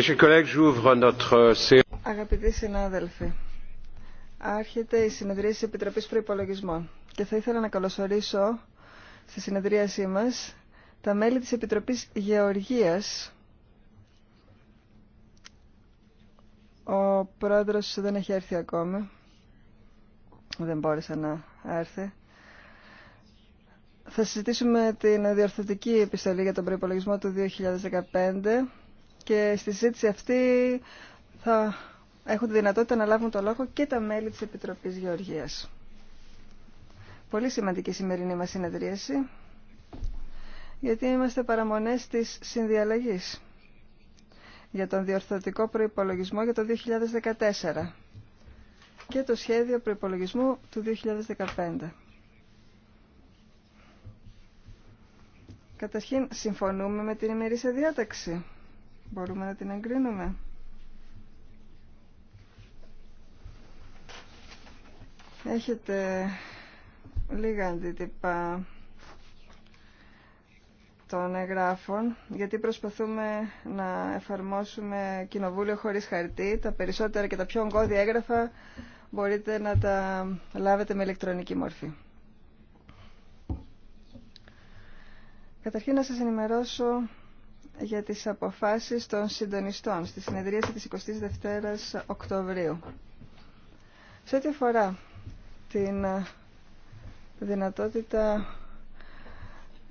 Euh, Αγαπητοί συνάδελφοι, άρχεται η συνεδρία τη Επιτροπής Προϋπολογισμών και θα ήθελα να καλωσορίσω στη συνεδρίασή μας τα μέλη της Επιτροπής Γεωργίας. Ο πρόεδρος δεν έχει έρθει ακόμη, δεν μπόρεσε να έρθει. Θα συζητήσουμε την διορθωτική επιστολή για τον προϋπολογισμό του 2015 και στη συζήτηση αυτή θα έχουν τη δυνατότητα να λάβουν το λόγο και τα μέλη της Επιτροπής Γεωργίας. Πολύ σημαντική σημερινή μας συνεδρίαση, γιατί είμαστε παραμονές της συνδιαλλαγής για τον διορθωτικό προϋπολογισμό για το 2014 και το σχέδιο προϋπολογισμού του 2015. Καταρχήν, συμφωνούμε με την ημερήσια διάταξη. Μπορούμε να την εγκρίνουμε. Έχετε λίγα αντίτυπα των εγγράφων, γιατί προσπαθούμε να εφαρμόσουμε κοινοβούλιο χωρίς χαρτί. Τα περισσότερα και τα πιο ογκώδη έγγραφα μπορείτε να τα λάβετε με ηλεκτρονική μορφή. Καταρχήν να σας ενημερώσω για τις αποφάσεις των συντονιστών στη συνεδρίαση της 22ης Οκτωβρίου. Σε ό,τι αφορά την ε, δυνατότητα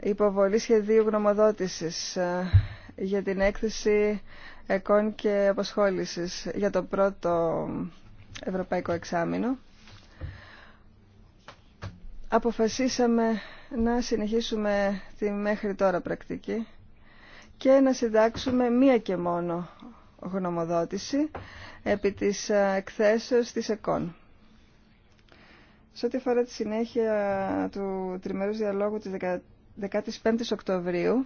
υποβολή σχεδίου γνωμοδότησης ε, για την έκθεση εκών και απασχόλησης για το πρώτο ευρωπαϊκό εξάμεινο, αποφασίσαμε να συνεχίσουμε τη μέχρι τώρα πρακτική και να συντάξουμε μία και μόνο γνωμοδότηση επί της ε, εκθέσεως της ΕΚΟΝ. Σε ό,τι αφορά τη συνέχεια του τριμερούς διαλόγου της 15ης Οκτωβρίου,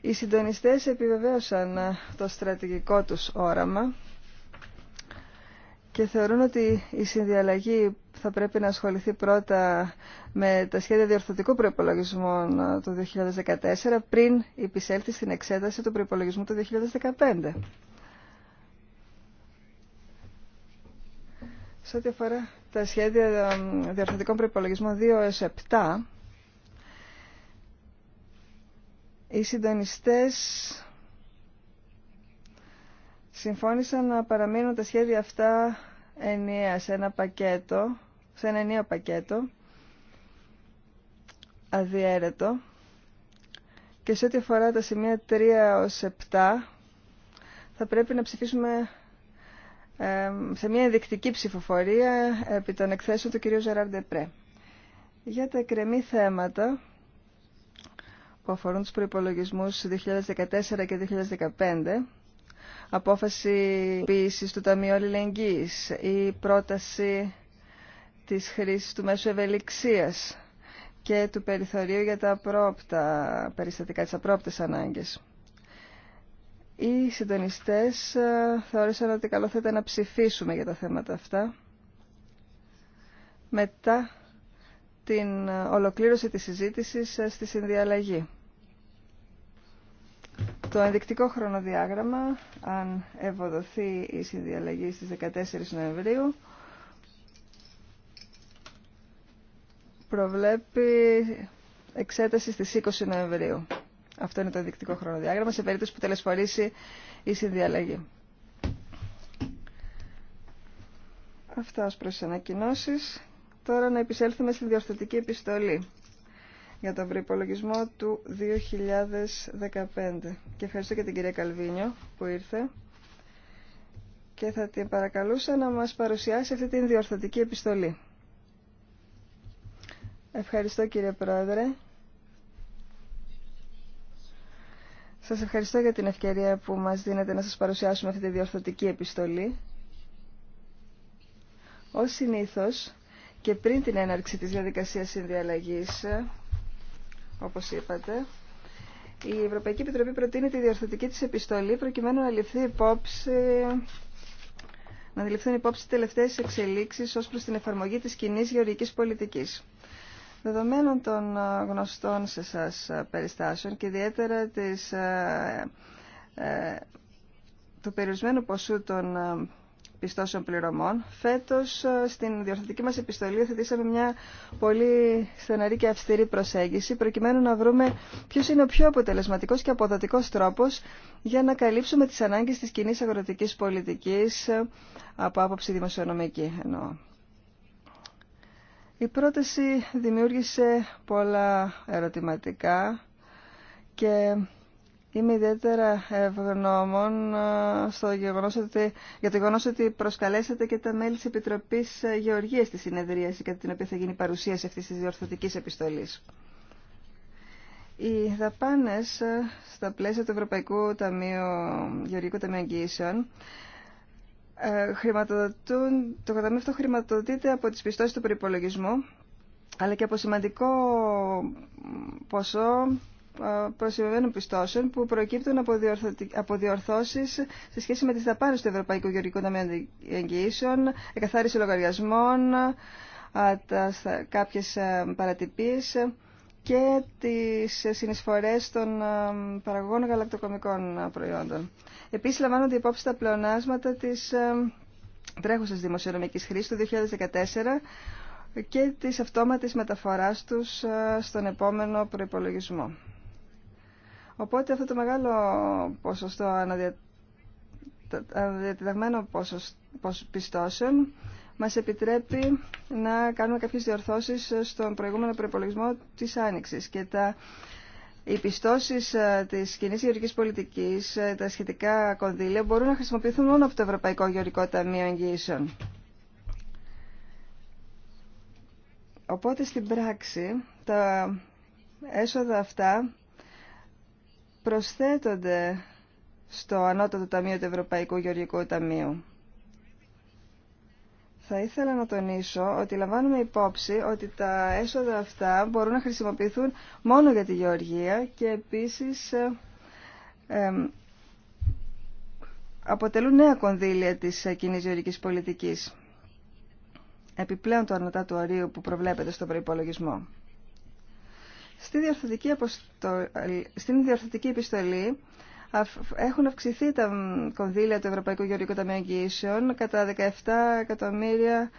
οι συντονιστές επιβεβαίωσαν το στρατηγικό τους όραμα και θεωρούν ότι η συνδιαλλαγή θα πρέπει να ασχοληθεί πρώτα με τα σχέδια διορθωτικού προπολογισμού του 2014 πριν υπησέλθει στην εξέταση του προπολογισμού του 2015. Σε ό,τι αφορά τα σχέδια ε, διορθωτικών προπολογισμών 2 έως 7, οι συντονιστές συμφώνησαν να παραμείνουν τα σχέδια αυτά ενιαία σε ένα πακέτο, σε ένα ενιαίο πακέτο, αδιέρετο. Και σε ό,τι αφορά τα σημεία 3 ως 7, θα πρέπει να ψηφίσουμε σε μια ενδεικτική ψηφοφορία επί των εκθέσεων του κ. Ζεράρντε πρέ. Για τα εκρεμή θέματα που αφορούν τους προϋπολογισμούς 2014 και 2015, απόφαση ποιήσης του Ταμείου Αλληλεγγύης, η πρόταση της χρήσης του μέσου ευελιξίας και του περιθωρίου για τα απρόπτα περιστατικά, της απρόπτες ανάγκες. Οι συντονιστές ε, θεώρησαν ότι καλό θα ήταν να ψηφίσουμε για τα θέματα αυτά μετά την ε, ολοκλήρωση της συζήτησης ε, στη συνδιαλλαγή. Το ενδεικτικό χρονοδιάγραμμα, αν ευοδοθεί η συνδιαλλαγή στις 14 Νοεμβρίου, προβλέπει εξέταση στις 20 Νοεμβρίου. Αυτό είναι το ενδεικτικό χρονοδιάγραμμα σε περίπτωση που τελεσφορήσει η συνδιαλλαγή. Αυτά ως προς ανακοινώσεις. Τώρα να επισέλθουμε στη διορθωτική επιστολή για τον προπολογισμό του 2015. Και ευχαριστώ και την κυρία Καλβίνιο που ήρθε και θα την παρακαλούσα να μας παρουσιάσει αυτή την διορθωτική επιστολή. Ευχαριστώ κύριε Πρόεδρε. Σας ευχαριστώ για την ευκαιρία που μας δίνετε να σας παρουσιάσουμε αυτή τη διορθωτική επιστολή. Ως συνήθως και πριν την έναρξη της διαδικασίας συνδιαλλαγής όπως είπατε. Η Ευρωπαϊκή Επιτροπή προτείνει τη διορθωτική της επιστολή προκειμένου να ληφθεί υπόψη να η υπόψη τελευταίες εξελίξεις ως προς την εφαρμογή της κοινή γεωργικής πολιτικής. Δεδομένων των ε, γνωστών σε σας ε, περιστάσεων και ιδιαίτερα της, ε, του περιορισμένου ποσού των πιστώσεων πληρωμών. Φέτος ε, στην διορθωτική μα επιστολή θετήσαμε μια πολύ στεναρή και αυστηρή προσέγγιση προκειμένου να βρούμε ποιο είναι ο πιο αποτελεσματικός και αποδοτικό τρόπο για να καλύψουμε τι ανάγκε τη κοινή αγροτική πολιτική ε, από άποψη δημοσιονομική εννοώ. Η πρόταση δημιούργησε πολλά ερωτηματικά και Είμαι ιδιαίτερα ευγνώμων ε, ότι, για το γεγονό ότι προσκαλέσατε και τα μέλη τη Επιτροπή ε, Γεωργία στη συνεδρία κατά την οποία θα γίνει η παρουσίαση αυτή τη διορθωτική επιστολή. Οι δαπάνε ε, στα πλαίσια του Ευρωπαϊκού Ταμείου, Γεωργικού Ταμείου Αγγίσεων χρηματοδοτούν, το καταμείο αυτό χρηματοδοτείται από τις πιστώσεις του προϋπολογισμού αλλά και από σημαντικό ποσό προσημειωμένων πιστώσεων που προκύπτουν από διορθώσει σε σχέση με τι δαπάνε του Ευρωπαϊκού Γεωργικού Ταμείου Εγγυήσεων, εκαθάριση λογαριασμών, κάποιε παρατυπίε και τις συνεισφορές των ε, παραγωγών γαλακτοκομικών προϊόντων. Επίσης λαμβάνονται υπόψη τα πλεονάσματα της ε, τρέχουσας δημοσιονομικής χρήσης του 2014 και της αυτόματης μεταφοράς τους ε, στον επόμενο προϋπολογισμό. Οπότε αυτό το μεγάλο ποσοστό αναδιατεταγμένων αναδιατεταγμένο πιστώσεων μας επιτρέπει να κάνουμε κάποιες διορθώσεις στον προηγούμενο προπολογισμό της Άνοιξης και τα οι πιστώσει ε, τη κοινή γεωργική πολιτική, ε, τα σχετικά κονδύλια, μπορούν να χρησιμοποιηθούν μόνο από το Ευρωπαϊκό Γεωργικό Ταμείο Εγγυήσεων. Οπότε στην πράξη τα έσοδα αυτά προσθέτονται στο Ανώτατο Ταμείο του Ευρωπαϊκού Γεωργικού Ταμείου. Θα ήθελα να τονίσω ότι λαμβάνουμε υπόψη ότι τα έσοδα αυτά μπορούν να χρησιμοποιηθούν μόνο για τη γεωργία και επίσης αποτελούν νέα κονδύλια της κοινή γεωργικής πολιτικής. Επιπλέον το αρνητά του αρίου που προβλέπεται στο προϋπολογισμό διορθωτική στην διορθωτική επιστολή έχουν αυξηθεί τα κονδύλια του Ευρωπαϊκού Γεωργικού Ταμείου Εγγυήσεων κατά 17 εκατομμύρια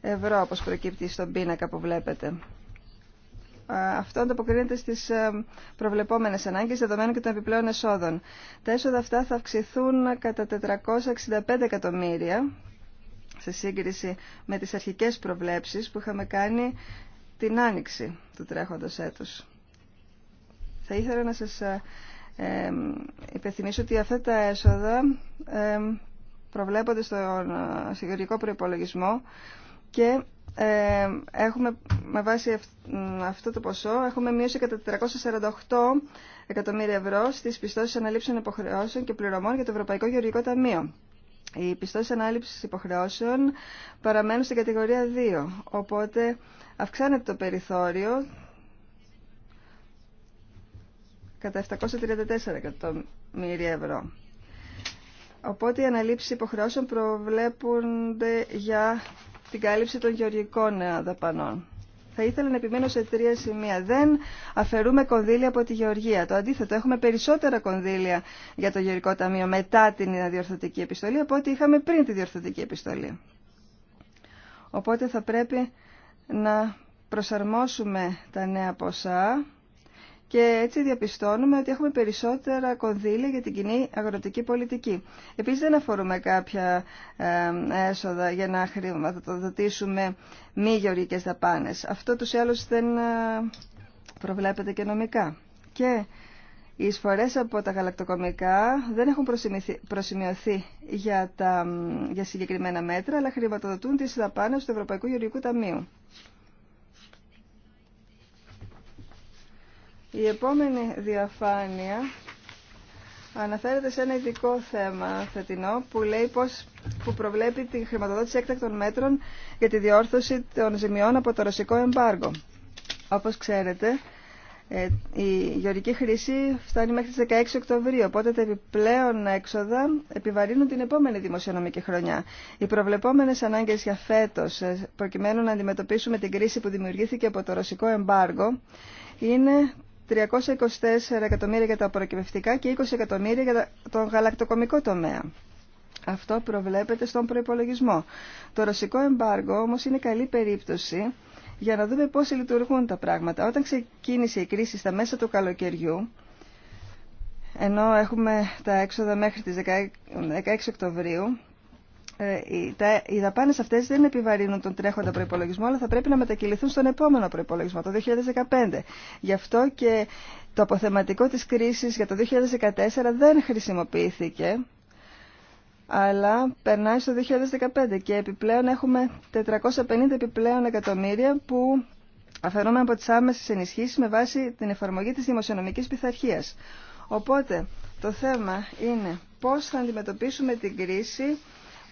ευρώ, όπως προκύπτει στον πίνακα που βλέπετε. Αυτό ανταποκρίνεται στι ε, προβλεπόμενε ανάγκε δεδομένων και των επιπλέον εσόδων. Τα έσοδα αυτά θα αυξηθούν κατά 465 εκατομμύρια σε σύγκριση με τι αρχικέ προβλέψει που είχαμε κάνει την άνοιξη του τρέχοντο έτου. Θα ήθελα να σας ε, υπενθυμίσω ότι αυτά τα έσοδα προβλέπονται στον ε, συγκεκριτικό προϋπολογισμό και έχουμε με βάση αυτό το ποσό έχουμε μείωση κατά 448 εκατομμύρια ευρώ στις πιστώσεις αναλήψεων υποχρεώσεων και πληρωμών για το Ευρωπαϊκό Γεωργικό Ταμείο. Οι πιστώσεις ανάληψης υποχρεώσεων παραμένουν στην κατηγορία 2, οπότε αυξάνεται το περιθώριο κατά 734 εκατομμύρια ευρώ. Οπότε οι αναλήψεις υποχρεώσεων προβλέπονται για την κάλυψη των γεωργικών ε, δαπανών. Θα ήθελα να επιμένω σε τρία σημεία. Δεν αφαιρούμε κονδύλια από τη γεωργία. Το αντίθετο, έχουμε περισσότερα κονδύλια για το γεωργικό ταμείο μετά την διορθωτική επιστολή από ό,τι είχαμε πριν τη διορθωτική επιστολή. Οπότε θα πρέπει να προσαρμόσουμε τα νέα ποσά και έτσι διαπιστώνουμε ότι έχουμε περισσότερα κονδύλια για την κοινή αγροτική πολιτική. Επίσης δεν αφορούμε κάποια έσοδα για να χρηματοδοτήσουμε μη γεωργικές δαπάνες. Αυτό τους άλλως δεν ε, προβλέπεται και νομικά. Και οι εισφορές από τα γαλακτοκομικά δεν έχουν προσημειωθεί για, τα, για συγκεκριμένα μέτρα, αλλά χρηματοδοτούν τις δαπάνες του Ευρωπαϊκού Γεωργικού Ταμείου. Η επόμενη διαφάνεια αναφέρεται σε ένα ειδικό θέμα θετινό που, λέει που προβλέπει την χρηματοδότηση έκτακτων μέτρων για τη διόρθωση των ζημιών από το ρωσικό εμπάργο. Όπως ξέρετε, ε, η γεωρική χρήση φτάνει μέχρι τις 16 Οκτωβρίου, οπότε τα επιπλέον έξοδα επιβαρύνουν την επόμενη δημοσιονομική χρονιά. Οι προβλεπόμενες ανάγκες για φέτος, ε, προκειμένου να αντιμετωπίσουμε την κρίση που δημιουργήθηκε από το ρωσικό εμπάργο, είναι 324 εκατομμύρια για τα προκυβευτικά και 20 εκατομμύρια για τον γαλακτοκομικό τομέα. Αυτό προβλέπεται στον προϋπολογισμό. Το ρωσικό εμπάργο όμως είναι καλή περίπτωση για να δούμε πώς λειτουργούν τα πράγματα. Όταν ξεκίνησε η κρίση στα μέσα του καλοκαιριού, ενώ έχουμε τα έξοδα μέχρι τις 16 Οκτωβρίου, ε, οι δαπάνε αυτές δεν επιβαρύνουν τον τρέχοντα προϋπολογισμό, αλλά θα πρέπει να μετακυληθούν στον επόμενο προϋπολογισμό, το 2015. Γι' αυτό και το αποθεματικό της κρίσης για το 2014 δεν χρησιμοποιήθηκε, αλλά περνάει στο 2015 και επιπλέον έχουμε 450 επιπλέον εκατομμύρια που αφαιρούμε από τι άμεσε ενισχύσει με βάση την εφαρμογή τη δημοσιονομική πειθαρχία. Οπότε, το θέμα είναι πώς θα αντιμετωπίσουμε την κρίση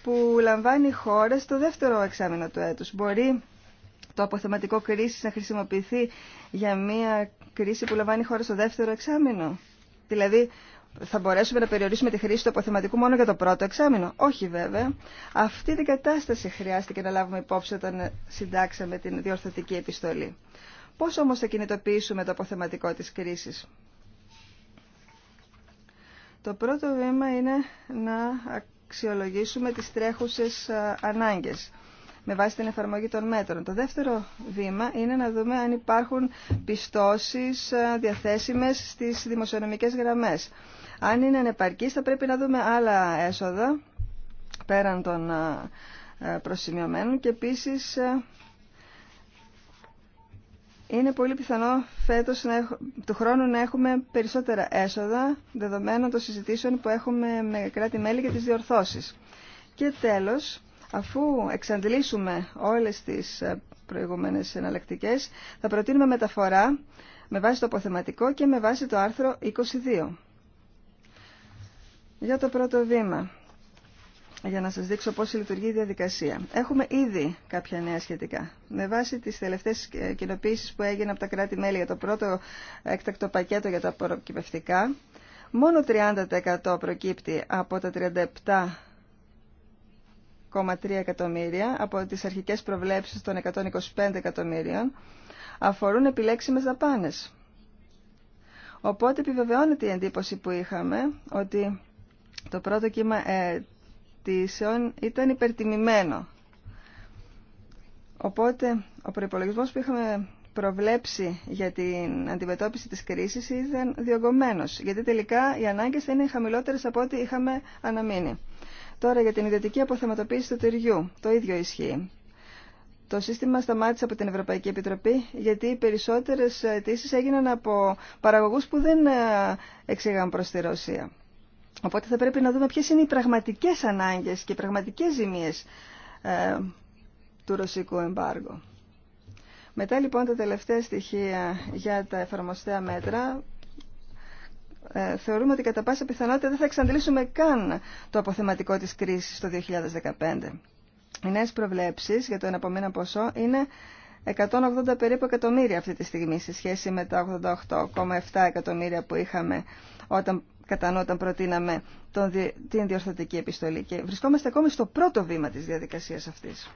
που λαμβάνει η χώρα στο δεύτερο εξάμεινο του έτους. Μπορεί το αποθεματικό κρίση να χρησιμοποιηθεί για μια κρίση που λαμβάνει η χώρα στο δεύτερο εξάμεινο. Δηλαδή, θα μπορέσουμε να περιορίσουμε τη χρήση του αποθεματικού μόνο για το πρώτο εξάμεινο. Όχι βέβαια. Αυτή την κατάσταση χρειάστηκε να λάβουμε υπόψη όταν συντάξαμε την διορθωτική επιστολή. Πώς όμως θα κινητοποιήσουμε το αποθεματικό της κρίσης. Το πρώτο βήμα είναι να αξιολογήσουμε τις τρέχουσες ανάγκες με βάση την εφαρμογή των μέτρων. Το δεύτερο βήμα είναι να δούμε αν υπάρχουν πιστώσεις διαθέσιμες στις δημοσιονομικές γραμμές. Αν είναι ανεπαρκής θα πρέπει να δούμε άλλα έσοδα πέραν των προσημειωμένων και επίσης είναι πολύ πιθανό φέτος να του χρόνου να έχουμε περισσότερα έσοδα δεδομένων των συζητήσεων που έχουμε με κράτη-μέλη για τις διορθώσεις. Και τέλος, αφού εξαντλήσουμε όλες τις ε, προηγούμενες εναλλακτικέ, θα προτείνουμε μεταφορά με βάση το αποθεματικό και με βάση το άρθρο 22. Για το πρώτο βήμα για να σας δείξω πώς λειτουργεί η διαδικασία. Έχουμε ήδη κάποια νέα σχετικά. Με βάση τις τελευταίες ε, κοινοποίησεις που έγιναν από τα κράτη-μέλη για το πρώτο έκτακτο πακέτο για τα προκυπευτικά, μόνο 30% προκύπτει από τα 37,3 εκατομμύρια, από τις αρχικές προβλέψεις των 125 εκατομμύριων, αφορούν επιλέξιμες δαπάνες. Οπότε επιβεβαιώνεται η εντύπωση που είχαμε ότι το πρώτο κύμα ε, συζητήσεων ήταν υπερτιμημένο. Οπότε ο προπολογισμό που είχαμε προβλέψει για την αντιμετώπιση της κρίσης ήταν διωγγωμένος, γιατί τελικά οι ανάγκες θα είναι χαμηλότερες από ό,τι είχαμε αναμείνει. Τώρα για την ιδιωτική αποθεματοποίηση του τυριού, το ίδιο ισχύει. Το σύστημα σταμάτησε από την Ευρωπαϊκή Επιτροπή γιατί οι περισσότερες αιτήσει έγιναν από παραγωγούς που δεν ε, εξήγαν προς τη Ρωσία. Οπότε θα πρέπει να δούμε ποιες είναι οι πραγματικές ανάγκες και οι πραγματικές ζημίες ε, του ρωσικού εμπάργου. Μετά λοιπόν τα τελευταία στοιχεία για τα εφαρμοστέα μέτρα ε, θεωρούμε ότι κατά πάσα πιθανότητα δεν θα εξαντλήσουμε καν το αποθεματικό της κρίσης το 2015. Οι νέες προβλέψεις για το εναπομείνα ποσό είναι 180 περίπου εκατομμύρια αυτή τη στιγμή σε σχέση με τα 88,7 εκατομμύρια που είχαμε όταν κατά προτείναμε τον, την διορθωτική επιστολή και βρισκόμαστε ακόμη στο πρώτο βήμα της διαδικασίας αυτής.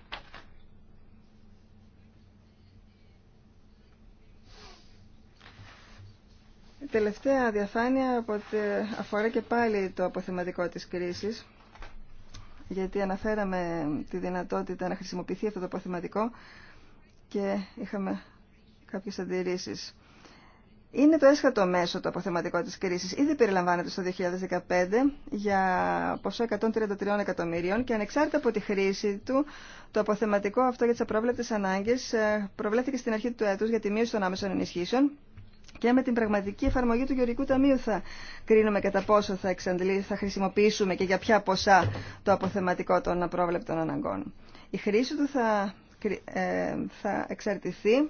Η τελευταία διαφάνεια αφορά και πάλι το αποθεματικό της κρίσης γιατί αναφέραμε τη δυνατότητα να χρησιμοποιηθεί αυτό το αποθεματικό και είχαμε κάποιες αντιρρήσεις είναι το έσχατο μέσο το αποθεματικό της κρίσης. Ήδη περιλαμβάνεται στο 2015 για ποσό 133 εκατομμυρίων και ανεξάρτητα από τη χρήση του, το αποθεματικό αυτό για τις απρόβλεπτες ανάγκες ε, προβλέφθηκε στην αρχή του έτους για τη μείωση των άμεσων ενισχύσεων και με την πραγματική εφαρμογή του Γεωργικού Ταμείου θα κρίνουμε κατά πόσο θα, θα χρησιμοποιήσουμε και για ποια ποσά το αποθεματικό των απρόβλεπτων αναγκών. Η χρήση του θα, ε, θα εξαρτηθεί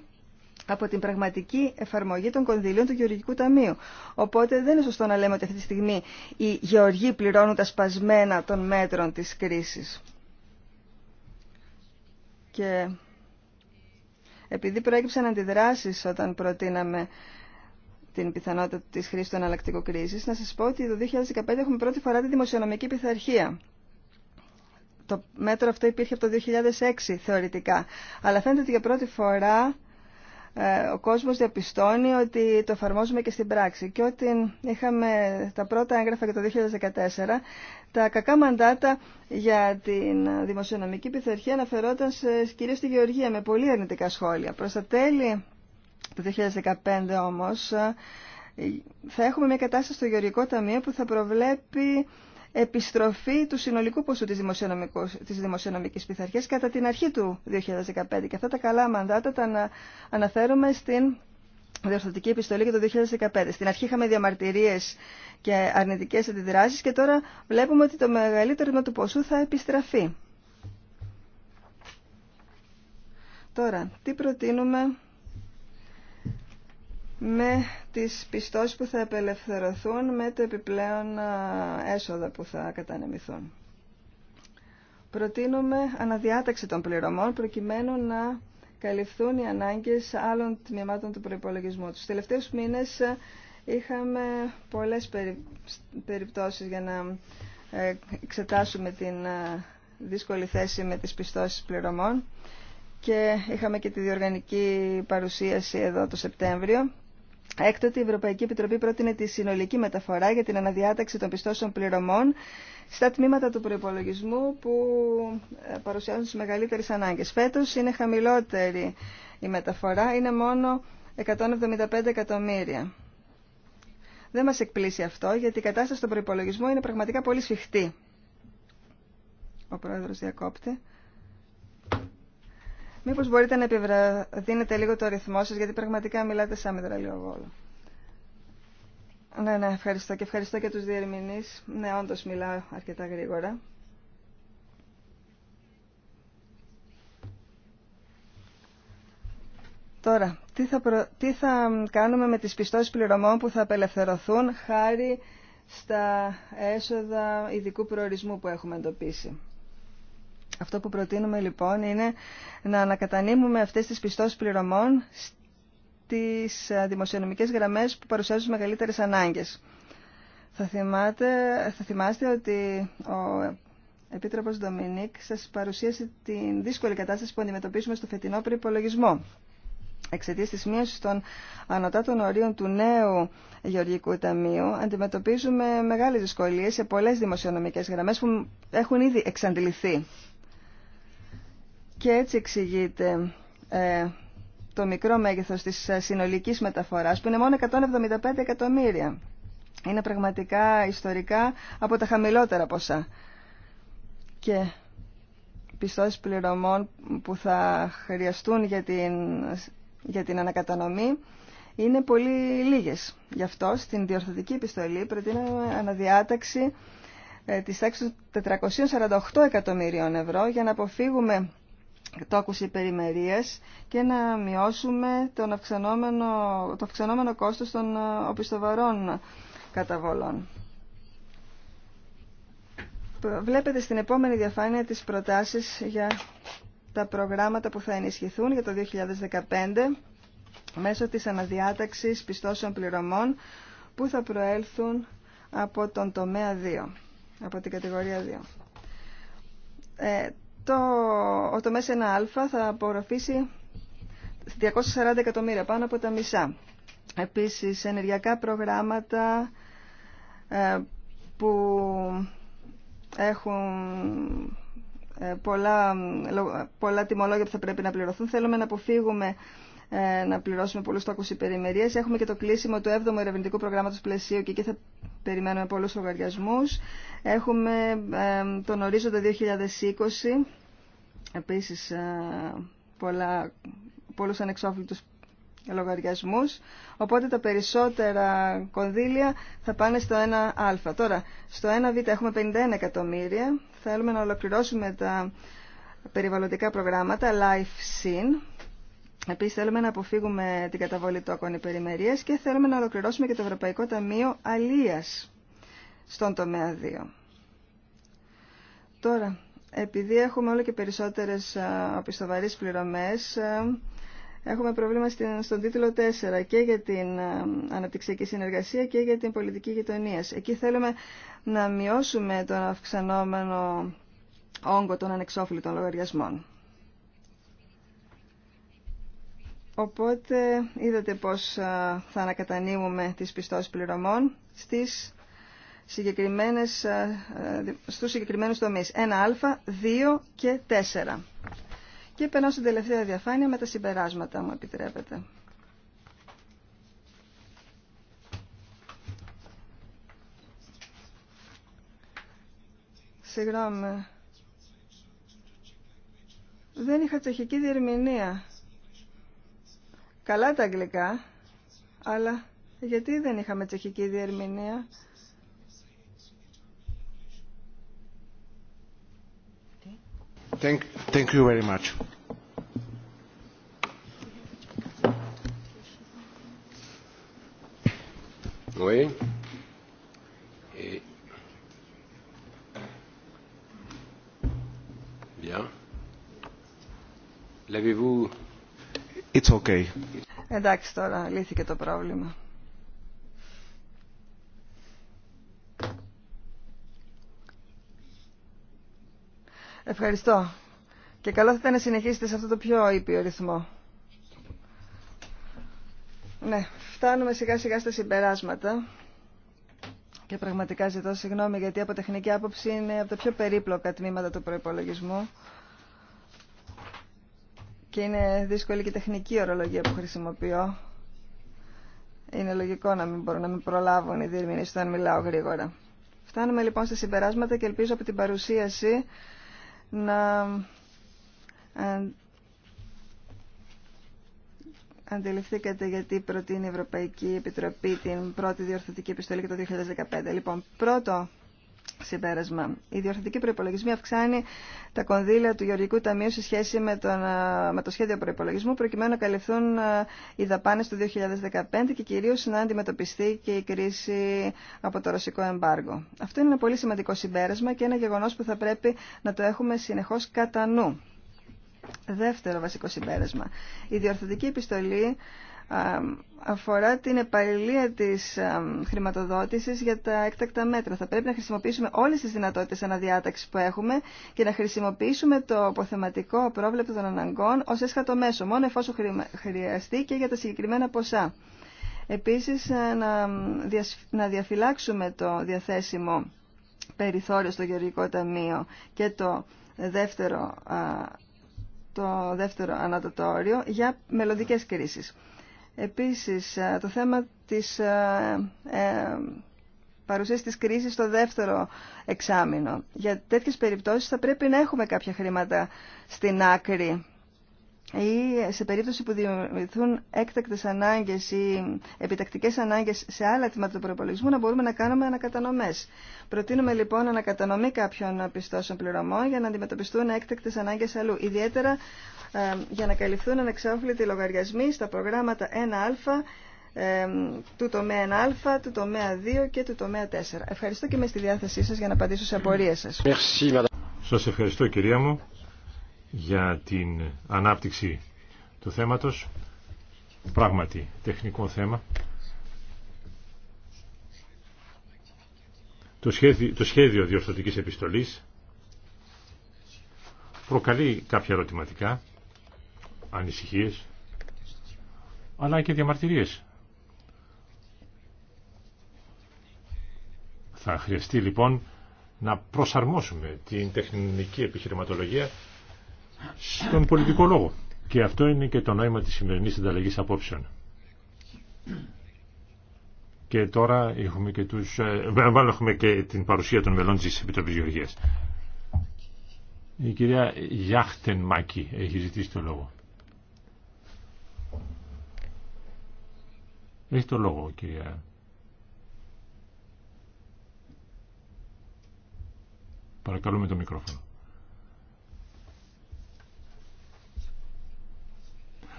από την πραγματική εφαρμογή των κονδυλίων του Γεωργικού Ταμείου. Οπότε δεν είναι σωστό να λέμε ότι αυτή τη στιγμή οι γεωργοί πληρώνουν τα σπασμένα των μέτρων της κρίσης. Και επειδή προέκυψαν αντιδράσεις όταν προτείναμε την πιθανότητα της χρήσης του εναλλακτικού κρίσης, να σας πω ότι το 2015 έχουμε πρώτη φορά τη δημοσιονομική πειθαρχία. Το μέτρο αυτό υπήρχε από το 2006 θεωρητικά, αλλά φαίνεται ότι για πρώτη φορά ε, ο κόσμος διαπιστώνει ότι το εφαρμόζουμε και στην πράξη. Και ό,τι είχαμε τα πρώτα έγγραφα για το 2014, τα κακά μαντάτα για την δημοσιονομική πειθαρχία αναφερόταν κυρίως στη Γεωργία με πολύ αρνητικά σχόλια. Προς τα τέλη του 2015 όμως ε, θα έχουμε μια κατάσταση στο Γεωργικό Ταμείο που θα προβλέπει επιστροφή του συνολικού ποσού της, της δημοσιονομικής πειθαρχίας κατά την αρχή του 2015. Και αυτά τα καλά μανδάτα τα αναφέρουμε στην διορθωτική επιστολή για το 2015. Στην αρχή είχαμε διαμαρτυρίες και αρνητικές αντιδράσεις και τώρα βλέπουμε ότι το μεγαλύτερο του ποσού θα επιστραφεί. Τώρα, τι προτείνουμε με τις πιστώσεις που θα απελευθερωθούν με το επιπλέον έσοδα που θα κατανεμηθούν. Προτείνουμε αναδιάταξη των πληρωμών προκειμένου να καλυφθούν οι ανάγκες άλλων τμήματων του προϋπολογισμού. Τους τελευταίους μήνες είχαμε πολλές περιπτώσεις για να ε, εξετάσουμε την δύσκολη θέση με τις πιστώσεις πληρωμών και είχαμε και τη διοργανική παρουσίαση εδώ το Σεπτέμβριο Έκτοτε, η Ευρωπαϊκή Επιτροπή πρότεινε τη συνολική μεταφορά για την αναδιάταξη των πιστώσεων πληρωμών στα τμήματα του προπολογισμού που ε, παρουσιάζουν τις μεγαλύτερες ανάγκες. Φέτος είναι χαμηλότερη η μεταφορά, είναι μόνο 175 εκατομμύρια. Δεν μας εκπλήσει αυτό, γιατί η κατάσταση στον προπολογισμό είναι πραγματικά πολύ σφιχτή. Ο Πρόεδρος διακόπτει. Μήπω μπορείτε να επιβραδύνετε λίγο το ρυθμό σας, γιατί πραγματικά μιλάτε σαν μετραλιογόλο. Ναι, ναι, ευχαριστώ και ευχαριστώ και τους διερμηνείς. Ναι, όντω μιλάω αρκετά γρήγορα. Τώρα, τι θα, τι θα κάνουμε με τις πιστώσεις πληρωμών που θα απελευθερωθούν χάρη στα έσοδα ειδικού προορισμού που έχουμε εντοπίσει. Αυτό που προτείνουμε λοιπόν είναι να ανακατανύμουμε αυτές τις πιστώσεις πληρωμών στις ε, δημοσιονομικές γραμμές που παρουσιάζουν μεγαλύτερες ανάγκες. Θα, θυμάτε, θα θυμάστε ότι ο Επίτροπος Ντομινίκ σας παρουσίασε την δύσκολη κατάσταση που αντιμετωπίζουμε στο φετινό προϋπολογισμό. Εξαιτίας τη μείωση των ανωτάτων ορίων του νέου Γεωργικού Ταμείου, αντιμετωπίζουμε μεγάλες δυσκολίες σε πολλές δημοσιονομικές γραμμές που έχουν ήδη εξαντληθεί και έτσι εξηγείται ε, το μικρό μέγεθος της ε, συνολικής μεταφοράς που είναι μόνο 175 εκατομμύρια. Είναι πραγματικά ιστορικά από τα χαμηλότερα ποσά. Και πιστώσεις πληρωμών που θα χρειαστούν για την, για την ανακατανομή είναι πολύ λίγες. Γι' αυτό στην διορθωτική επιστολή προτείνουμε αναδιάταξη ε, της τάξης 448 εκατομμυρίων ευρώ για να αποφύγουμε τόκους περιμερίες και να μειώσουμε τον αυξανόμενο, το αυξανόμενο κόστος των ε, οπισθοβαρών καταβολών. Βλέπετε στην επόμενη διαφάνεια τις προτάσεις για τα προγράμματα που θα ενισχυθούν για το 2015 μέσω της αναδιάταξης πιστώσεων πληρωμών που θα προέλθουν από τον τομέα 2, από την κατηγορία 2 το, ο τομέας 1α θα απορροφήσει 240 εκατομμύρια, πάνω από τα μισά. Επίσης, ενεργειακά προγράμματα ε, που έχουν ε, πολλά, πολλά τιμολόγια που θα πρέπει να πληρωθούν. Θέλουμε να αποφύγουμε ε, να πληρώσουμε πολλού τόκου υπερημερίε. Έχουμε και το κλείσιμο του 7ου ερευνητικού προγράμματο πλαισίου και εκεί θα περιμένουμε πολλού λογαριασμού. Έχουμε τον ορίζοντα 2020, επίσης ε, πολλά, πολλούς ανεξόφλητους λογαριασμούς, οπότε τα περισσότερα κονδύλια θα πάνε στο 1α. Τώρα, στο 1β έχουμε 51 εκατομμύρια, θέλουμε να ολοκληρώσουμε τα περιβαλλοντικά προγράμματα, Life Sin, Επίσης θέλουμε να αποφύγουμε την καταβολή τόκων υπερημερίας και θέλουμε να ολοκληρώσουμε και το Ευρωπαϊκό Ταμείο Αλίας στον τομέα 2. Τώρα, επειδή έχουμε όλο και περισσότερες οπισθοβαρείς πληρωμές, έχουμε πρόβλημα στον τίτλο 4 και για την αναπτυξιακή συνεργασία και για την πολιτική γειτονία. Εκεί θέλουμε να μειώσουμε τον αυξανόμενο όγκο των ανεξόφλητων λογαριασμών. Οπότε είδατε πώς θα ανακατανύμουμε τις πιστώσεις πληρωμών στις ε, ε, στους συγκεκριμένους τομείς 1α, 2 και 4. Και περνάω στην τελευταία διαφάνεια με τα συμπεράσματα, μου επιτρέπετε. Συγγνώμη. Δεν είχα τσεχική διερμηνία. Καλά τα αγγλικά, αλλά γιατί δεν είχαμε τσεχική διερμηνία. Thank, thank you very much. Oui. Et... Bien. L'avez-vous... It's okay. Εντάξει τώρα, λύθηκε το πρόβλημα. Ευχαριστώ. Και καλό θα ήταν να συνεχίσετε σε αυτό το πιο ήπιο ρυθμό. Ναι, φτάνουμε σιγά σιγά στα συμπεράσματα. Και πραγματικά ζητώ συγγνώμη γιατί από τεχνική άποψη είναι από τα πιο περίπλοκα τμήματα του προπολογισμού. και είναι δύσκολη και τεχνική ορολογία που χρησιμοποιώ. Είναι λογικό να μην μπορούν να με προλάβουν οι διερμηνείς όταν μιλάω γρήγορα. Φτάνουμε λοιπόν στα συμπεράσματα και ελπίζω από την παρουσίαση να ε, αντιληφθήκατε γιατί προτείνει η Ευρωπαϊκή Επιτροπή την πρώτη διορθωτική επιστολή και το 2015. Λοιπόν, πρώτο συμπέρασμα. Η διορθωτική προπολογισμή αυξάνει τα κονδύλια του Γεωργικού Ταμείου σε σχέση με, τον, ε, με το σχέδιο προπολογισμού, προκειμένου να καλυφθούν ε, οι δαπάνε του 2015 και κυρίω να αντιμετωπιστεί και η κρίση από το ρωσικό εμπάργο. Αυτό είναι ένα πολύ σημαντικό συμπέρασμα και ένα γεγονό που θα πρέπει να το έχουμε συνεχώ κατά νου. Δεύτερο βασικό συμπέρασμα. Η διορθωτική επιστολή αφορά την επαλληλία της χρηματοδότησης για τα έκτακτα μέτρα. Θα πρέπει να χρησιμοποιήσουμε όλες τις δυνατότητες αναδιάταξης που έχουμε και να χρησιμοποιήσουμε το αποθεματικό πρόβλεπτο των αναγκών ως έσχατο μέσο, μόνο εφόσον χρειαστεί και για τα συγκεκριμένα ποσά. Επίσης, να διαφυλάξουμε το διαθέσιμο περιθώριο στο Γεωργικό Ταμείο και το δεύτερο, το δεύτερο ανατοτόριο για μελλοντικές κρίσεις. Επίσης, ε, το θέμα της ε, ε, παρουσίας της κρίσης στο δεύτερο εξάμεινο. Για τέτοιες περιπτώσεις θα πρέπει να έχουμε κάποια χρήματα στην άκρη ή σε περίπτωση που δημιουργηθούν έκτακτες ανάγκες ή επιτακτικές ανάγκες σε άλλα τμήματα του προπολογισμού να μπορούμε να κάνουμε ανακατανομές. Προτείνουμε λοιπόν ανακατανομή κάποιων πιστώσεων πληρωμών για να αντιμετωπιστούν έκτακτες ανάγκες αλλού, ιδιαίτερα ε, για να καλυφθούν ανεξάφλητοι λογαριασμοί στα προγράμματα 1α, ε, του τομέα 1α, του τομέα 2 και του τομέα 4. Ευχαριστώ και με στη διάθεσή σας για να απαντήσω σε απορίες σας. Σας ευχαριστώ κυρία μου για την ανάπτυξη του θέματος. Πράγματι τεχνικό θέμα. Το σχέδιο, το σχέδιο διορθωτικής επιστολής προκαλεί κάποια ερωτηματικά ανησυχίες αλλά και διαμαρτυρίες. Θα χρειαστεί λοιπόν να προσαρμόσουμε την τεχνική επιχειρηματολογία στον πολιτικό λόγο. Και αυτό είναι και το νόημα της σημερινής συνταλλαγής απόψεων. Και τώρα έχουμε και, τους, ε, μάλλον έχουμε και την παρουσία των μελών της Επιτροπής Γεωργίας. Η κυρία Γιάχτεν Μάκη έχει ζητήσει το λόγο. Έχει το λόγο, κυρία. Παρακαλούμε το μικρόφωνο.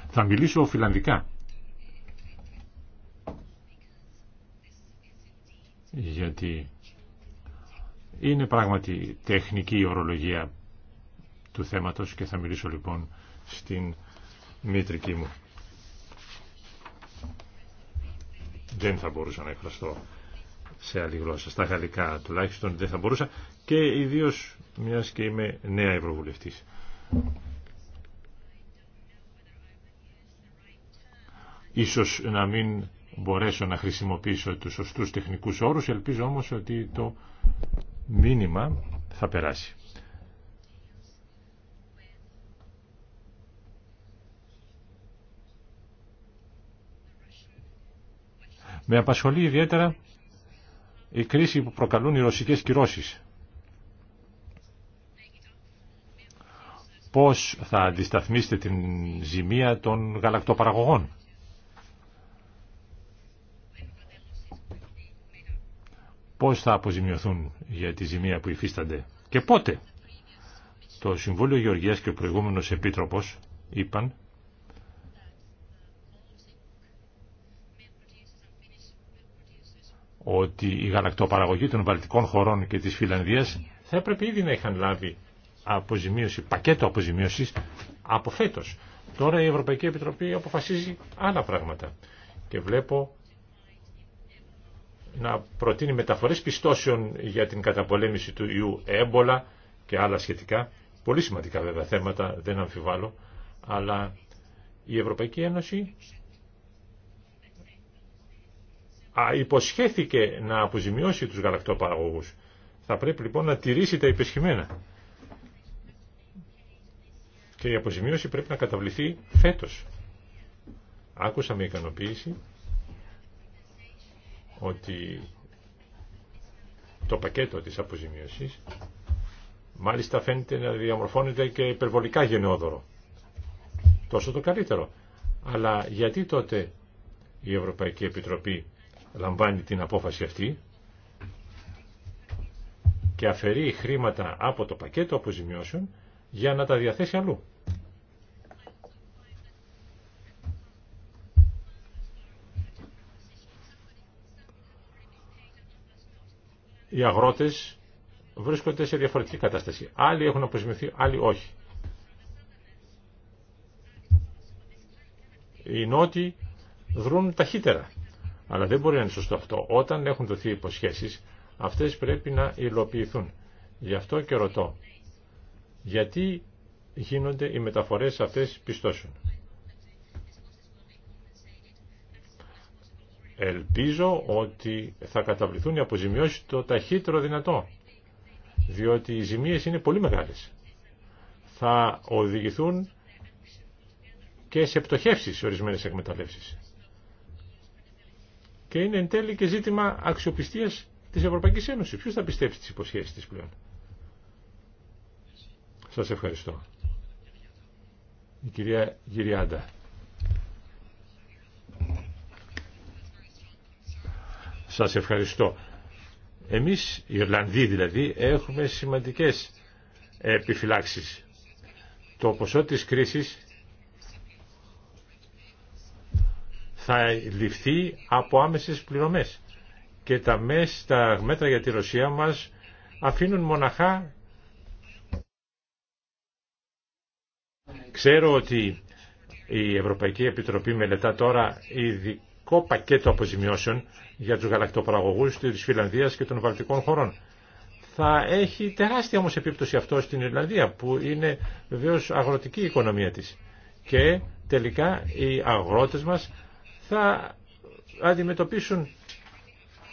Θα μιλήσω φιλανδικά. Γιατί είναι πράγματι τεχνική η ορολογία του θέματος και θα μιλήσω λοιπόν στην μήτρική μου. δεν θα μπορούσα να εκφραστώ σε άλλη γλώσσα, στα γαλλικά τουλάχιστον δεν θα μπορούσα και ιδίω μιας και είμαι νέα ευρωβουλευτή. Ίσως να μην μπορέσω να χρησιμοποιήσω τους σωστούς τεχνικούς όρους, ελπίζω όμως ότι το μήνυμα θα περάσει. Με απασχολεί ιδιαίτερα η κρίση που προκαλούν οι ρωσικές κυρώσεις. Πώς θα αντισταθμίσετε την ζημία των γαλακτοπαραγωγών. Πώς θα αποζημιωθούν για τη ζημία που υφίστανται και πότε. Το Συμβούλιο Γεωργίας και ο προηγούμενος Επίτροπος είπαν ότι η γαλακτοπαραγωγή των βαλτικών χωρών και της Φιλανδίας θα έπρεπε ήδη να είχαν λάβει αποζημίωση, πακέτο αποζημίωσης από φέτος. Τώρα η Ευρωπαϊκή Επιτροπή αποφασίζει άλλα πράγματα και βλέπω να προτείνει μεταφορές πιστώσεων για την καταπολέμηση του ιού έμπολα και άλλα σχετικά. Πολύ σημαντικά βέβαια θέματα, δεν αμφιβάλλω, αλλά η Ευρωπαϊκή Ένωση α, υποσχέθηκε να αποζημιώσει τους γαλακτοπαραγωγούς. Θα πρέπει λοιπόν να τηρήσει τα υπεσχημένα. Και η αποζημίωση πρέπει να καταβληθεί φέτος. Άκουσα με ικανοποίηση ότι το πακέτο της αποζημίωσης μάλιστα φαίνεται να διαμορφώνεται και υπερβολικά γενναιόδωρο. Τόσο το καλύτερο. Αλλά γιατί τότε η Ευρωπαϊκή Επιτροπή λαμβάνει την απόφαση αυτή και αφαιρεί χρήματα από το πακέτο αποζημιώσεων για να τα διαθέσει αλλού. Οι αγρότες βρίσκονται σε διαφορετική κατάσταση. Άλλοι έχουν αποζημιωθεί, άλλοι όχι. Οι νότιοι δρούν ταχύτερα. Αλλά δεν μπορεί να είναι σωστό αυτό. Όταν έχουν δοθεί υποσχέσει, αυτές πρέπει να υλοποιηθούν. Γι' αυτό και ρωτώ, γιατί γίνονται οι μεταφορές αυτές πιστώσεων. Ελπίζω ότι θα καταβληθούν οι αποζημιώσει το ταχύτερο δυνατό, διότι οι ζημίες είναι πολύ μεγάλες. Θα οδηγηθούν και σε πτωχεύσει σε ορισμένες και είναι εν τέλει και ζήτημα αξιοπιστίας της Ευρωπαϊκής Ένωσης. Ποιο θα πιστέψει τι υποσχέσει τη πλέον. Σας ευχαριστώ. Η κυρία Γυριάντα. Σας ευχαριστώ. Εμεί, οι Ιρλανδοί δηλαδή, έχουμε σημαντικές επιφυλάξεις. Το ποσό της κρίσης θα ληφθεί από άμεσες πληρωμές. Και τα, μέσα τα μέτρα για τη Ρωσία μας αφήνουν μοναχά... Ξέρω ότι η Ευρωπαϊκή Επιτροπή μελετά τώρα ειδικό πακέτο αποζημιώσεων για τους γαλακτοπαραγωγούς της Φιλανδίας και των Βαλτικών χωρών. Θα έχει τεράστια όμως επίπτωση αυτό στην Ιρλανδία που είναι βεβαίως αγροτική η οικονομία της. Και τελικά οι αγρότες μας θα αντιμετωπίσουν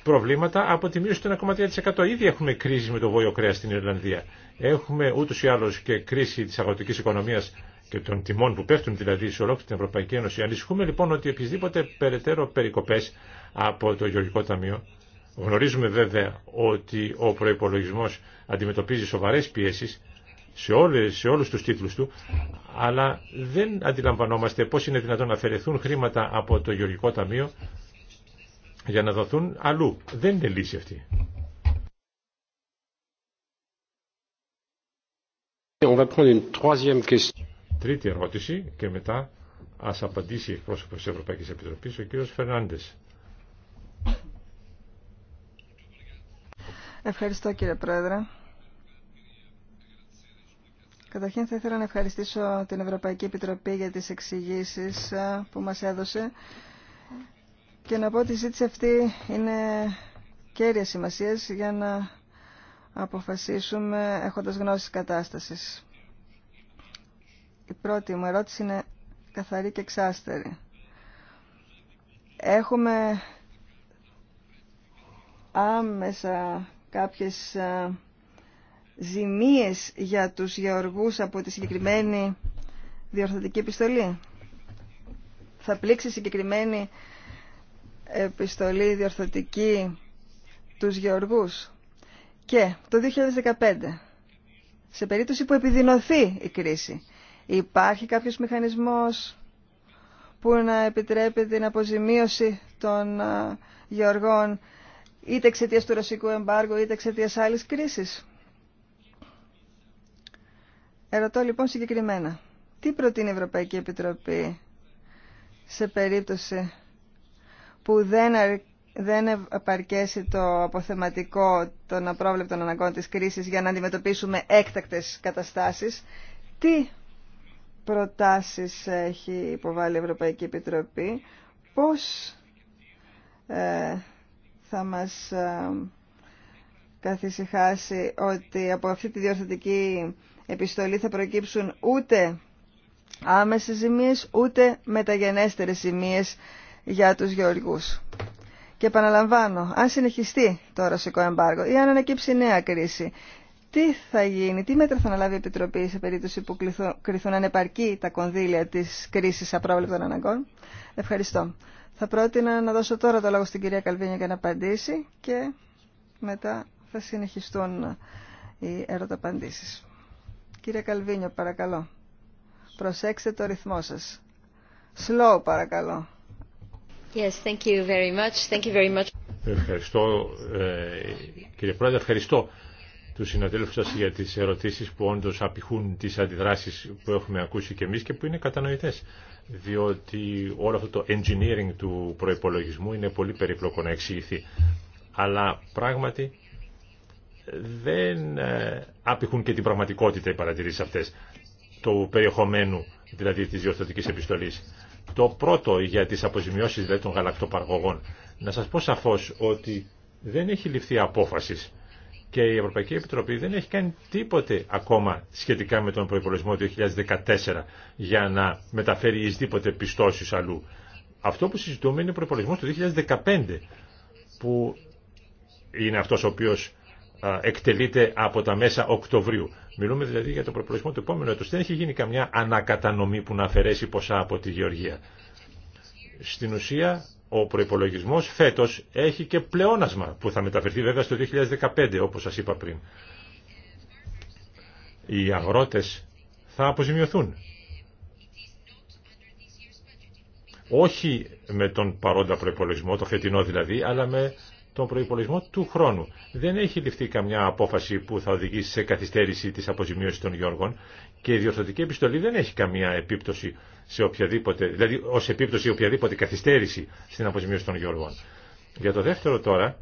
προβλήματα από τη μείωση του 1,3%. Ήδη έχουμε κρίση με το βόλιο κρέα στην Ιρλανδία. Έχουμε ούτω ή άλλω και κρίση τη αγροτική οικονομία και των τιμών που πέφτουν δηλαδή σε ολόκληρη την Ευρωπαϊκή Ένωση. Ανησυχούμε λοιπόν ότι οποιασδήποτε περαιτέρω περικοπέ από το Γεωργικό Ταμείο. Γνωρίζουμε βέβαια ότι ο προπολογισμό αντιμετωπίζει σοβαρέ πιέσει σε, όλες, σε όλους τους τίτλους του, αλλά δεν αντιλαμβανόμαστε πώς είναι δυνατόν να αφαιρεθούν χρήματα από το Γεωργικό Ταμείο για να δοθούν αλλού. Δεν είναι λύση αυτή. Τρίτη ερώτηση και μετά ας απαντήσει εκπρόσωπος της Ευρωπαϊκής Επιτροπής ο κύριος Φερνάντες. Ευχαριστώ κύριε Πρόεδρε. Καταρχήν θα ήθελα να ευχαριστήσω την Ευρωπαϊκή Επιτροπή για τις εξηγήσει ε, που μας έδωσε και να πω ότι η ζήτηση αυτή είναι κέρια σημασία για να αποφασίσουμε έχοντας γνώση της κατάστασης. Η πρώτη μου ερώτηση είναι καθαρή και εξάστερη. Έχουμε άμεσα κάποιες ε, ζημίες για τους γεωργούς από τη συγκεκριμένη διορθωτική επιστολή. Θα πλήξει συγκεκριμένη επιστολή διορθωτική τους γεωργούς. Και το 2015, σε περίπτωση που επιδεινωθεί η κρίση, υπάρχει κάποιος μηχανισμός που να επιτρέπει την αποζημίωση των ε, γεωργών είτε εξαιτία του ρωσικού εμπάργου είτε εξαιτία άλλη κρίσης. Ερωτώ λοιπόν συγκεκριμένα, τι προτείνει η Ευρωπαϊκή Επιτροπή σε περίπτωση που δεν, δεν επαρκέσει το αποθεματικό των απρόβλεπτων αναγκών της κρίσης για να αντιμετωπίσουμε έκτακτες καταστάσεις. Τι προτάσεις έχει υποβάλει η Ευρωπαϊκή Επιτροπή, πώς ε, θα μας ε, καθησυχάσει ότι από αυτή τη διορθωτική επιστολή θα προκύψουν ούτε άμεσες ζημίες, ούτε μεταγενέστερες ζημίες για τους γεωργούς. Και επαναλαμβάνω, αν συνεχιστεί το ρωσικό εμπάργο ή αν ανακύψει νέα κρίση, τι θα γίνει, τι μέτρα θα αναλάβει η Επιτροπή σε περίπτωση που κρυθούν ανεπαρκή τα κονδύλια της κρίσης απρόβλεπτων αναγκών. Ευχαριστώ. Θα πρότεινα να δώσω τώρα το λόγο στην κυρία Καλβίνια για να απαντήσει και μετά θα συνεχιστούν οι ερωταπαντήσεις. Κύριε Καλβίνιο, παρακαλώ. Προσέξτε το ρυθμό σας. Slow, παρακαλώ. Yes, thank you very much. Thank you very much. Ευχαριστώ, ε, κύριε Πρόεδρε, ευχαριστώ τους συναδέλφου σας για τις ερωτήσεις που όντως απηχούν τις αντιδράσεις που έχουμε ακούσει και εμείς και που είναι κατανοητές. Διότι όλο αυτό το engineering του προϋπολογισμού είναι πολύ περίπλοκο να εξηγηθεί. Αλλά πράγματι δεν ε, άπηχουν και την πραγματικότητα οι παρατηρήσεις αυτές του περιεχομένου δηλαδή της διορθωτικής επιστολής. Το πρώτο για τις αποζημιώσεις δηλαδή, των γαλακτοπαργογών. Να σας πω σαφώς ότι δεν έχει ληφθεί απόφαση και η Ευρωπαϊκή Επιτροπή δεν έχει κάνει τίποτε ακόμα σχετικά με τον προϋπολογισμό 2014 για να μεταφέρει εισδήποτε πιστώσεις αλλού. Αυτό που συζητούμε είναι ο προϋπολογισμός του 2015 που είναι αυτός ο οποίος εκτελείται από τα μέσα Οκτωβρίου. Μιλούμε δηλαδή για τον προπολογισμό του επόμενου έτους. Δεν έχει γίνει καμιά ανακατανομή που να αφαιρέσει ποσά από τη Γεωργία. Στην ουσία ο προπολογισμό φέτος έχει και πλεόνασμα που θα μεταφερθεί βέβαια στο 2015 όπως σας είπα πριν. Οι αγρότες θα αποζημιωθούν. Όχι με τον παρόντα προπολογισμό, το φετινό δηλαδή, αλλά με τον προπολογισμό του χρόνου. Δεν έχει ληφθεί καμιά απόφαση που θα οδηγήσει σε καθυστέρηση της αποζημίωσης των Γιώργων και η διορθωτική επιστολή δεν έχει καμία επίπτωση σε οποιαδήποτε, δηλαδή ω επίπτωση οποιαδήποτε καθυστέρηση στην αποζημίωση των Γιώργων. Για το δεύτερο τώρα,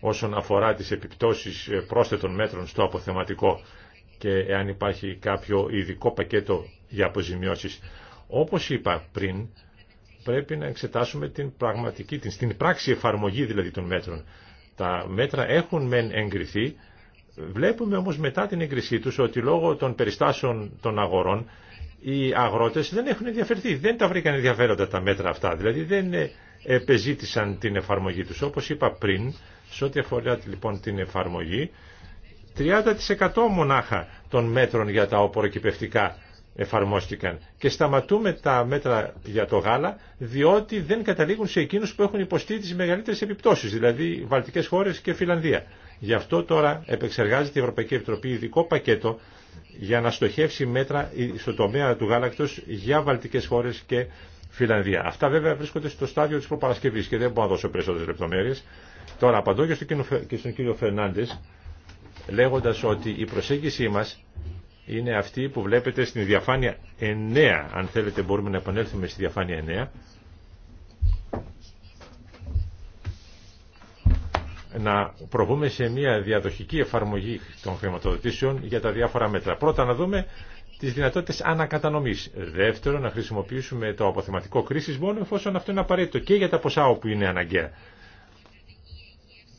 όσον αφορά τις επιπτώσεις ε, πρόσθετων μέτρων στο αποθεματικό και εάν υπάρχει κάποιο ειδικό πακέτο για αποζημιώσεις. Όπως είπα πριν, πρέπει να εξετάσουμε την πραγματική, την, στην πράξη εφαρμογή δηλαδή των μέτρων. Τα μέτρα έχουν μεν εγκριθεί, βλέπουμε όμως μετά την εγκρισή τους ότι λόγω των περιστάσεων των αγορών οι αγρότες δεν έχουν ενδιαφερθεί, δεν τα βρήκαν ενδιαφέροντα τα μέτρα αυτά, δηλαδή δεν ε, επεζήτησαν την εφαρμογή τους. Όπως είπα πριν, σε ό,τι αφορά λοιπόν την εφαρμογή, 30% μονάχα των μέτρων για τα οποροκυπευτικά εφαρμόστηκαν. Και σταματούμε τα μέτρα για το γάλα, διότι δεν καταλήγουν σε εκείνους που έχουν υποστεί τις μεγαλύτερες επιπτώσεις, δηλαδή Βαλτικές χώρες και Φιλανδία. Γι' αυτό τώρα επεξεργάζεται η Ευρωπαϊκή Επιτροπή ειδικό πακέτο για να στοχεύσει μέτρα στο τομέα του γάλακτος για Βαλτικές χώρες και Φιλανδία. Αυτά βέβαια βρίσκονται στο στάδιο της προπαρασκευής και δεν μπορώ να δώσω περισσότερες λεπτομέρειες. Τώρα απαντώ και στον κύριο Φερνάντες λέγοντας ότι η προσέγγιση μας είναι αυτή που βλέπετε στην διαφάνεια 9. Αν θέλετε μπορούμε να επανέλθουμε στη διαφάνεια 9. Να προβούμε σε μια διαδοχική εφαρμογή των χρηματοδοτήσεων για τα διάφορα μέτρα. Πρώτα να δούμε τις δυνατότητες ανακατανομής. Δεύτερο να χρησιμοποιήσουμε το αποθεματικό κρίσης μόνο εφόσον αυτό είναι απαραίτητο και για τα ποσά όπου είναι αναγκαία.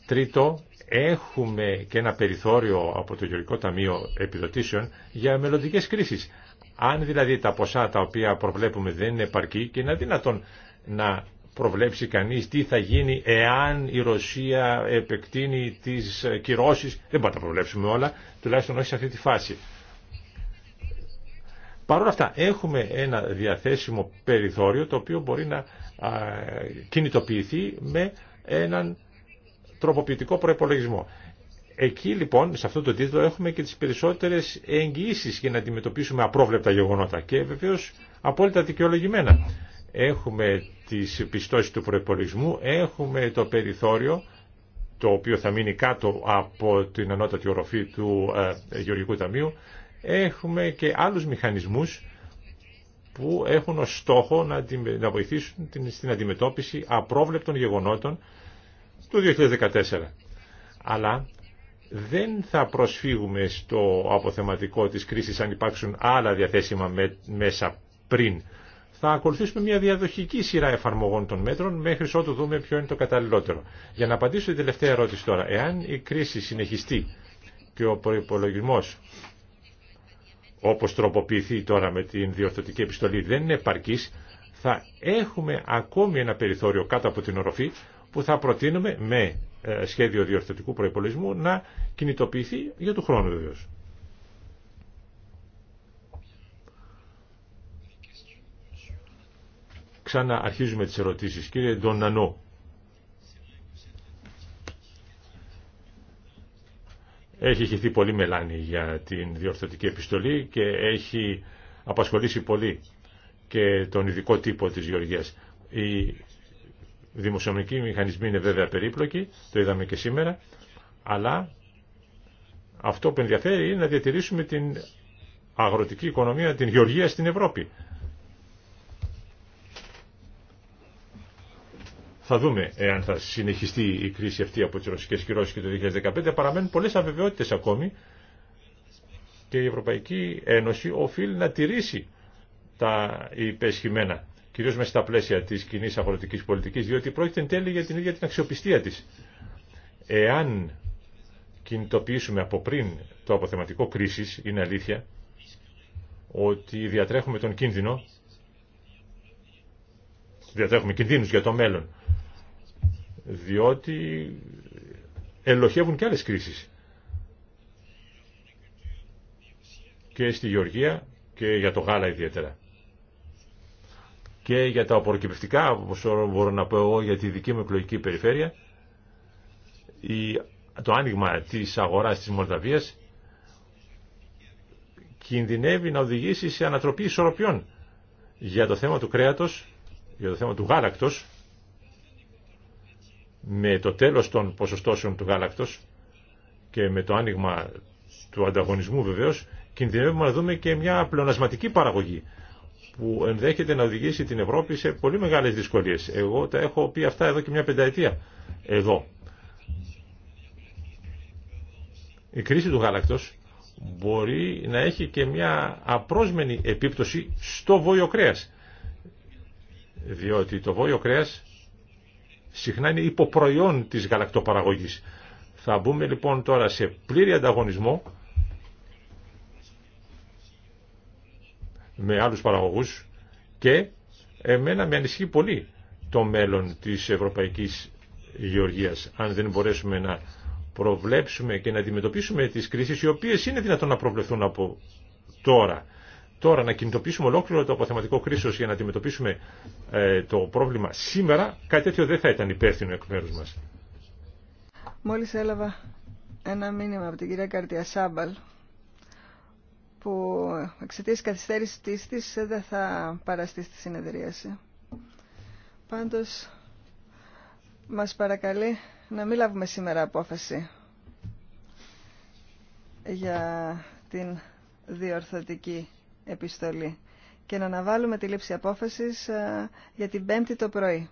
Τρίτο, έχουμε και ένα περιθώριο από το Γεωργικό Ταμείο Επιδοτήσεων για μελλοντικές κρίσεις. Αν δηλαδή τα ποσά τα οποία προβλέπουμε δεν είναι επαρκή και είναι αδύνατον να προβλέψει κανείς τι θα γίνει εάν η Ρωσία επεκτείνει τις κυρώσεις. Δεν μπορούμε να τα προβλέψουμε όλα, τουλάχιστον όχι σε αυτή τη φάση. Παρ' όλα αυτά έχουμε ένα διαθέσιμο περιθώριο το οποίο μπορεί να κινητοποιηθεί με έναν τροποποιητικό προπολογισμό. Εκεί λοιπόν, σε αυτό το τίτλο, έχουμε και τι περισσότερε εγγυήσει για να αντιμετωπίσουμε απρόβλεπτα γεγονότα και βεβαίω απόλυτα δικαιολογημένα. Έχουμε τι πιστώσει του προπολογισμού, έχουμε το περιθώριο, το οποίο θα μείνει κάτω από την ανώτατη οροφή του ε, Γεωργικού Ταμείου, έχουμε και άλλους μηχανισμούς που έχουν ως στόχο να, βοηθήσουν στην αντιμετώπιση απρόβλεπτων γεγονότων το 2014. Αλλά δεν θα προσφύγουμε στο αποθεματικό της κρίσης αν υπάρξουν άλλα διαθέσιμα μέσα πριν. Θα ακολουθήσουμε μια διαδοχική σειρά εφαρμογών των μέτρων μέχρι ότου δούμε ποιο είναι το καταλληλότερο. Για να απαντήσω την τελευταία ερώτηση τώρα. Εάν η κρίση συνεχιστεί και ο προπολογισμό όπως τροποποιηθεί τώρα με την διορθωτική επιστολή δεν είναι επαρκής, θα έχουμε ακόμη ένα περιθώριο κάτω από την οροφή που θα προτείνουμε με ε, σχέδιο διορθωτικού προϋπολογισμού να κινητοποιηθεί για του χρόνου βεβαίω. Ξανά αρχίζουμε τις ερωτήσεις. Κύριε Ντονανό, έχει χυθεί πολύ μελάνη για την διορθωτική επιστολή και έχει απασχολήσει πολύ και τον ειδικό τύπο της Γεωργίας. Η δημοσιονομικοί μηχανισμοί είναι βέβαια περίπλοκοι, το είδαμε και σήμερα, αλλά αυτό που ενδιαφέρει είναι να διατηρήσουμε την αγροτική οικονομία, την γεωργία στην Ευρώπη. Θα δούμε εάν θα συνεχιστεί η κρίση αυτή από τις ρωσικές κυρώσεις και το 2015. Παραμένουν πολλές αβεβαιότητες ακόμη και η Ευρωπαϊκή Ένωση οφείλει να τηρήσει τα υπεσχημένα κυρίω μέσα στα πλαίσια της κοινή αγροτική πολιτικής, διότι πρόκειται εν τέλει για την ίδια την αξιοπιστία της. Εάν κινητοποιήσουμε από πριν το αποθεματικό κρίση είναι αλήθεια, ότι διατρέχουμε τον κίνδυνο, διατρέχουμε κινδύνους για το μέλλον, διότι ελοχεύουν και άλλες κρίσεις. Και στη Γεωργία και για το γάλα ιδιαίτερα και για τα απορροκυπευτικά, όπω μπορώ να πω εγώ για τη δική μου εκλογική περιφέρεια, η, το άνοιγμα της αγοράς της μολδαβία κινδυνεύει να οδηγήσει σε ανατροπή ισορροπιών για το θέμα του κρέατος, για το θέμα του γάλακτος, με το τέλος των ποσοστώσεων του γάλακτος και με το άνοιγμα του ανταγωνισμού βεβαίως, κινδυνεύουμε να δούμε και μια πλεονασματική παραγωγή που ενδέχεται να οδηγήσει την Ευρώπη σε πολύ μεγάλες δυσκολίες. Εγώ τα έχω πει αυτά εδώ και μια πενταετία εδώ. Η κρίση του γάλακτος μπορεί να έχει και μια απρόσμενη επίπτωση στο βόλιο κρέας. Διότι το βόλιο κρέας συχνά είναι υποπροϊόν της γαλακτοπαραγωγής. Θα μπούμε λοιπόν τώρα σε πλήρη ανταγωνισμό με άλλους παραγωγούς και εμένα με ανησυχεί πολύ το μέλλον της ευρωπαϊκής γεωργίας αν δεν μπορέσουμε να προβλέψουμε και να αντιμετωπίσουμε τις κρίσεις οι οποίες είναι δυνατόν να προβλεφθούν από τώρα. Τώρα να κινητοποιήσουμε ολόκληρο το αποθεματικό κρίσος για να αντιμετωπίσουμε ε, το πρόβλημα σήμερα, κάτι τέτοιο δεν θα ήταν υπεύθυνο εκ μέρους μας. Μόλις έλαβα ένα μήνυμα από την κυρία Καρτιασάμπαλ που εξαιτία τη καθυστέρηση τη δεν θα παραστεί στη συνεδρίαση. Πάντως, μα παρακαλεί να μην λάβουμε σήμερα απόφαση για την διορθωτική επιστολή και να αναβάλουμε τη λήψη απόφασης ε, για την Πέμπτη το πρωί,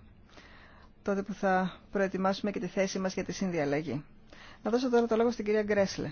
τότε που θα προετοιμάσουμε και τη θέση μας για τη συνδιαλλαγή. Να δώσω τώρα το λόγο στην κυρία Γκρέσλε.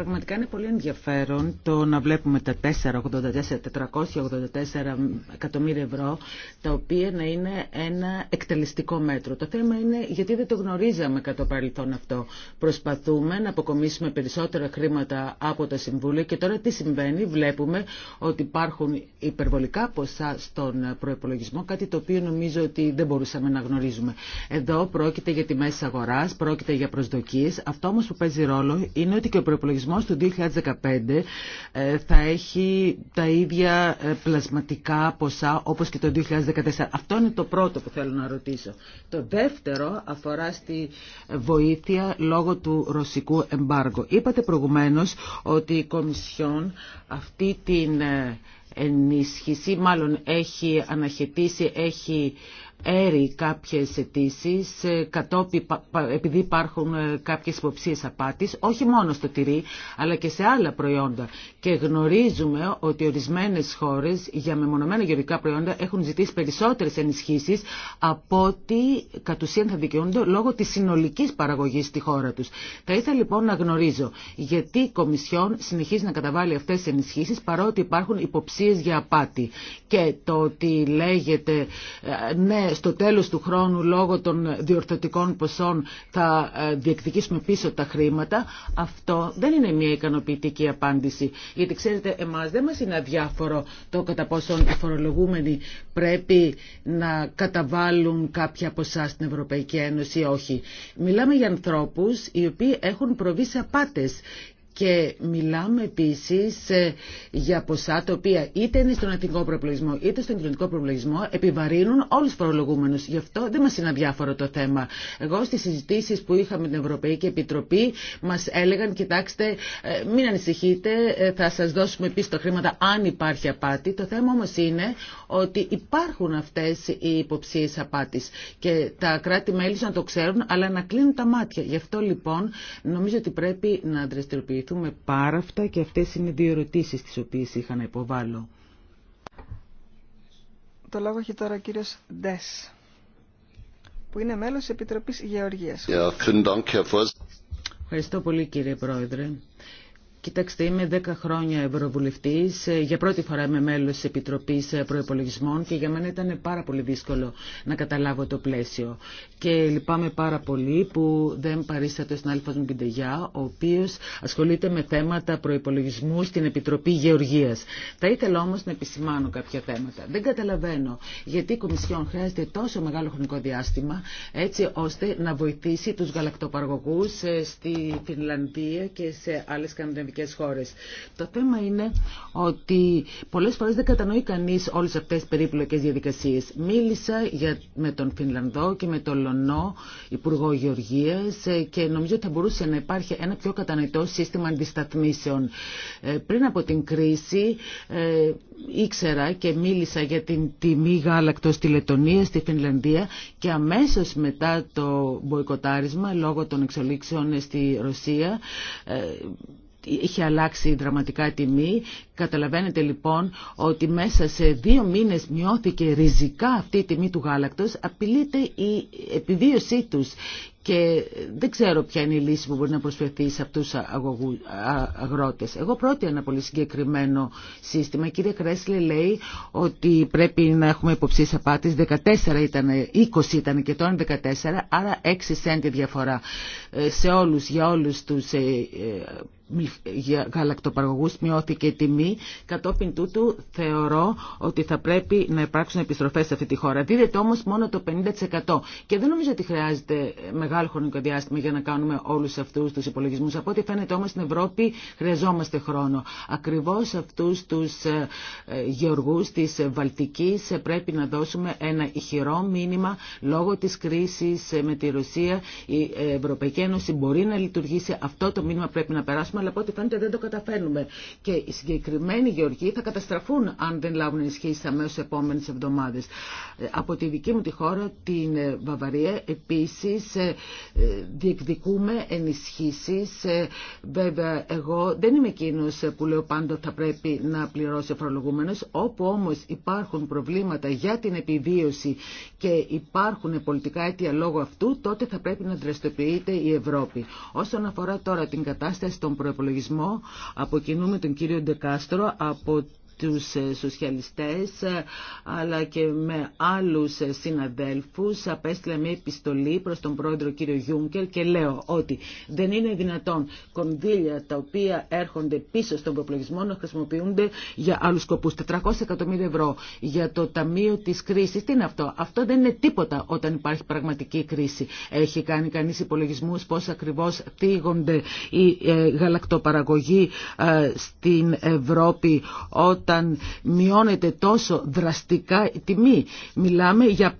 Πραγματικά είναι πολύ ενδιαφέρον το να βλέπουμε τα 484, 484 εκατομμύρια ευρώ, τα οποία να είναι ένα εκτελεστικό μέτρο. Το θέμα είναι γιατί δεν το γνωρίζαμε κατά το παρελθόν αυτό. Προσπαθούμε να αποκομίσουμε περισσότερα χρήματα από το Συμβούλιο και τώρα τι συμβαίνει. Βλέπουμε ότι υπάρχουν υπερβολικά ποσά στον προπολογισμό, κάτι το οποίο νομίζω ότι δεν μπορούσαμε να γνωρίζουμε. Εδώ πρόκειται για τιμέ αγορά, πρόκειται για προσδοκίε. Αυτό όμω που παίζει ρόλο είναι ότι και ο προπολογισμό το του 2015 ε, θα έχει τα ίδια ε, πλασματικά ποσά όπως και το 2014. Αυτό είναι το πρώτο που θέλω να ρωτήσω. Το δεύτερο αφορά στη βοήθεια λόγω του ρωσικού εμπάργου. Είπατε προηγουμένως ότι η Κομισιόν αυτή την ε, ενίσχυση μάλλον έχει αναχαιτήσει, έχει έρει κάποιες αιτήσει ε, επειδή υπάρχουν ε, κάποιες υποψίες απάτης, όχι μόνο στο τυρί, αλλά και σε άλλα προϊόντα. Και γνωρίζουμε ότι ορισμένες χώρες για μεμονωμένα γεωργικά προϊόντα έχουν ζητήσει περισσότερες ενισχύσεις από ότι κατ' ουσίαν θα δικαιούνται λόγω της συνολικής παραγωγής στη χώρα τους. Θα ήθελα λοιπόν να γνωρίζω γιατί η Κομισιόν συνεχίζει να καταβάλει αυτές τις ενισχύσεις παρότι υπάρχουν υποψίες για απάτη. Και το ότι λέγεται ε, ναι στο τέλος του χρόνου λόγω των διορθωτικών ποσών θα ε, διεκδικήσουμε πίσω τα χρήματα, αυτό δεν είναι μια ικανοποιητική απάντηση. Γιατί ξέρετε, εμάς δεν μας είναι αδιάφορο το κατά πόσον οι φορολογούμενοι πρέπει να καταβάλουν κάποια ποσά στην Ευρωπαϊκή Ένωση ή όχι. Μιλάμε για ανθρώπους οι οποίοι έχουν προβεί σε απάτες και μιλάμε επίσης ε, για ποσά τα οποία είτε είναι στον αθηνικό προπολογισμό είτε στον κοινωνικό προπολογισμό επιβαρύνουν όλους τους προλογούμενους. Γι' αυτό δεν μας είναι αδιάφορο το θέμα. Εγώ στις συζητήσεις που είχαμε με την Ευρωπαϊκή Επιτροπή μας έλεγαν κοιτάξτε ε, μην ανησυχείτε ε, θα σας δώσουμε πίσω τα χρήματα αν υπάρχει απάτη. Το θέμα όμω είναι ότι υπάρχουν αυτές οι υποψίες απάτης και τα κράτη-μέλη να το ξέρουν αλλά να κλείνουν τα μάτια. Γι' αυτό λοιπόν νομίζω ότι πρέπει να δραστηριοποιηθούμε πάρα αυτά και αυτές είναι δύο ερωτήσεις τις οποίες είχα να υποβάλω. Το λόγο έχει τώρα ο κύριος Ντες που είναι μέλος τη Επιτροπής Γεωργίας. Ευχαριστώ πολύ κύριε Πρόεδρε. Κοιτάξτε, είμαι 10 χρόνια ευρωβουλευτή. Ε, για πρώτη φορά είμαι μέλο τη Επιτροπή ε, Προπολογισμών και για μένα ήταν πάρα πολύ δύσκολο να καταλάβω το πλαίσιο. Και λυπάμαι πάρα πολύ που δεν παρήσατε στην συνάδελφο μου Πιντεγιά, ο οποίο ασχολείται με θέματα προπολογισμού στην Επιτροπή Γεωργία. Θα ήθελα όμω να επισημάνω κάποια θέματα. Δεν καταλαβαίνω γιατί η Κομισιόν χρειάζεται τόσο μεγάλο χρονικό διάστημα έτσι ώστε να βοηθήσει του γαλακτοπαργωγού ε, στη Φινλανδία και σε άλλε σκανδιναβικέ χώρες. Το θέμα είναι ότι πολλές φορές δεν κατανοεί κανείς όλες αυτές τις περίπλοκες διαδικασίες. Μίλησα για, με τον Φινλανδό και με τον Λονό Υπουργό Γεωργίας ε, και νομίζω ότι θα μπορούσε να υπάρχει ένα πιο κατανοητό σύστημα αντισταθμίσεων. Ε, πριν από την κρίση ε, ήξερα και μίλησα για την τιμή γάλακτος στη Λετωνία, στη Φινλανδία και αμέσως μετά το μποϊκοτάρισμα λόγω των εξολήξεων στη Ρωσία είχε αλλάξει δραματικά η τιμή. Καταλαβαίνετε λοιπόν ότι μέσα σε δύο μήνες μειώθηκε ριζικά αυτή η τιμή του γάλακτος, απειλείται η επιβίωσή τους και δεν ξέρω ποια είναι η λύση που μπορεί να προσφερθεί σε αυτού του αγρότες. Εγώ πρώτη ένα πολύ συγκεκριμένο σύστημα. Η κυρία Κρέσλε λέει ότι πρέπει να έχουμε υποψίες απάτη. 14 ήταν, 20 ήταν και τώρα 14, άρα 6 σέντη διαφορά ε, σε όλους, για όλου του ε, ε, για γαλακτοπαραγωγούς μειώθηκε η τιμή. Κατόπιν τούτου θεωρώ ότι θα πρέπει να υπάρξουν επιστροφές σε αυτή τη χώρα. Δίδεται όμως μόνο το 50%. Και δεν νομίζω ότι χρειάζεται μεγάλο χρονικό διάστημα για να κάνουμε όλου αυτού του υπολογισμού. Από ό,τι φαίνεται όμω στην Ευρώπη χρειαζόμαστε χρόνο. Ακριβώ αυτού, του ε, γεωργού τη Βαλτική, πρέπει να δώσουμε ένα ηχηρό μήνυμα λόγω τη κρίση με τη Ρωσία. Η ε, Ευρωπαϊκή Ένωση μπορεί να λειτουργήσει. Αυτό το μήνυμα πρέπει να περάσουμε, αλλά από ό,τι φαίνεται δεν το καταφέρνουμε. Και οι συγκεκριμένοι γεωργοί θα καταστραφούν αν δεν λάβουν ενισχύσει αμέσω επόμενε εβδομάδε. Ε, από τη δική μου τη χώρα, την Βαβαρία, επίση ε, διεκδικούμε ενισχύσεις. Ε, βέβαια, εγώ δεν είμαι εκείνο που λέω πάντα θα πρέπει να πληρώσει ο φορολογούμενος. Όπου όμως υπάρχουν προβλήματα για την επιβίωση και υπάρχουν πολιτικά αίτια λόγω αυτού, τότε θα πρέπει να δραστηριοποιείται η Ευρώπη. Όσον αφορά τώρα την κατάσταση στον προπολογισμό, αποκινούμε τον κύριο Ντεκάστρο από τους ε, σοσιαλιστές ε, αλλά και με άλλους ε, συναδέλφους απέστειλα μια επιστολή προς τον πρόεδρο κύριο Γιούγκερ και λέω ότι δεν είναι δυνατόν κονδύλια τα οποία έρχονται πίσω στον προπλογισμό να χρησιμοποιούνται για άλλους σκοπούς. 400 εκατομμύρια ευρώ για το Ταμείο της Κρίσης. Τι είναι αυτό. Αυτό δεν είναι τίποτα όταν υπάρχει πραγματική κρίση. Έχει κάνει κανείς υπολογισμούς πώς ακριβώς θίγονται οι γαλακτοπαραγωγοί στην Ευρώπη όταν μειώνεται τόσο δραστικά η τιμή. Μιλάμε για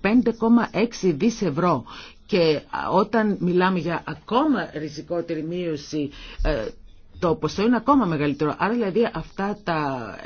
5,6 δις ευρώ και όταν μιλάμε για ακόμα ριζικότερη μείωση ε, το ποσό είναι ακόμα μεγαλύτερο. Άρα δηλαδή αυτά τα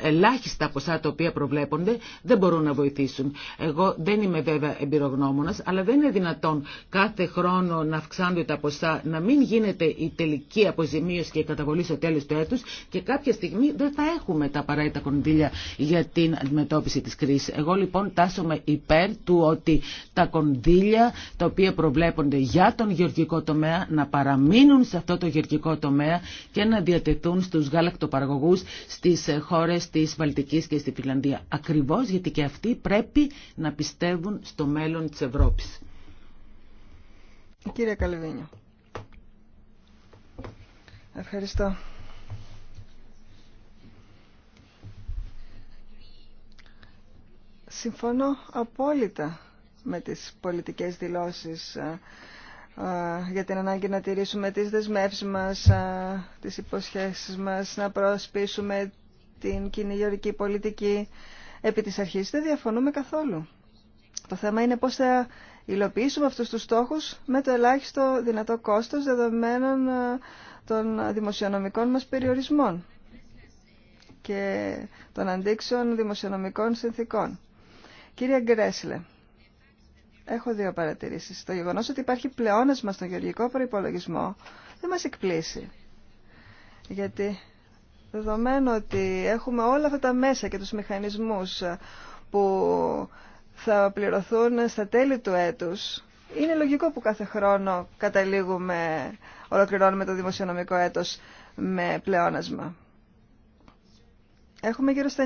ελάχιστα ποσά τα οποία προβλέπονται δεν μπορούν να βοηθήσουν. Εγώ δεν είμαι βέβαια εμπειρογνώμονας, αλλά δεν είναι δυνατόν κάθε χρόνο να αυξάνονται τα ποσά, να μην γίνεται η τελική αποζημίωση και η καταβολή στο τέλος του έτους και κάποια στιγμή δεν θα έχουμε τα απαραίτητα κονδύλια για την αντιμετώπιση της κρίσης. Εγώ λοιπόν τάσομαι υπέρ του ότι τα κονδύλια τα οποία προβλέπονται για τον γεωργικό τομέα να παραμείνουν σε αυτό το γεωργικό τομέα και να διατεθούν στους γαλακτοπαραγωγούς στις χώρες της Βαλτικής και στη Φιλανδία. Ακριβώς γιατί και αυτοί πρέπει να πιστεύουν στο μέλλον της Ευρώπης. Κύριε Καλεβίνιο. ευχαριστώ. Συμφωνώ απόλυτα με τις πολιτικές δηλώσεις ε, για την ανάγκη να τηρήσουμε τις δεσμεύσεις μας, τις υποσχέσεις μας, να προσπίσουμε την κοινή πολιτική. Επί της αρχής δεν διαφωνούμε καθόλου. Το θέμα είναι πώς θα υλοποιήσουμε αυτούς τους στόχους με το ελάχιστο δυνατό κόστος δεδομένων των δημοσιονομικών μας περιορισμών και των αντίξεων δημοσιονομικών συνθήκων. Κύριε Γκρέσλε, Έχω δύο παρατηρήσεις. Το γεγονός ότι υπάρχει πλεόνασμα στον γεωργικό προϋπολογισμό δεν μας εκπλήσει. Γιατί δεδομένου ότι έχουμε όλα αυτά τα μέσα και τους μηχανισμούς που θα πληρωθούν στα τέλη του έτους, είναι λογικό που κάθε χρόνο καταλήγουμε, ολοκληρώνουμε το δημοσιονομικό έτος με πλεόνασμα. Έχουμε γύρω στα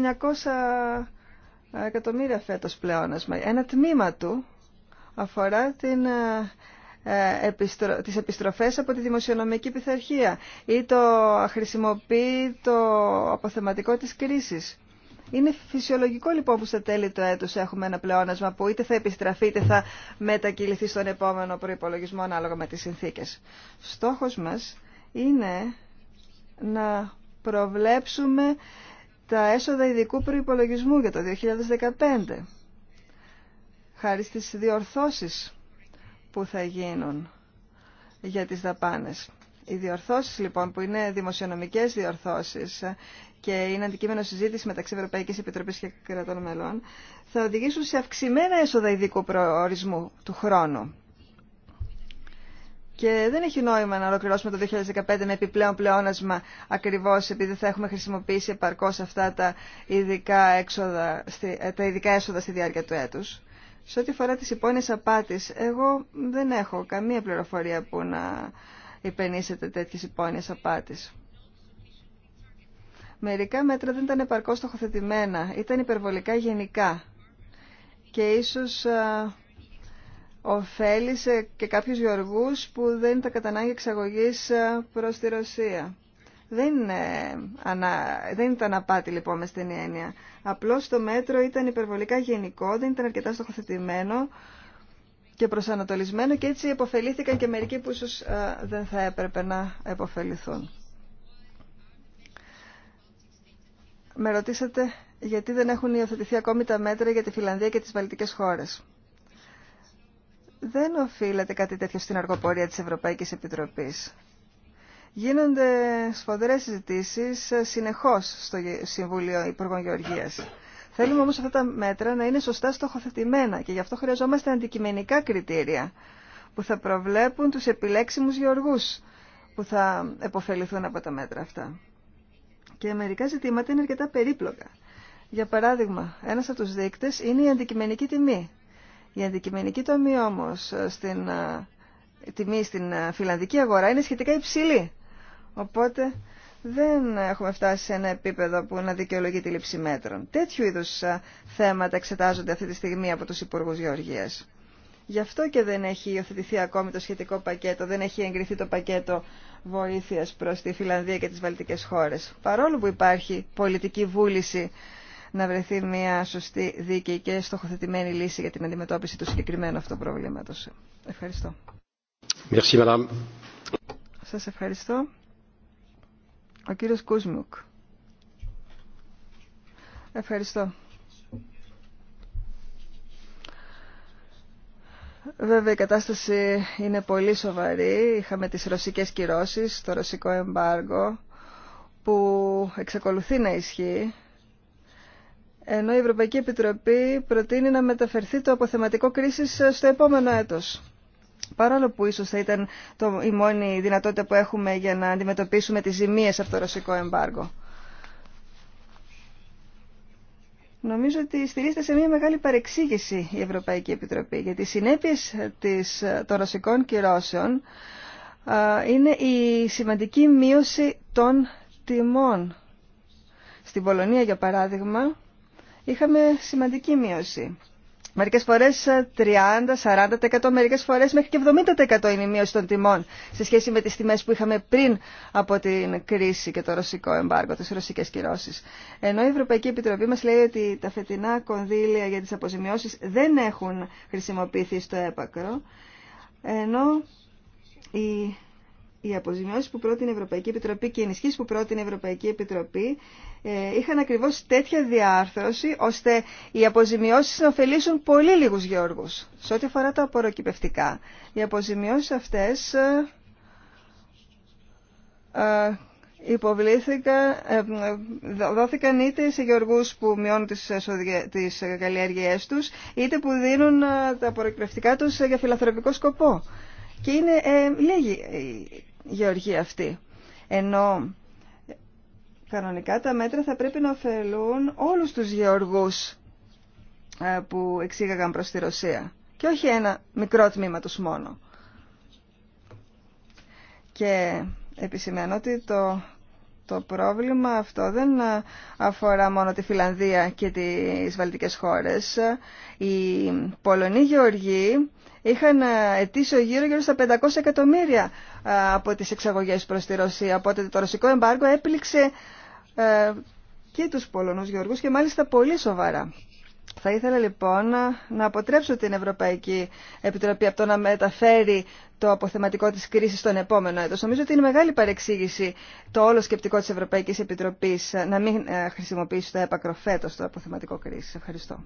900 εκατομμύρια φέτος πλεόνασμα. Ένα τμήμα του αφορά την, ε, ε, επιστρο... τις επιστροφές από τη δημοσιονομική πειθαρχία ή το χρησιμοποιεί το αποθεματικό της κρίσης. Είναι φυσιολογικό λοιπόν που στα τέλη του έτους έχουμε ένα πλεόνασμα που είτε θα επιστραφεί είτε θα μετακυληθεί στον επόμενο προϋπολογισμό ανάλογα με τις συνθήκες. Στόχος μας είναι να προβλέψουμε τα έσοδα ειδικού προϋπολογισμού για το 2015 χάρη στις διορθώσεις που θα γίνουν για τις δαπάνες. Οι διορθώσεις λοιπόν που είναι δημοσιονομικές διορθώσεις και είναι αντικείμενο συζήτηση μεταξύ Ευρωπαϊκής Επιτροπής και κρατών μελών θα οδηγήσουν σε αυξημένα έσοδα ειδικού προορισμού του χρόνου. Και δεν έχει νόημα να ολοκληρώσουμε το 2015 με επιπλέον πλεόνασμα ακριβώς επειδή θα έχουμε χρησιμοποιήσει επαρκώς αυτά τα ειδικά, έξοδα, τα ειδικά έσοδα στη διάρκεια του έτους. Σε ό,τι αφορά τις υπόνοιες απάτης, εγώ δεν έχω καμία πληροφορία που να υπενήσετε τέτοιες υπόνοιες απάτης. Μερικά μέτρα δεν ήταν επαρκώς στοχοθετημένα, ήταν υπερβολικά γενικά και ίσως α, και κάποιους γιοργούς που δεν τα κατανάγει εξαγωγής προς τη Ρωσία. Δεν, ε, δεν ήταν απάτη λοιπόν με στην έννοια. Απλώς το μέτρο ήταν υπερβολικά γενικό, δεν ήταν αρκετά στοχοθετημένο και προσανατολισμένο και έτσι υποφελήθηκαν και μερικοί που ίσως ε, δεν θα έπρεπε να υποφεληθούν. Με ρωτήσατε γιατί δεν έχουν υιοθετηθεί ακόμη τα μέτρα για τη Φιλανδία και τις βαλτικές χώρες. Δεν οφείλεται κάτι τέτοιο στην αργοπορία της Ευρωπαϊκής Επιτροπής. Γίνονται σφοδρές συζητήσεις ε, συνεχώς στο Συμβούλιο Υπουργών Γεωργίας. Θέλουμε όμως αυτά τα μέτρα να είναι σωστά στοχοθετημένα και γι' αυτό χρειαζόμαστε αντικειμενικά κριτήρια που θα προβλέπουν τους επιλέξιμους γεωργούς που θα επωφεληθούν από τα μέτρα αυτά. Και μερικά ζητήματα είναι αρκετά περίπλοκα. Για παράδειγμα, ένας από τους δείκτες είναι η αντικειμενική τιμή. Η αντικειμενική τομή όμως ε, στην ε, τιμή στην φιλανδική αγορά είναι σχετικά υψηλή. Οπότε δεν έχουμε φτάσει σε ένα επίπεδο που να δικαιολογεί τη λήψη μέτρων. Τέτοιου είδου θέματα εξετάζονται αυτή τη στιγμή από του Υπουργού Γεωργία. Γι' αυτό και δεν έχει υιοθετηθεί ακόμη το σχετικό πακέτο, δεν έχει εγκριθεί το πακέτο βοήθεια προ τη Φιλανδία και τι Βαλτικέ χώρε. Παρόλο που υπάρχει πολιτική βούληση να βρεθεί μια σωστή, δίκαιη και στοχοθετημένη λύση για την αντιμετώπιση του συγκεκριμένου αυτού προβλήματο. Ευχαριστώ. Merci, ευχαριστώ. Ο κύριος Κούσμουκ. Ευχαριστώ. Βέβαια η κατάσταση είναι πολύ σοβαρή. Είχαμε τις ρωσικές κυρώσεις, το ρωσικό εμπάργο που εξακολουθεί να ισχύει ενώ η Ευρωπαϊκή Επιτροπή προτείνει να μεταφερθεί το αποθεματικό κρίσης στο επόμενο έτος παρόλο που ίσως θα ήταν η μόνη δυνατότητα που έχουμε για να αντιμετωπίσουμε τις ζημίες από το ρωσικό εμπάργο. Νομίζω ότι στηρίζεται σε μια μεγάλη παρεξήγηση η Ευρωπαϊκή Επιτροπή, γιατί οι συνέπειες της, των ρωσικών κυρώσεων είναι η σημαντική μείωση των τιμών. Στην Πολωνία, για παράδειγμα, είχαμε σημαντική μείωση. Μερικές φορές 30-40%, ε, μερικές φορές μέχρι και 70% είναι η μείωση των τιμών σε σχέση με τις τιμές που είχαμε πριν από την κρίση και το ρωσικό εμπάργο, τις ρωσικές κυρώσεις. Ενώ η Ευρωπαϊκή Επιτροπή μας λέει ότι τα φετινά κονδύλια για τις αποζημιώσεις δεν έχουν χρησιμοποιηθεί στο έπακρο, ενώ η οι αποζημιώσεις που πρότεινε η Ευρωπαϊκή Επιτροπή και οι ενισχύσεις που πρότεινε η Ευρωπαϊκή Επιτροπή ε, είχαν ακριβώς τέτοια διάρθρωση ώστε οι αποζημιώσεις να ωφελήσουν πολύ λίγους γεωργούς. Σε ό,τι αφορά τα απορροκυπευτικά, οι αποζημιώσεις αυτές ε, ε, υποβλήθηκαν, δόθηκαν είτε σε γεωργούς που μειώνουν τις, τις καλλιέργειές τους, είτε που δίνουν τα απορροκυπευτικά τους για φιλαθροπικό σκοπό. Και είναι ε, λίγοι γεωργία αυτή, Ενώ κανονικά τα μέτρα θα πρέπει να ωφελούν όλους τους γεωργούς ε, που εξήγαγαν προς τη Ρωσία και όχι ένα μικρό τμήμα τους μόνο. Και επισημαίνω ότι το, το πρόβλημα αυτό δεν ε, αφορά μόνο τη Φιλανδία και τις βαλτικές χώρες. Οι Πολωνοί γεωργοί είχαν ε, ο γύρω γύρω στα 500 εκατομμύρια ε, από τις εξαγωγές προς τη Ρωσία. Οπότε το ρωσικό εμπάργο έπληξε ε, και τους Πολωνούς Γεωργούς και μάλιστα πολύ σοβαρά. Θα ήθελα λοιπόν να αποτρέψω την Ευρωπαϊκή Επιτροπή από το να μεταφέρει το αποθεματικό της κρίσης στον επόμενο έτος. Νομίζω ότι είναι μεγάλη παρεξήγηση το όλο σκεπτικό της Ευρωπαϊκής Επιτροπής να μην χρησιμοποιήσει το έπακρο φέτος το αποθεματικό κρίσης. Ευχαριστώ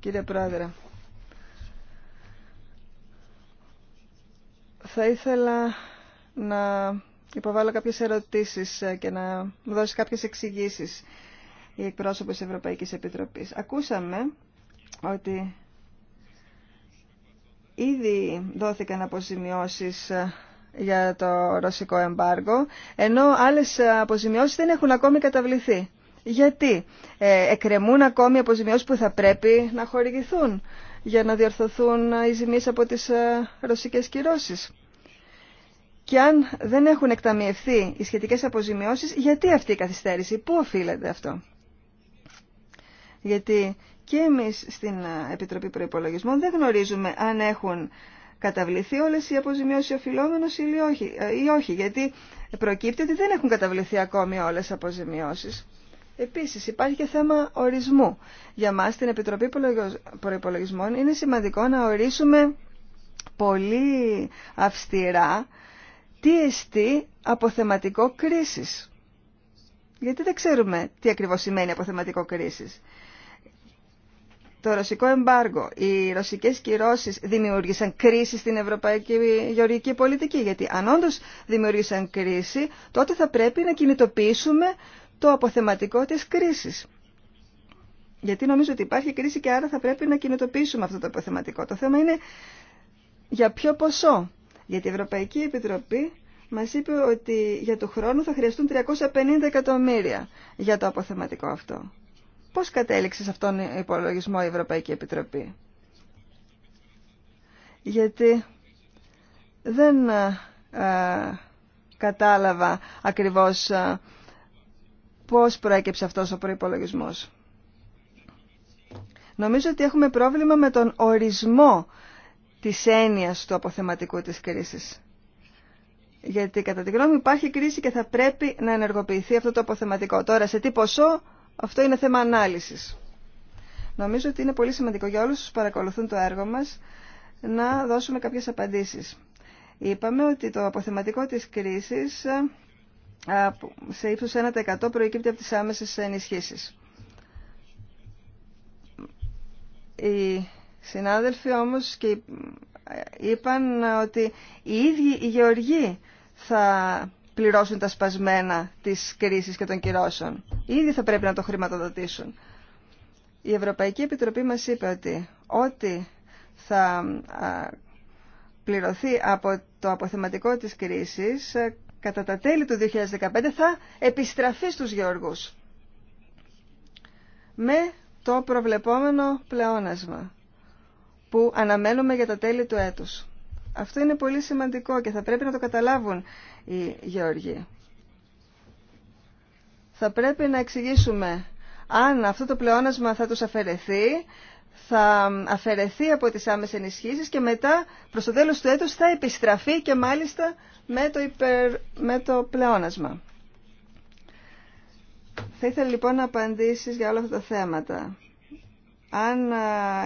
κύριε Πρόεδρε, θα ήθελα να υποβάλω κάποιες ερωτήσεις και να δώσει κάποιες εξηγήσεις η εκπρόσωπος της Ευρωπαϊκής Επιτροπής. Ακούσαμε ότι ήδη δόθηκαν αποζημιώσεις για το ρωσικό εμπάργο, ενώ άλλες αποζημιώσεις δεν έχουν ακόμη καταβληθεί. Γιατί ε, εκκρεμούν ακόμη αποζημιώσεις που θα πρέπει να χορηγηθούν για να διορθωθούν ε, οι ζημίες από τις ε, ρωσικές κυρώσεις. Και αν δεν έχουν εκταμιευθεί οι σχετικές αποζημιώσεις, γιατί αυτή η καθυστέρηση, πού οφείλεται αυτό. Γιατί και εμείς στην ε, Επιτροπή Προϋπολογισμών δεν γνωρίζουμε αν έχουν καταβληθεί όλες οι αποζημιώσεις οφειλόμενος ή ή όχι γιατί προκύπτει ότι δεν έχουν καταβληθεί ακόμη όλες οι αποζημιώσεις. Επίσης υπάρχει και θέμα ορισμού. Για μας στην Επιτροπή Προϋπολογισμών είναι σημαντικό να ορίσουμε πολύ αυστηρά τι εστί αποθεματικό κρίσης. Γιατί δεν ξέρουμε τι ακριβώς σημαίνει αποθεματικό κρίσης. Το ρωσικό εμπάργο, οι ρωσικές κυρώσεις δημιούργησαν κρίση στην ευρωπαϊκή γεωργική πολιτική. Γιατί αν όντω δημιούργησαν κρίση, τότε θα πρέπει να κινητοποιήσουμε το αποθεματικό της κρίσης. Γιατί νομίζω ότι υπάρχει κρίση και άρα θα πρέπει να κινητοποιήσουμε αυτό το αποθεματικό. Το θέμα είναι για ποιο ποσό. Γιατί η Ευρωπαϊκή Επιτροπή μας είπε ότι για το χρόνο θα χρειαστούν 350 εκατομμύρια για το αποθεματικό αυτό. Πώς κατέληξε σε αυτόν τον υπολογισμό η Ευρωπαϊκή Επιτροπή. Γιατί δεν α, ε, κατάλαβα ακριβώς ε, πώς προέκυψε αυτός ο προϋπολογισμός. Νομίζω ότι έχουμε πρόβλημα με τον ορισμό της έννοιας του αποθεματικού της κρίσης. Γιατί κατά τη γνώμη υπάρχει κρίση και θα πρέπει να ενεργοποιηθεί αυτό το αποθεματικό. Τώρα σε τι ποσό αυτό είναι θέμα ανάλυσης. Νομίζω ότι είναι πολύ σημαντικό για όλους που παρακολουθούν το έργο μας να δώσουμε κάποιες απαντήσεις. Είπαμε ότι το αποθεματικό της κρίσης σε ύψος 1% προκύπτει από τις άμεσες ενισχύσεις. Οι συνάδελφοι όμως και είπαν ότι οι ίδιοι οι γεωργοί θα πληρώσουν τα σπασμένα της κρίσης και των κυρώσεων. Ήδη θα πρέπει να το χρηματοδοτήσουν. Η Ευρωπαϊκή Επιτροπή μας είπε ότι ό,τι θα πληρωθεί από το αποθεματικό της κρίσης κατά τα τέλη του 2015 θα επιστραφεί στους γεωργούς με το προβλεπόμενο πλεόνασμα που αναμένουμε για τα τέλη του έτους. Αυτό είναι πολύ σημαντικό και θα πρέπει να το καταλάβουν οι γεωργοί. Θα πρέπει να εξηγήσουμε αν αυτό το πλεόνασμα θα τους αφαιρεθεί θα αφαιρεθεί από τις άμεσες ενισχύσεις και μετά προς το τέλος του έτους θα επιστραφεί και μάλιστα με το, υπερ, με το πλεόνασμα. Θα ήθελα λοιπόν να απαντήσεις για όλα αυτά τα θέματα. Αν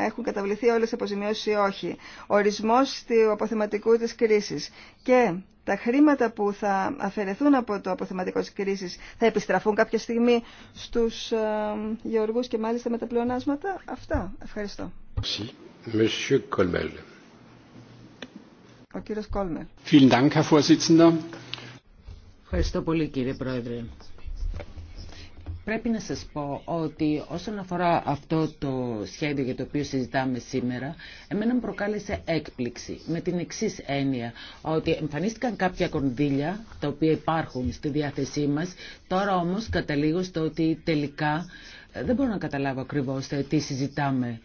έχουν καταβληθεί όλες οι αποζημιώσεις ή όχι. Ορισμός του αποθεματικού της κρίσης. Και τα χρήματα που θα αφαιρεθούν από το αποθεματικό της κρίσης θα επιστραφούν κάποια στιγμή στους ε, γεωργούς και μάλιστα με τα πλεονάσματα. Αυτά. Ευχαριστώ. Ο κύριος Κόλμελ. Ευχαριστώ πολύ κύριε Πρόεδρε. Πρέπει να σας πω ότι όσον αφορά αυτό το σχέδιο για το οποίο συζητάμε σήμερα, εμένα μου προκάλεσε έκπληξη με την εξή έννοια, ότι εμφανίστηκαν κάποια κονδύλια τα οποία υπάρχουν στη διάθεσή μας, τώρα όμως καταλήγω στο ότι τελικά ε, δεν μπορώ να καταλάβω ακριβώς ε, τι συζητάμε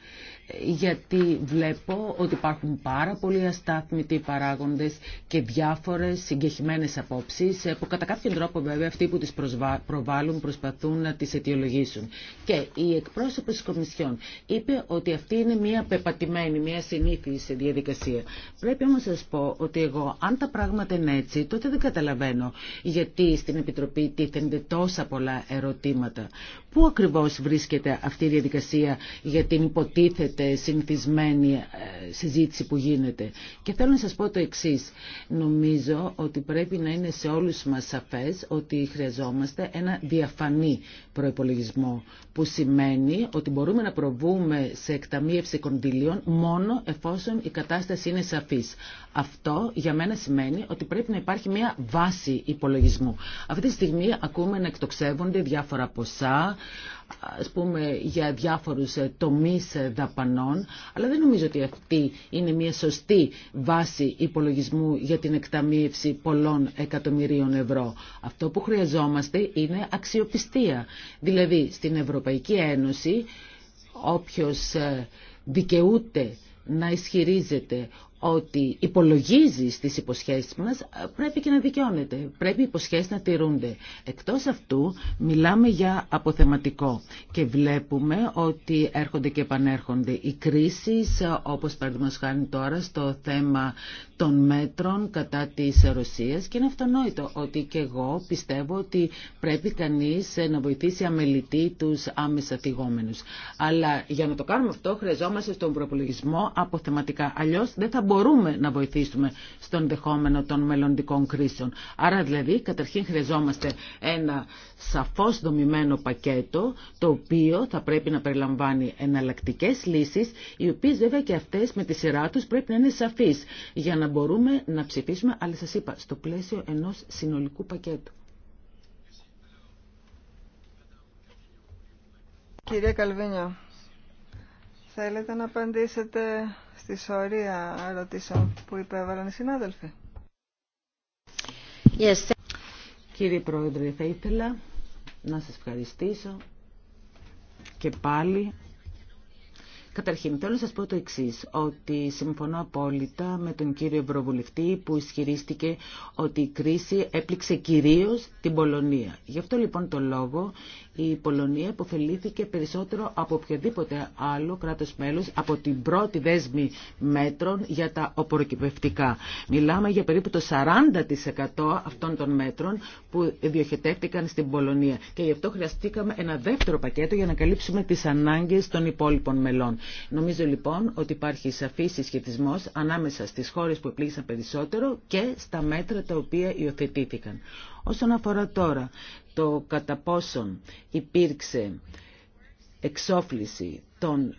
γιατί βλέπω ότι υπάρχουν πάρα πολλοί αστάθμητοι παράγοντες και διάφορες συγκεχημένες απόψεις ε, που κατά κάποιον τρόπο βέβαια αυτοί που τις προβάλλουν προσπαθούν να τις αιτιολογήσουν. Και η εκπρόσωπος της Κομισιόν είπε ότι αυτή είναι μια πεπατημένη, μια συνήθιση διαδικασία. Πρέπει όμως να σας πω ότι εγώ αν τα πράγματα είναι έτσι τότε δεν καταλαβαίνω γιατί στην Επιτροπή τίθενται τόσα πολλά ερωτήματα. Πού ακριβώς βρίσκεται αυτή η διαδικασία για την υποτίθεται συνηθισμένη ε, συζήτηση που γίνεται. Και θέλω να σας πω το εξής. Νομίζω ότι πρέπει να είναι σε όλους μας σαφές ότι χρειαζόμαστε ένα διαφανή προϋπολογισμό που σημαίνει ότι μπορούμε να προβούμε σε εκταμείευση κονδυλίων μόνο εφόσον η κατάσταση είναι σαφής. Αυτό για μένα σημαίνει ότι πρέπει να υπάρχει μια βάση υπολογισμού. Αυτή τη στιγμή ακούμε να εκτοξεύονται διάφορα ποσά ας πούμε, για διάφορους ε, τομείς ε, δαπανών, αλλά δεν νομίζω ότι αυτή είναι μια σωστή βάση υπολογισμού για την εκταμείευση πολλών εκατομμυρίων ευρώ. Αυτό που χρειαζόμαστε είναι αξιοπιστία. Δηλαδή, στην Ευρωπαϊκή Ένωση, όποιος ε, δικαιούται να ισχυρίζεται ότι υπολογίζει στις υποσχέσεις μας, ε, πρέπει και να δικαιώνεται. Πρέπει οι υποσχέσεις να τηρούνται. Εκτός αυτού, μιλάμε για αποθεματικό και βλέπουμε ότι έρχονται και επανέρχονται οι κρίσεις, ε, όπως παραδείγματος χάνει τώρα στο θέμα των μέτρων κατά της Ρωσίας και είναι αυτονόητο ότι και εγώ πιστεύω ότι πρέπει κανείς ε, να βοηθήσει αμελητή τους άμεσα θυγόμενους. Αλλά για να το κάνουμε αυτό χρειαζόμαστε στον προπολογισμό αποθεματικά. Αλλιώς δεν θα μπορούμε να βοηθήσουμε στον δεχόμενο των μελλοντικών κρίσεων. Άρα δηλαδή καταρχήν χρειαζόμαστε ένα σαφώς δομημένο πακέτο το οποίο θα πρέπει να περιλαμβάνει εναλλακτικέ λύσεις οι οποίες βέβαια και αυτές με τη σειρά τους πρέπει να είναι σαφείς για να μπορούμε να ψηφίσουμε αλλά σας είπα στο πλαίσιο ενός συνολικού πακέτου. Κυρία Καλβίνια, θέλετε να απαντήσετε στη σωρία ρωτήσω που υπέβαλαν οι συνάδελφοι. Yes. Κύριε Πρόεδρε, θα ήθελα να σας ευχαριστήσω και πάλι Καταρχήν, θέλω να σας πω το εξή ότι συμφωνώ απόλυτα με τον κύριο Ευρωβουλευτή που ισχυρίστηκε ότι η κρίση έπληξε κυρίως την Πολωνία. Γι' αυτό λοιπόν το λόγο η Πολωνία υποφελήθηκε περισσότερο από οποιοδήποτε άλλο κράτος μέλος από την πρώτη δέσμη μέτρων για τα οποροκυπευτικά. Μιλάμε για περίπου το 40% αυτών των μέτρων που διοχετεύτηκαν στην Πολωνία και γι' αυτό χρειαστήκαμε ένα δεύτερο πακέτο για να καλύψουμε τις ανάγκες των υπόλοιπων μελών. Νομίζω λοιπόν ότι υπάρχει σαφή συσχετισμό ανάμεσα στι χώρε που επλήγησαν περισσότερο και στα μέτρα τα οποία υιοθετήθηκαν. Όσον αφορά τώρα το κατά πόσον υπήρξε εξόφληση των,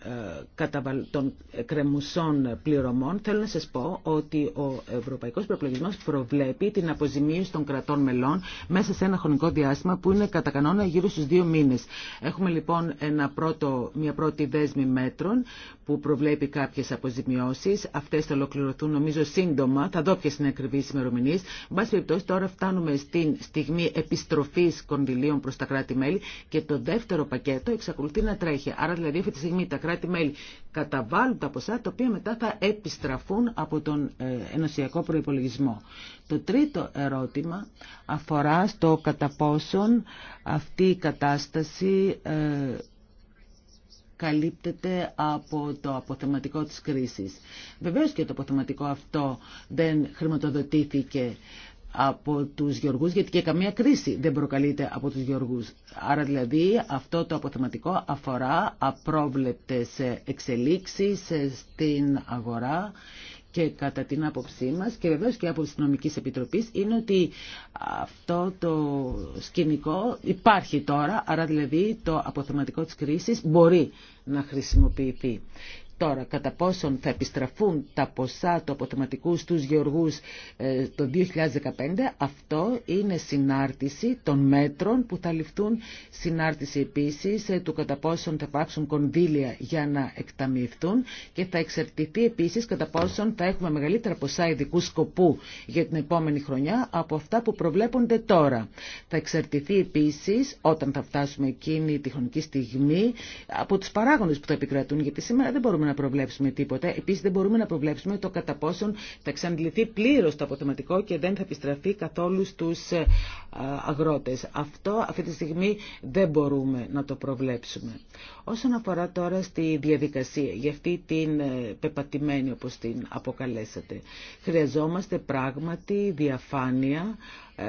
ε, των κρεμουσών πληρωμών, θέλω να σας πω ότι ο Ευρωπαϊκός Προπλογισμός προβλέπει την αποζημίωση των κρατών μελών μέσα σε ένα χρονικό διάστημα που είναι κατά κανόνα γύρω στους δύο μήνες. Έχουμε λοιπόν ένα πρώτο, μια πρώτη δέσμη μέτρων που προβλέπει κάποιες αποζημιώσεις. Αυτές θα ολοκληρωθούν νομίζω σύντομα. Θα δω ποιες είναι ακριβείς ημερομηνίες. Εν περιπτώσει τώρα φτάνουμε στην στιγμή επιστροφής κονδυλίων προς τα κράτη-μέλη και το δεύτερο πακέτο εξακολουθεί να τρέχει. Άρα δηλαδή αυτή στιγμή τα κράτη-μέλη καταβάλουν τα ποσά τα οποία μετά θα επιστραφούν από τον ε, ενωσιακό προϋπολογισμό. Το τρίτο ερώτημα αφορά στο κατά πόσον αυτή η κατάσταση ε, καλύπτεται από το αποθεματικό της κρίσης. Βεβαίως και το αποθεματικό αυτό δεν χρηματοδοτήθηκε από τους γεωργούς γιατί και καμία κρίση δεν προκαλείται από τους γεωργούς. Άρα δηλαδή αυτό το αποθεματικό αφορά απρόβλεπτες εξελίξεις στην αγορά και κατά την άποψή μας και βεβαίως και από τις της Νομικής είναι ότι αυτό το σκηνικό υπάρχει τώρα, άρα δηλαδή το αποθεματικό της κρίσης μπορεί να χρησιμοποιηθεί. Τώρα, κατά πόσον θα επιστραφούν τα ποσά του αποθεματικού στους γεωργούς ε, το 2015, αυτό είναι συνάρτηση των μέτρων που θα ληφθούν. Συνάρτηση επίσης ε, του κατά πόσον θα υπάρξουν κονδύλια για να εκταμιευτούν και θα εξαρτηθεί επίσης κατά πόσον θα έχουμε μεγαλύτερα ποσά ειδικού σκοπού για την επόμενη χρονιά από αυτά που προβλέπονται τώρα. Θα εξαρτηθεί επίσης, όταν θα φτάσουμε εκείνη τη χρονική στιγμή, από τους παράγοντες που θα επικρατούν, γιατί σήμερα δεν μπορούμε να προβλέψουμε τίποτα. Επίση δεν μπορούμε να προβλέψουμε το κατά πόσον θα εξαντληθεί πλήρω το αποθεματικό και δεν θα επιστραφεί καθόλου στους ε, αγρότε. Αυτό αυτή τη στιγμή δεν μπορούμε να το προβλέψουμε. Όσον αφορά τώρα στη διαδικασία, για αυτή την ε, πεπατημένη όπω την αποκαλέσατε, χρειαζόμαστε πράγματι διαφάνεια ε,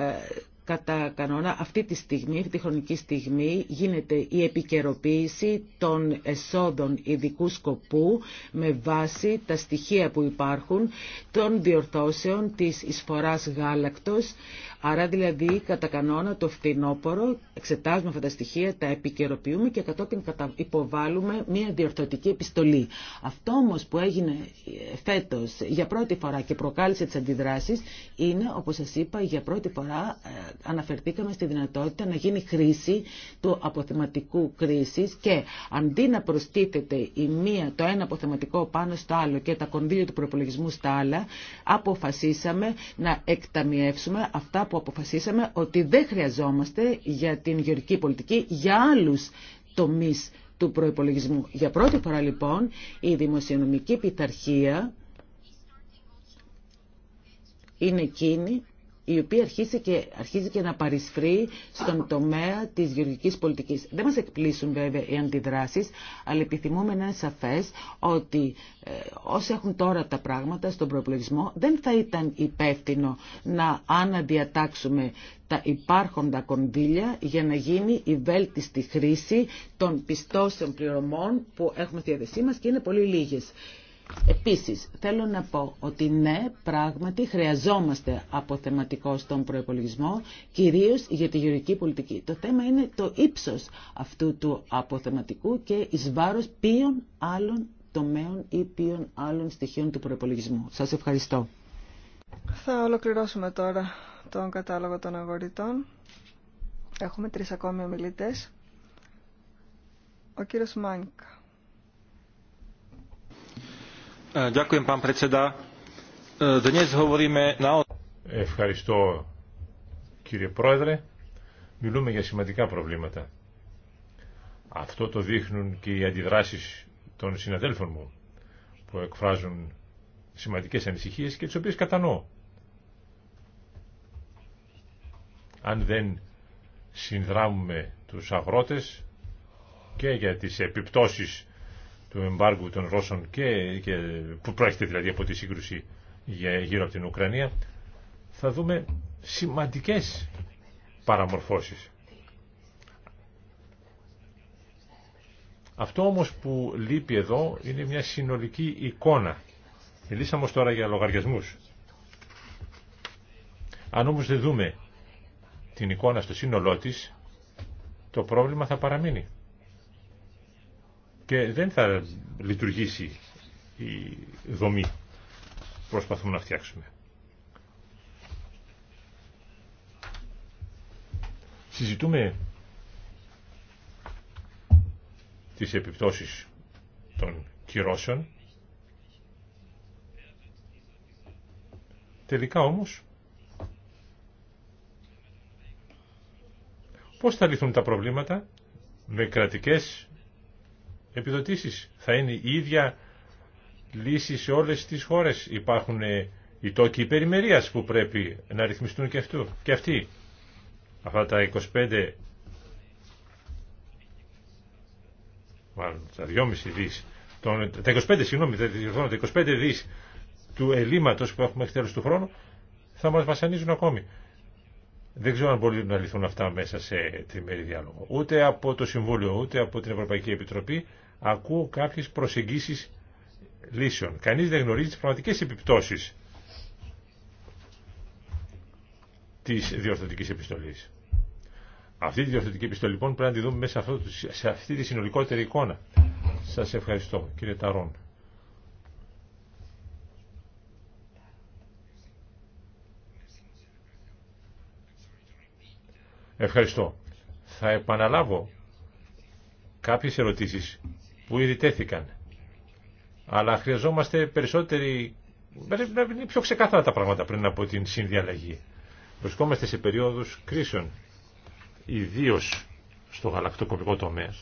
Κατά κανόνα αυτή τη στιγμή, αυτή τη χρονική στιγμή, γίνεται η επικαιροποίηση των εσόδων ειδικού σκοπού με βάση τα στοιχεία που υπάρχουν των διορθώσεων της εισφοράς γάλακτος Άρα δηλαδή κατά κανόνα το φθινόπωρο εξετάζουμε αυτά τα στοιχεία, τα επικαιροποιούμε και κατόπιν υποβάλλουμε μια διορθωτική επιστολή. Αυτό όμω που έγινε ε, φέτο για πρώτη φορά και προκάλεσε τι αντιδράσει είναι, όπω σα είπα, για πρώτη φορά ε, αναφερθήκαμε στη δυνατότητα να γίνει χρήση του αποθεματικού κρίση και αντί να προστίθεται η μία, το ένα αποθεματικό πάνω στο άλλο και τα κονδύλια του προπολογισμού στα άλλα, αποφασίσαμε να εκταμιεύσουμε αυτά που αποφασίσαμε ότι δεν χρειαζόμαστε για την γεωρική πολιτική για άλλους τομείς του προϋπολογισμού. Για πρώτη φορά λοιπόν η δημοσιονομική πειθαρχία είναι εκείνη η οποία αρχίζει και, αρχίζει και να παρισφρεί στον τομέα της γεωργικής πολιτικής. Δεν μας εκπλήσουν βέβαια οι αντιδράσεις, αλλά επιθυμούμε να είναι σαφέ ότι ε, όσοι έχουν τώρα τα πράγματα στον προπολογισμό, δεν θα ήταν υπεύθυνο να αναδιατάξουμε τα υπάρχοντα κονδύλια για να γίνει η βέλτιστη χρήση των πιστώσεων πληρωμών που έχουμε στη διαδεσή μα και είναι πολύ λίγε. Επίσης, θέλω να πω ότι ναι, πράγματι χρειαζόμαστε αποθεματικό στον προπολογισμό κυρίως για τη γεωργική πολιτική. Το θέμα είναι το ύψος αυτού του αποθεματικού και εις βάρος ποιων άλλων τομέων ή ποιων άλλων στοιχείων του προϋπολογισμού. Σας ευχαριστώ. Θα ολοκληρώσουμε τώρα τον κατάλογο των αγορητών. Έχουμε τρεις ακόμη ομιλητές. Ο κύριος Μάνικα. Ευχαριστώ κύριε Πρόεδρε. Μιλούμε για σημαντικά προβλήματα. Αυτό το δείχνουν και οι αντιδράσεις των συναδέλφων μου που εκφράζουν σημαντικές ανησυχίες και τις οποίες κατανοώ. Αν δεν συνδράμουμε τους αγρότες και για τις επιπτώσεις του εμπάργου των Ρώσων και, και που πρόκειται δηλαδή από τη σύγκρουση γύρω από την Ουκρανία θα δούμε σημαντικές παραμορφώσεις. Αυτό όμως που λείπει εδώ είναι μια συνολική εικόνα. Μιλήσαμε όμως τώρα για λογαριασμούς. Αν όμως δεν δούμε την εικόνα στο σύνολό της, το πρόβλημα θα παραμείνει και δεν θα λειτουργήσει η δομή που προσπαθούμε να φτιάξουμε. Συζητούμε τις επιπτώσεις των κυρώσεων. Τελικά όμως, πώς θα λυθούν τα προβλήματα με κρατικές επιδοτήσεις. Θα είναι η ίδια λύση σε όλες τις χώρες. Υπάρχουν ε, οι τόκοι υπερημερίας που πρέπει να ρυθμιστούν και, αυτού, και αυτοί. Αυτά τα 25, μάλλον τα 2,5 δις, τον, τα 25, συγγνώμη, τα 25 δις του ελλείμματος που έχουμε μέχρι του χρόνου θα μας βασανίζουν ακόμη. Δεν ξέρω αν μπορεί να λυθούν αυτά μέσα σε τριμερή διάλογο. Ούτε από το Συμβούλιο, ούτε από την Ευρωπαϊκή Επιτροπή ακούω κάποιες προσεγγίσεις λύσεων. Κανείς δεν γνωρίζει τις πραγματικές επιπτώσεις της διορθωτικής επιστολής. Αυτή τη διορθωτική επιστολή λοιπόν πρέπει να τη δούμε μέσα σε αυτή τη συνολικότερη εικόνα. Σας ευχαριστώ κύριε Ταρών. Ευχαριστώ. Θα επαναλάβω κάποιες ερωτήσεις που ήδη τέθηκαν. Αλλά χρειαζόμαστε περισσότερη... Είναι πιο ξεκάθαρα τα πράγματα πριν από την συνδιαλλαγή. Βρισκόμαστε σε περιόδου κρίσεων, ιδίω στο γαλακτοκομικό τομέα.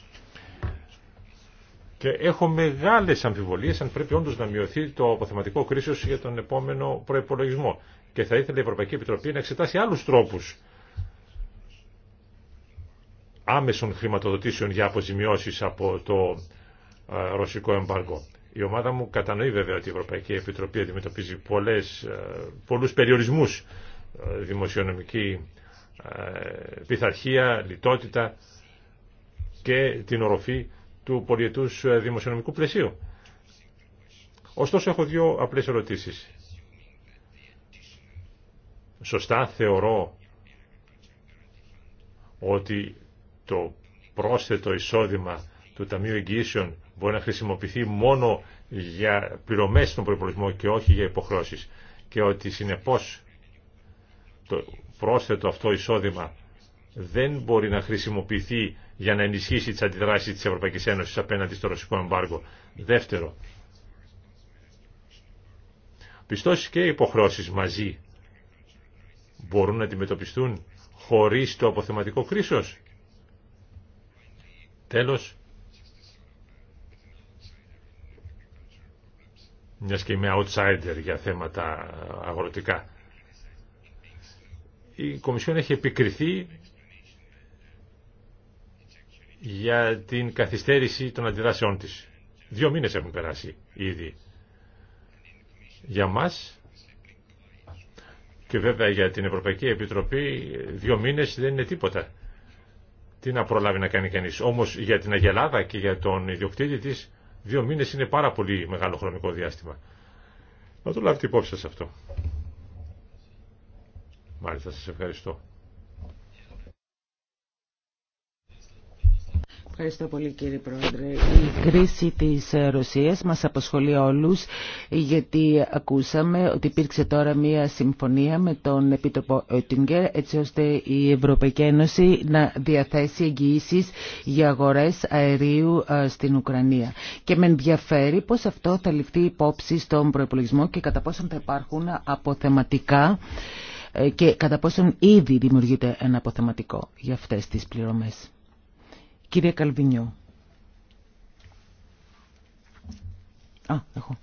Και έχω μεγάλες αμφιβολίες αν πρέπει όντω να μειωθεί το αποθεματικό κρίσεως για τον επόμενο προπολογισμό. Και θα ήθελε η Ευρωπαϊκή Επιτροπή να εξετάσει άλλου τρόπου άμεσων χρηματοδοτήσεων για αποζημιώσει από το ε, ρωσικό εμπάργο. Η ομάδα μου κατανοεί βέβαια ότι η Ευρωπαϊκή Επιτροπή αντιμετωπίζει πολλές, ε, πολλούς περιορισμούς ε, δημοσιονομική πειθαρχία, λιτότητα και την οροφή του πολιετούς δημοσιονομικού πλαισίου. Ωστόσο έχω δύο απλές ερωτήσεις. Σωστά θεωρώ ότι το πρόσθετο εισόδημα του Ταμείου Εγγυήσεων μπορεί να χρησιμοποιηθεί μόνο για πληρωμές στον προϋπολογισμό και όχι για υποχρώσεις και ότι συνεπώς το πρόσθετο αυτό εισόδημα δεν μπορεί να χρησιμοποιηθεί για να ενισχύσει τις αντιδράσεις της Ευρωπαϊκής Ένωσης απέναντι στο ρωσικό εμπάργο. Δεύτερο, πιστώσεις και υποχρώσεις μαζί μπορούν να αντιμετωπιστούν χωρίς το αποθεματικό κρίσος. Τέλος, Μια και είμαι outsider για θέματα ε, αγροτικά. Η Κομισιόν έχει επικριθεί για την καθυστέρηση των αντιδράσεών της. Δύο μήνες έχουν περάσει ήδη. Για μας και βέβαια για την Ευρωπαϊκή Επιτροπή δύο μήνες δεν είναι τίποτα. Τι να προλάβει να κάνει κανείς. Όμως για την Αγελάδα και για τον ιδιοκτήτη της Δύο μήνε είναι πάρα πολύ μεγάλο χρονικό διάστημα. Να το λάβετε υπόψη σα αυτό. Μάλιστα, σα ευχαριστώ. Ευχαριστώ πολύ κύριε Πρόεδρε. Η κρίση της ε, Ρωσίας μας απασχολεί όλους γιατί ακούσαμε ότι υπήρξε τώρα μία συμφωνία με τον Επίτροπο Οτιγκερ έτσι ώστε η Ευρωπαϊκή Ένωση να διαθέσει εγγυήσει για αγορές αερίου ε, στην Ουκρανία. Και με ενδιαφέρει πώς αυτό θα ληφθεί υπόψη στον προπολογισμό και κατά πόσον θα υπάρχουν αποθεματικά ε, και κατά πόσον ήδη δημιουργείται ένα αποθεματικό για αυτές τις πληρωμές. Κύριε Καλβινιό. Α, έχω.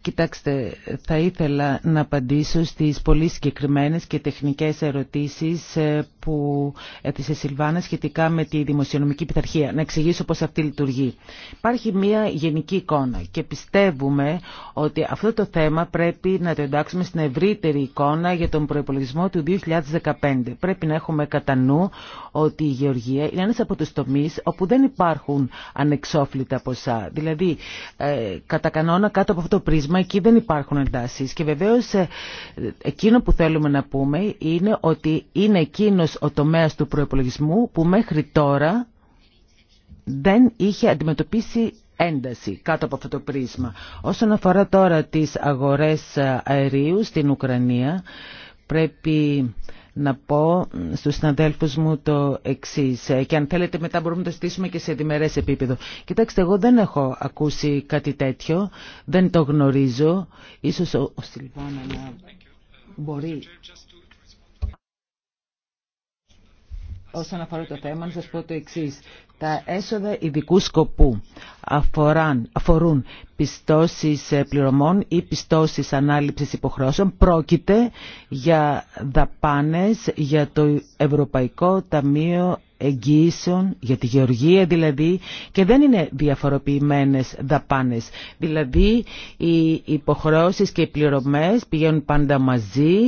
Κοιτάξτε, θα ήθελα να απαντήσω στις πολύ συγκεκριμένες και τεχνικές ερωτήσεις ε, που έθεσε Σιλβάνα σχετικά με τη δημοσιονομική πειθαρχία. Να εξηγήσω πώς αυτή λειτουργεί. Υπάρχει μια γενική εικόνα και πιστεύουμε ότι αυτό το θέμα πρέπει να το εντάξουμε στην ευρύτερη εικόνα για τον προϋπολογισμό του 2015. Πρέπει να έχουμε κατά νου ότι η γεωργία είναι ένας από τους τομείς όπου δεν υπάρχουν ανεξόφλητα ποσά. Δηλαδή, ε, κατά κανόνα κάτω από αυτό το πρίσμα εκεί δεν υπάρχουν εντάσεις. Και βεβαίως ε, εκείνο που θέλουμε να πούμε είναι ότι είναι εκείνο ο τομέας του προϋπολογισμού που μέχρι τώρα δεν είχε αντιμετωπίσει ένταση κάτω από αυτό το πρίσμα. Όσον αφορά τώρα τις αγορές αερίου στην Ουκρανία, πρέπει να πω στους συναδέλφους μου το εξή. Ε, και αν θέλετε μετά μπορούμε να το στήσουμε και σε διμερές επίπεδο. Κοιτάξτε, εγώ δεν έχω ακούσει κάτι τέτοιο, δεν το γνωρίζω. Ίσως ο, ο μπορεί όσον αφορά το θέμα, να σας πω το εξή. Τα έσοδα ειδικού σκοπού αφοράν, αφορούν πιστώσεις ε, πληρωμών ή πιστώσεις ανάληψης υποχρεώσεων. Πρόκειται για δαπάνες για το Ευρωπαϊκό Ταμείο εγγύησεων για τη γεωργία δηλαδή και δεν είναι διαφοροποιημένες δαπάνες. Δηλαδή οι υποχρεώσεις και οι πληρωμές πηγαίνουν πάντα μαζί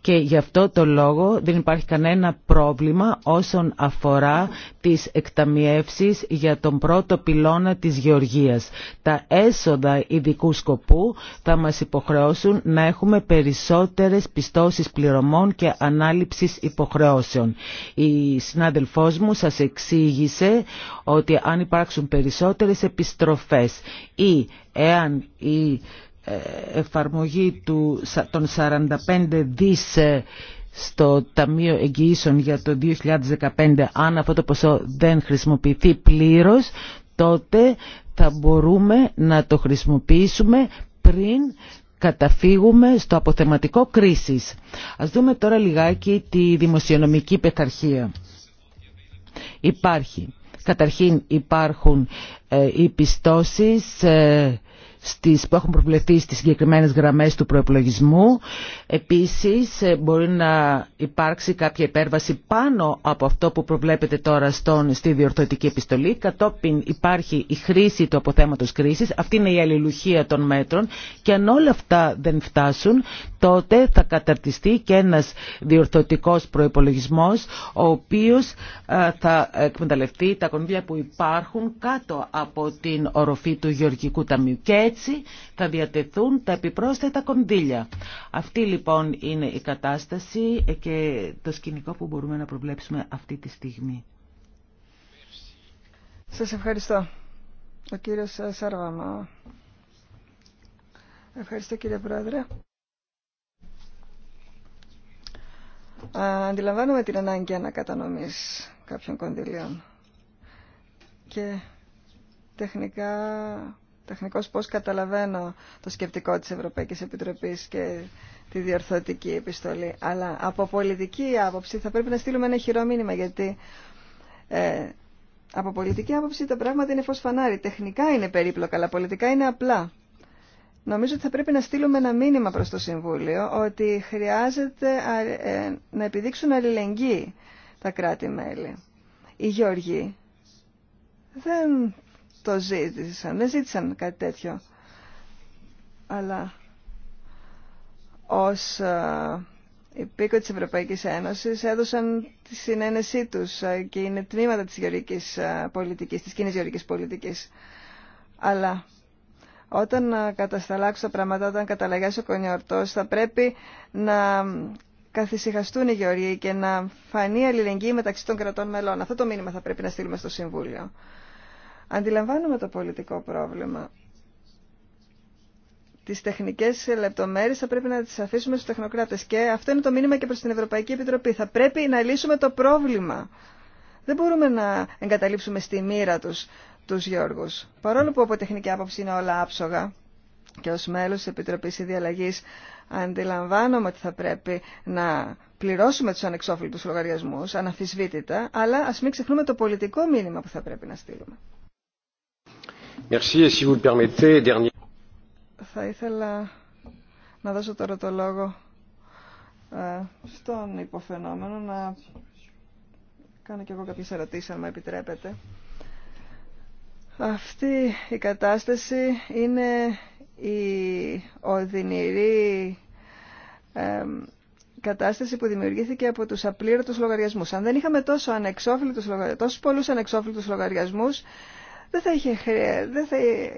και γι' αυτό το λόγο δεν υπάρχει κανένα πρόβλημα όσον αφορά τις εκταμιεύσεις για τον πρώτο πυλώνα της γεωργίας. Τα έσοδα ειδικού σκοπού θα μας υποχρεώσουν να έχουμε περισσότερες πιστώσεις πληρωμών και ανάληψης υποχρεώσεων. Η συνάδελφός μου σας εξήγησε ότι αν υπάρξουν περισσότερες επιστροφές ή εάν οι εφαρμογή του, των 45 δις ε, στο Ταμείο Εγγυήσεων για το 2015 αν αυτό το ποσό δεν χρησιμοποιηθεί πλήρως τότε θα μπορούμε να το χρησιμοποιήσουμε πριν καταφύγουμε στο αποθεματικό κρίσης. Ας δούμε τώρα λιγάκι τη δημοσιονομική πεθαρχία. Υπάρχει. Καταρχήν υπάρχουν ε, οι πιστώσεις ε, στις, που έχουν προβλεφθεί στις συγκεκριμένες γραμμές του προεπλογισμού. Επίσης ε, μπορεί να υπάρξει κάποια υπέρβαση πάνω από αυτό που προβλέπεται τώρα στον, στη διορθωτική επιστολή. Κατόπιν υπάρχει η χρήση του αποθέματος κρίσης. Αυτή είναι η αλληλουχία των μέτρων και αν όλα αυτά δεν φτάσουν τότε θα καταρτιστεί και ένας διορθωτικός προϋπολογισμός ο οποίος ε, θα εκμεταλλευτεί τα κονδύλια που υπάρχουν κάτω από την οροφή του Γεωργικού Ταμείου. Έτσι θα διατεθούν τα επιπρόσθετα κονδύλια. Αυτή λοιπόν είναι η κατάσταση και το σκηνικό που μπορούμε να προβλέψουμε αυτή τη στιγμή. Σας ευχαριστώ. Ο κύριος Σαρβάμα. Ευχαριστώ κύριε Πρόεδρε. Αντιλαμβάνομαι την ανάγκη ανακατανομής κάποιων κονδυλίων. Και τεχνικά τεχνικός πώς καταλαβαίνω το σκεπτικό της Ευρωπαϊκής Επιτροπής και τη διορθωτική επιστολή. Αλλά από πολιτική άποψη θα πρέπει να στείλουμε ένα χειρό μήνυμα γιατί ε, από πολιτική άποψη τα πράγματα είναι φως φανάρι. Τεχνικά είναι περίπλοκα αλλά πολιτικά είναι απλά. Νομίζω ότι θα πρέπει να στείλουμε ένα μήνυμα προς το Συμβούλιο ότι χρειάζεται ε, να επιδείξουν αλληλεγγύη τα κράτη-μέλη. Οι Γεωργοί δεν το ζήτησαν. Δεν ζήτησαν κάτι τέτοιο. Αλλά ως ε, υπήκο της Ευρωπαϊκής Ένωσης έδωσαν τη συνένεσή τους ε, και είναι τμήματα της κοινή ε, πολιτικής, της κοινής γεωρικής πολιτικής. Αλλά όταν κατασταλάξουν τα πράγματα, όταν καταλαγιάσει ο κονιορτός, θα πρέπει να καθησυχαστούν οι γεωργοί και να φανεί αλληλεγγύη μεταξύ των κρατών μελών. Αυτό το μήνυμα θα πρέπει να στείλουμε στο Συμβούλιο. Αντιλαμβάνομαι το πολιτικό πρόβλημα. Τι τεχνικέ λεπτομέρειε θα πρέπει να τι αφήσουμε στου τεχνοκράτε. Και αυτό είναι το μήνυμα και προ την Ευρωπαϊκή Επιτροπή. Θα πρέπει να λύσουμε το πρόβλημα. Δεν μπορούμε να εγκαταλείψουμε στη μοίρα του τους Γιώργου. Παρόλο που από τεχνική άποψη είναι όλα άψογα και ω μέλο τη Επιτροπή Ιδιαλλαγή αντιλαμβάνομαι ότι θα πρέπει να πληρώσουμε του ανεξόφλητου λογαριασμού, αναφυσβήτητα, αλλά α μην ξεχνούμε το πολιτικό μήνυμα που θα πρέπει να στείλουμε. Θα ήθελα να δώσω τώρα το λόγο ε, στον υποφαινόμενο να κάνω και εγώ κάποιες ερωτήσεις αν με επιτρέπετε. Αυτή η κατάσταση είναι η οδυνηρή ε, κατάσταση που δημιουργήθηκε από τους απλήρωτους λογαριασμούς. Αν δεν είχαμε τόσο, πολλού τόσο πολλούς ανεξόφλητους λογαριασμούς, δεν θα, είχε δεν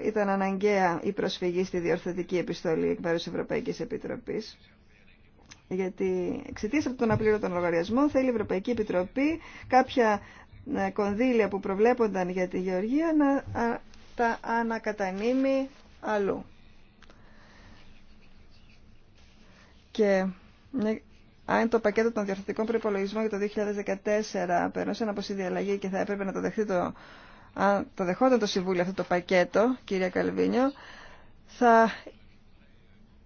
ήταν αναγκαία η προσφυγή στη διορθωτική επιστολή εκ μέρου Ευρωπαϊκής Επιτροπής. Γιατί εξαιτία από τον απλήρωτο λογαριασμό θέλει η Ευρωπαϊκή Επιτροπή κάποια ε, κονδύλια που προβλέπονταν για τη Γεωργία να τα ανακατανείμει αλλού. Και ναι, αν το πακέτο των διορθωτικών προπολογισμών για το 2014 περνούσε από συνδιαλλαγή και θα έπρεπε να το δεχτεί το αν το δεχόταν το Συμβούλιο αυτό το πακέτο, κυρία Καλβίνιο, θα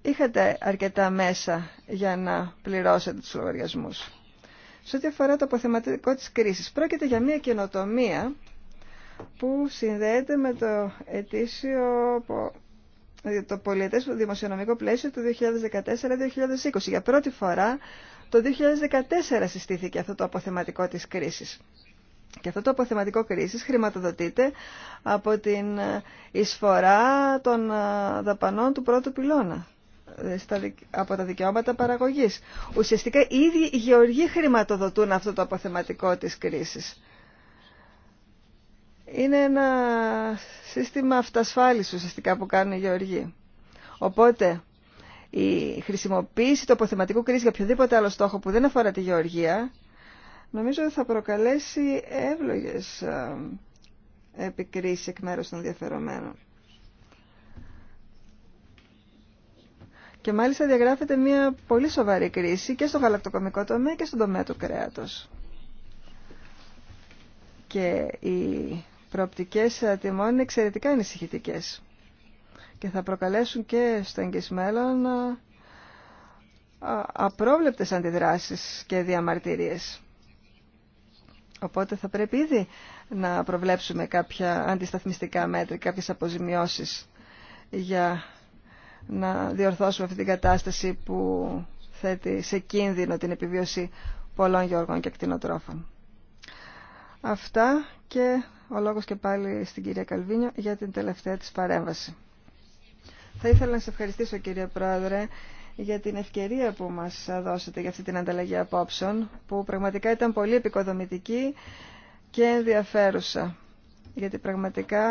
είχατε αρκετά μέσα για να πληρώσετε τους λογαριασμούς. Σε ό,τι αφορά το αποθεματικό της κρίσης, πρόκειται για μια καινοτομία που συνδέεται με το ετήσιο το πολιετές δημοσιονομικό πλαίσιο του 2014-2020. Για πρώτη φορά το 2014 συστήθηκε αυτό το αποθεματικό της κρίσης. Και αυτό το αποθεματικό κρίσης χρηματοδοτείται από την εισφορά των ε, δαπανών του πρώτου πυλώνα ε, από τα δικαιώματα παραγωγής. Ουσιαστικά οι ίδιοι οι γεωργοί χρηματοδοτούν αυτό το αποθεματικό της κρίσης. Είναι ένα σύστημα αυτασφάλισης ουσιαστικά που κάνουν οι γεωργοί. Οπότε η χρησιμοποίηση του αποθεματικού κρίσης για οποιοδήποτε άλλο στόχο που δεν αφορά τη γεωργία νομίζω ότι θα προκαλέσει εύλογες ε, επικρίσεις εκ μέρους των ενδιαφερομένων. Και μάλιστα διαγράφεται μια πολύ σοβαρή κρίση και στο γαλακτοκομικό τομέα και στον τομέα του κρέατος. Και οι προοπτικές τιμών είναι εξαιρετικά ανησυχητικέ. Και θα προκαλέσουν και στο εγγύς μέλλον ε, απρόβλεπτες αντιδράσεις και διαμαρτυρίες. Οπότε θα πρέπει ήδη να προβλέψουμε κάποια αντισταθμιστικά μέτρα, κάποιες αποζημιώσεις για να διορθώσουμε αυτή την κατάσταση που θέτει σε κίνδυνο την επιβίωση πολλών γεωργών και κτηνοτρόφων. Αυτά και ο λόγος και πάλι στην κυρία Καλβίνιο για την τελευταία της παρέμβαση. Θα ήθελα να σε ευχαριστήσω κύριε Πρόεδρε για την ευκαιρία που μας δώσατε για αυτή την ανταλλαγή απόψεων, που πραγματικά ήταν πολύ επικοδομητική και ενδιαφέρουσα. Γιατί πραγματικά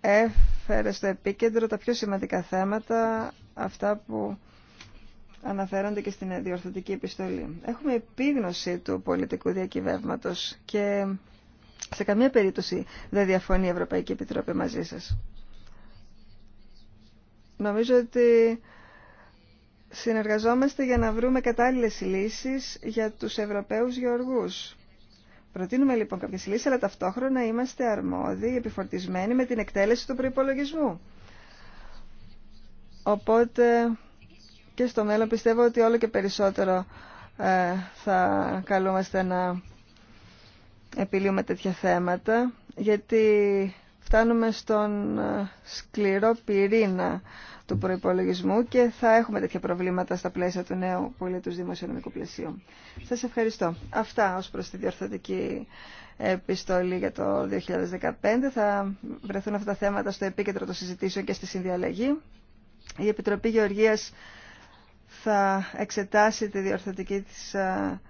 έφερε στο επίκεντρο τα πιο σημαντικά θέματα, αυτά που αναφέρονται και στην διορθωτική επιστολή. Έχουμε επίγνωση του πολιτικού διακυβεύματος και σε καμία περίπτωση δεν διαφωνεί η Ευρωπαϊκή Επιτροπή μαζί σας. Νομίζω ότι συνεργαζόμαστε για να βρούμε κατάλληλες λύσεις για τους Ευρωπαίους γεωργούς. Προτείνουμε λοιπόν κάποιες λύσεις, αλλά ταυτόχρονα είμαστε αρμόδιοι, επιφορτισμένοι με την εκτέλεση του προϋπολογισμού. Οπότε και στο μέλλον πιστεύω ότι όλο και περισσότερο ε, θα καλούμαστε να επιλύουμε τέτοια θέματα, γιατί φτάνουμε στον ε, σκληρό πυρήνα του προϋπολογισμού και θα έχουμε τέτοια προβλήματα στα πλαίσια του νέου πολίτου δημοσιονομικού πλαισίου. Σας ευχαριστώ. Αυτά ως προς τη διορθωτική επιστολή για το 2015. Θα βρεθούν αυτά τα θέματα στο επίκεντρο των συζητήσεων και στη συνδιαλλαγή. Η Επιτροπή Γεωργίας θα εξετάσει τη διορθωτική της ε,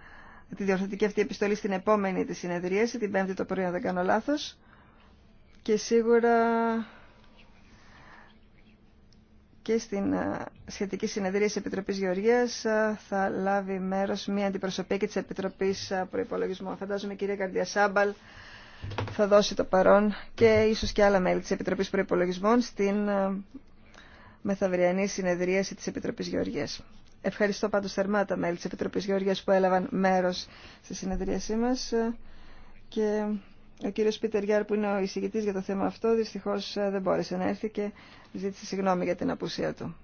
τη διορθωτική αυτή επιστολή στην επόμενη τη συνεδρίαση, την Πέμπτη το πρωί, αν δεν κάνω λάθος και σίγουρα και στην ε, σχετική συνεδρία της Επιτροπής Γεωργίας ε, θα λάβει μέρος μια αντιπροσωπή και της Επιτροπής ε, Προϋπολογισμού. Φαντάζομαι η κυρία Σάμπαλ θα δώσει το παρόν και ίσως και άλλα μέλη της Επιτροπής Προϋπολογισμών στην μεθαυριανή συνεδρίαση της Επιτροπής Γεωργίας. Ευχαριστώ πάντως θερμά τα μέλη της Επιτροπής Γεωργίας που έλαβαν μέρος στη συνεδρίασή μας και ο κύριος Πίτερ Γιάρ που είναι ο εισηγητής για το θέμα αυτό δυστυχώς ε, δεν μπόρεσε να έρθει και ζήτησε συγγνώμη για την απουσία του.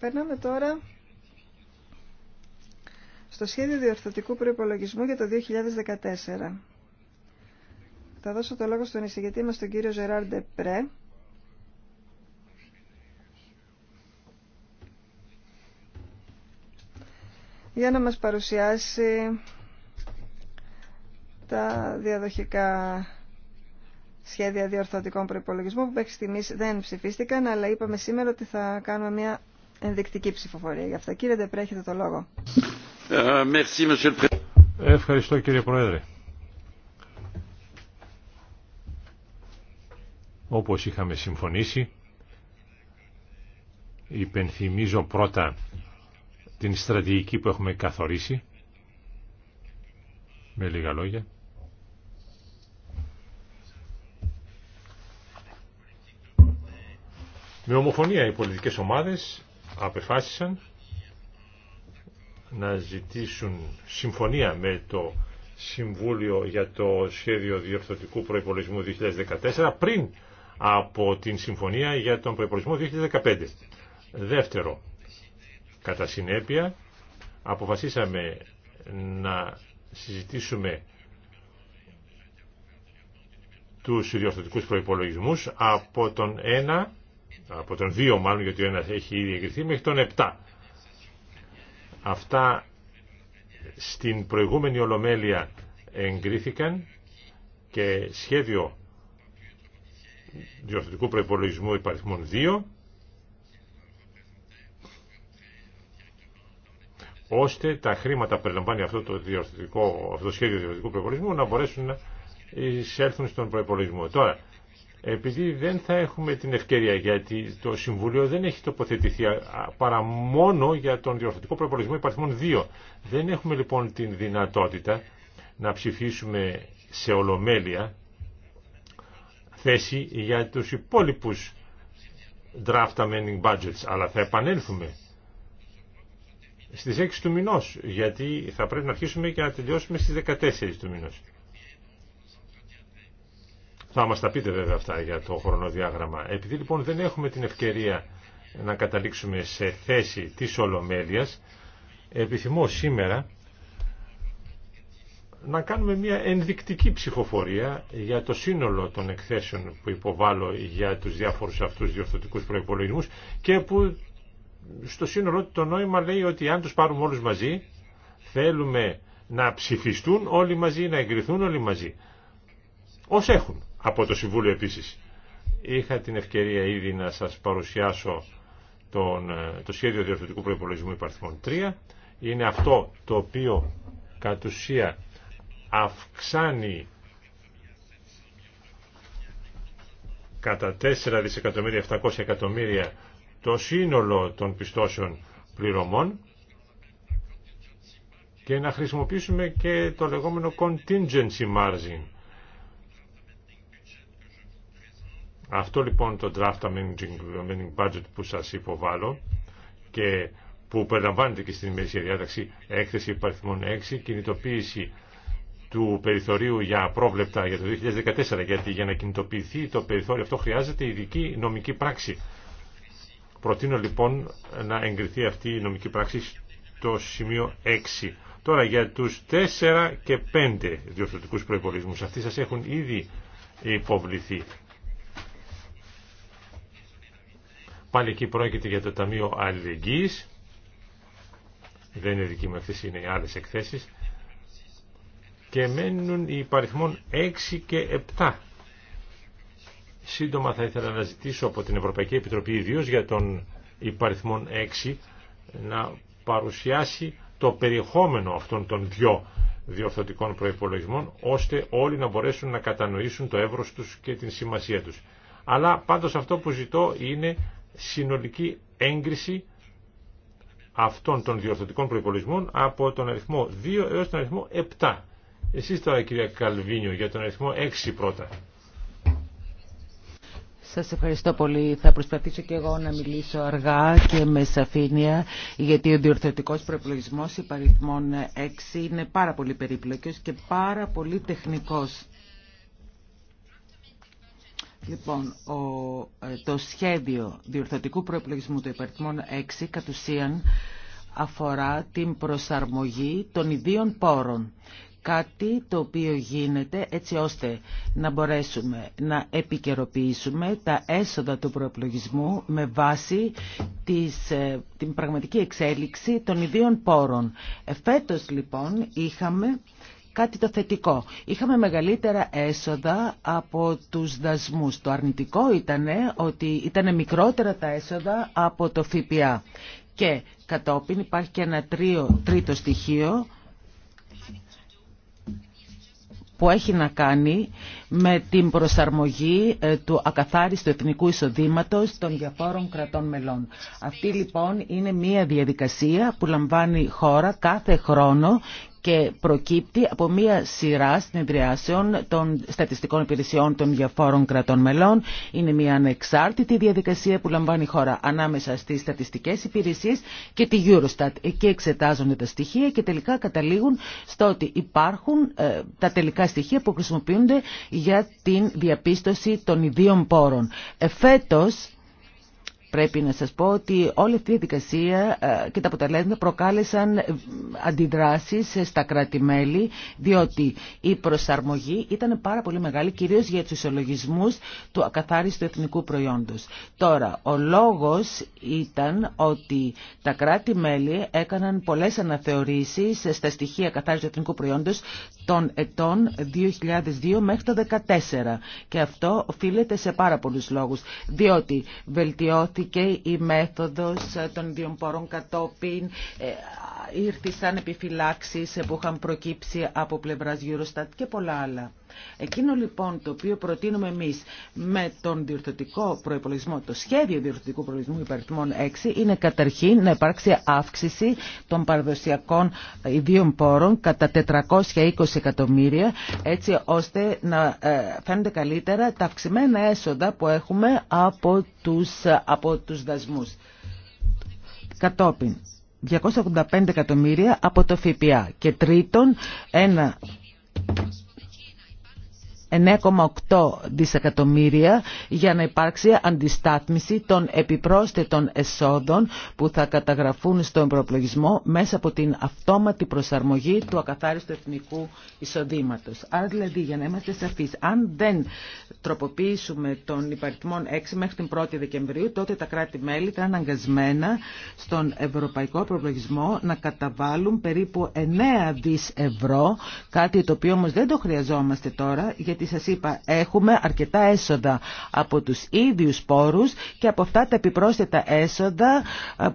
Περνάμε τώρα στο σχέδιο διορθωτικού προϋπολογισμού για το 2014. Θα δώσω το λόγο στον εισηγητή μας, τον κύριο Ζεράρντε Πρέ. για να μας παρουσιάσει τα διαδοχικά σχέδια διορθωτικών προπολογισμού που μέχρι στιγμής δεν ψηφίστηκαν, αλλά είπαμε σήμερα ότι θα κάνουμε μια ενδεικτική ψηφοφορία για αυτά. Κύριε Ντεπρέ, έχετε το λόγο. Ε, Ευχαριστώ κύριε Πρόεδρε. Όπως είχαμε συμφωνήσει, υπενθυμίζω πρώτα την στρατηγική που έχουμε καθορίσει με λίγα λόγια με ομοφωνία οι πολιτικές ομάδες απεφάσισαν να ζητήσουν συμφωνία με το Συμβούλιο για το Σχέδιο Διορθωτικού Προϋπολογισμού 2014 πριν από την Συμφωνία για τον Προϋπολογισμό 2015. Δεύτερο, Κατά συνέπεια, αποφασίσαμε να συζητήσουμε τους ιδιορθωτικούς προϋπολογισμούς από τον 1, από τον 2 μάλλον, γιατί ο 1 έχει ήδη εγκριθεί, μέχρι τον 7. Αυτά στην προηγούμενη Ολομέλεια εγκρίθηκαν και σχέδιο διορθωτικού προϋπολογισμού υπαριθμών 2 ώστε τα χρήματα που περιλαμβάνει αυτό το, αυτό το σχέδιο διορθωτικού προπολογισμού να μπορέσουν να εισέλθουν στον προπολογισμό. Τώρα, επειδή δεν θα έχουμε την ευκαιρία γιατί το Συμβουλίο δεν έχει τοποθετηθεί παρά μόνο για τον διορθωτικό προπολογισμό υπαριθμών 2. Δεν έχουμε λοιπόν την δυνατότητα να ψηφίσουμε σε ολομέλεια θέση για τους υπόλοιπους draft amending budgets, αλλά θα επανέλθουμε στις 6 του μηνός, γιατί θα πρέπει να αρχίσουμε και να τελειώσουμε στις 14 του μηνός. Θα μας τα πείτε βέβαια αυτά για το χρονοδιάγραμμα. Επειδή λοιπόν δεν έχουμε την ευκαιρία να καταλήξουμε σε θέση της Ολομέλειας, επιθυμώ σήμερα να κάνουμε μια ενδεικτική ψηφοφορία για το σύνολο των εκθέσεων που υποβάλλω για τους διάφορους αυτούς διορθωτικούς προπολογισμού και που στο σύνολό του το νόημα λέει ότι αν τους πάρουμε όλους μαζί θέλουμε να ψηφιστούν όλοι μαζί, να εγκριθούν όλοι μαζί. Όσοι έχουν από το Συμβούλιο επίσης. Είχα την ευκαιρία ήδη να σας παρουσιάσω τον, ε, το σχέδιο διορθωτικού προϋπολογισμού υπαρθμών 3. Είναι αυτό το οποίο κατ' ουσία αυξάνει κατά 4 δισεκατομμύρια 700 εκατομμύρια το σύνολο των πιστώσεων πληρωμών και να χρησιμοποιήσουμε και το λεγόμενο contingency margin. Αυτό λοιπόν το draft amending budget που σας υποβάλλω και που περιλαμβάνεται και στην ημερήσια διάταξη έκθεση υπαριθμών 6, κινητοποίηση του περιθωρίου για πρόβλεπτα για το 2014, γιατί για να κινητοποιηθεί το περιθώριο αυτό χρειάζεται ειδική νομική πράξη. Προτείνω λοιπόν να εγκριθεί αυτή η νομική πράξη στο σημείο 6. Τώρα για τους 4 και 5 διορθωτικούς προϋπολογισμούς. Αυτοί σας έχουν ήδη υποβληθεί. Πάλι εκεί πρόκειται για το Ταμείο Αλληλεγγύης. Δεν είναι δική μου εκθέση, είναι οι άλλες εκθέσεις. Και μένουν οι παριθμών 6 και 7 Σύντομα θα ήθελα να ζητήσω από την Ευρωπαϊκή Επιτροπή, ιδίω για τον υπαριθμόν 6, να παρουσιάσει το περιεχόμενο αυτών των δυο διορθωτικών προϋπολογισμών, ώστε όλοι να μπορέσουν να κατανοήσουν το εύρος τους και την σημασία τους. Αλλά πάντως αυτό που ζητώ είναι συνολική έγκριση αυτών των διορθωτικών προϋπολογισμών από τον αριθμό 2 έως τον αριθμό 7. Εσείς τώρα κυρία Καλβίνιο για τον αριθμό 6 πρώτα. Σας ευχαριστώ πολύ. Θα προσπαθήσω και εγώ να μιλήσω αργά και με σαφήνεια, γιατί ο διορθωτικός προεπλογισμός υπαριθμών 6 είναι πάρα πολύ περίπλοκος και πάρα πολύ τεχνικός. Λοιπόν, ε, το σχέδιο διορθωτικού προεπλογισμού του υπαριθμών 6 κατ' ουσίαν αφορά την προσαρμογή των ιδίων πόρων κάτι το οποίο γίνεται έτσι ώστε να μπορέσουμε να επικαιροποιήσουμε τα έσοδα του προεπλογισμού με βάση της, ε, την πραγματική εξέλιξη των ιδίων πόρων. Ε, φέτος λοιπόν είχαμε κάτι το θετικό. Είχαμε μεγαλύτερα έσοδα από τους δασμούς. Το αρνητικό ήταν ότι ήταν μικρότερα τα έσοδα από το ΦΠΑ. Και κατόπιν υπάρχει και ένα τρίο, τρίτο στοιχείο που έχει να κάνει με την προσαρμογή ε, του ακαθάριστου εθνικού εισοδήματος των διαφόρων κρατών μελών. Αυτή λοιπόν είναι μια διαδικασία που λαμβάνει χώρα κάθε χρόνο και προκύπτει από μία σειρά συνεδριάσεων των στατιστικών υπηρεσιών των διαφόρων κρατών μελών. Είναι μία ανεξάρτητη διαδικασία που λαμβάνει η χώρα ανάμεσα στις στατιστικές υπηρεσίες και τη Eurostat. Εκεί εξετάζονται τα στοιχεία και τελικά καταλήγουν στο ότι υπάρχουν ε, τα τελικά στοιχεία που χρησιμοποιούνται για την διαπίστωση των ιδίων πόρων. Πρέπει να σας πω ότι όλη αυτή η διαδικασία ε, και τα αποτελέσματα προκάλεσαν ε, αντιδράσεις ε, στα κράτη-μέλη, διότι η προσαρμογή ήταν πάρα πολύ μεγάλη, κυρίως για τους ισολογισμούς του ακαθάριστου εθνικού προϊόντος. Τώρα, ο λόγος ήταν ότι τα κράτη-μέλη έκαναν πολλές αναθεωρήσεις στα στοιχεία ακαθάριστου εθνικού προϊόντος των ετών 2002 μέχρι το 2014. Και αυτό οφείλεται σε πάρα πολλούς λόγους, διότι βελτιώθηκε και η μέθοδος των διομπορών κατόπιν ε, σαν επιφυλάξεις που είχαν προκύψει από πλευράς Eurostat και πολλά άλλα. Εκείνο λοιπόν το οποίο προτείνουμε εμείς με τον διορθωτικό προϋπολογισμό, το σχέδιο διορθωτικού προϋπολογισμού υπαριθμών 6 είναι καταρχήν να υπάρξει αύξηση των παραδοσιακών ιδίων πόρων κατά 420 εκατομμύρια έτσι ώστε να ε, φαίνονται καλύτερα τα αυξημένα έσοδα που έχουμε από τους, από τους δασμούς. Κατόπιν, 285 εκατομμύρια από το ΦΠΑ. Και τρίτον, ένα 9,8 δισεκατομμύρια για να υπάρξει αντιστάθμιση των επιπρόσθετων εσόδων που θα καταγραφούν στον προπλογισμό μέσα από την αυτόματη προσαρμογή του ακαθάριστου εθνικού εισοδήματος. Άρα δηλαδή για να είμαστε σαφείς, αν δεν τροποποιήσουμε τον υπαριθμό 6 μέχρι την 1η Δεκεμβρίου, τότε τα κράτη-μέλη θα αναγκασμένα στον ευρωπαϊκό προπλογισμό να καταβάλουν περίπου 9 δις ευρώ, κάτι το οποίο όμω δεν το χρειαζόμαστε τώρα, γιατί σας είπα έχουμε αρκετά έσοδα από τους ίδιους πόρους και από αυτά τα επιπρόσθετα έσοδα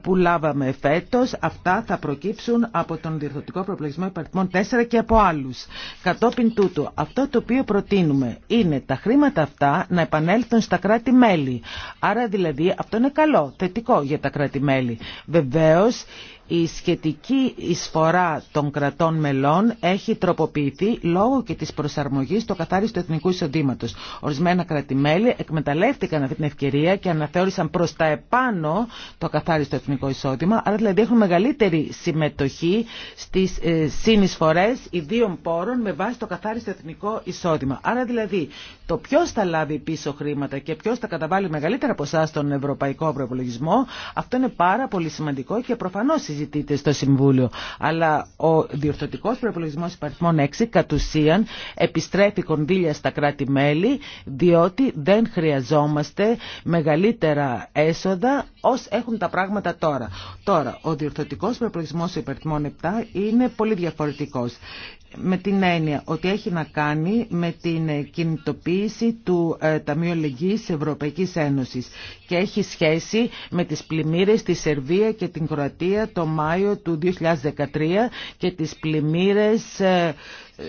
που λάβαμε φέτος αυτά θα προκύψουν από τον διορθωτικό προπλογισμό υπαρτιμών 4 και από άλλους. Κατόπιν τούτου αυτό το οποίο προτείνουμε είναι τα χρήματα αυτά να επανέλθουν στα κράτη-μέλη. Άρα δηλαδή αυτό είναι καλό, θετικό για τα κράτη-μέλη. Βεβαίως η σχετική εισφορά των κρατών μελών έχει τροποποιηθεί λόγω και της προσαρμογής στο καθάριστο εθνικού εισοδήματος. Ορισμένα κρατημέλη εκμεταλλεύτηκαν αυτή την ευκαιρία και αναθεώρησαν προς τα επάνω το καθάριστο εθνικό εισόδημα, άρα δηλαδή έχουν μεγαλύτερη συμμετοχή στις ε, συνεισφορές ιδίων πόρων με βάση το καθάριστο εθνικό εισόδημα. Άρα δηλαδή το ποιο θα λάβει πίσω χρήματα και ποιο θα καταβάλει μεγαλύτερα ποσά στον ευρωπαϊκό προπολογισμό, αυτό είναι πάρα πολύ σημαντικό και προφανώς συζητείται στο Συμβούλιο. Αλλά ο διορθωτικός προπολογισμός υπαριθμών 6 κατ' ουσίαν επιστρέφει κονδύλια στα κράτη-μέλη διότι δεν χρειαζόμαστε μεγαλύτερα έσοδα ως έχουν τα πράγματα τώρα. Τώρα, ο διορθωτικός προπολογισμό υπαριθμών 7 είναι πολύ διαφορετικός με την έννοια ότι έχει να κάνει με την κινητοποίηση του ε, Ταμείου Λεγγύης Ευρωπαϊκής Ένωσης και έχει σχέση με τις πλημμύρες στη Σερβία και την Κροατία το το Μάιο του 2013 και τις πλημμύρες ε, ε,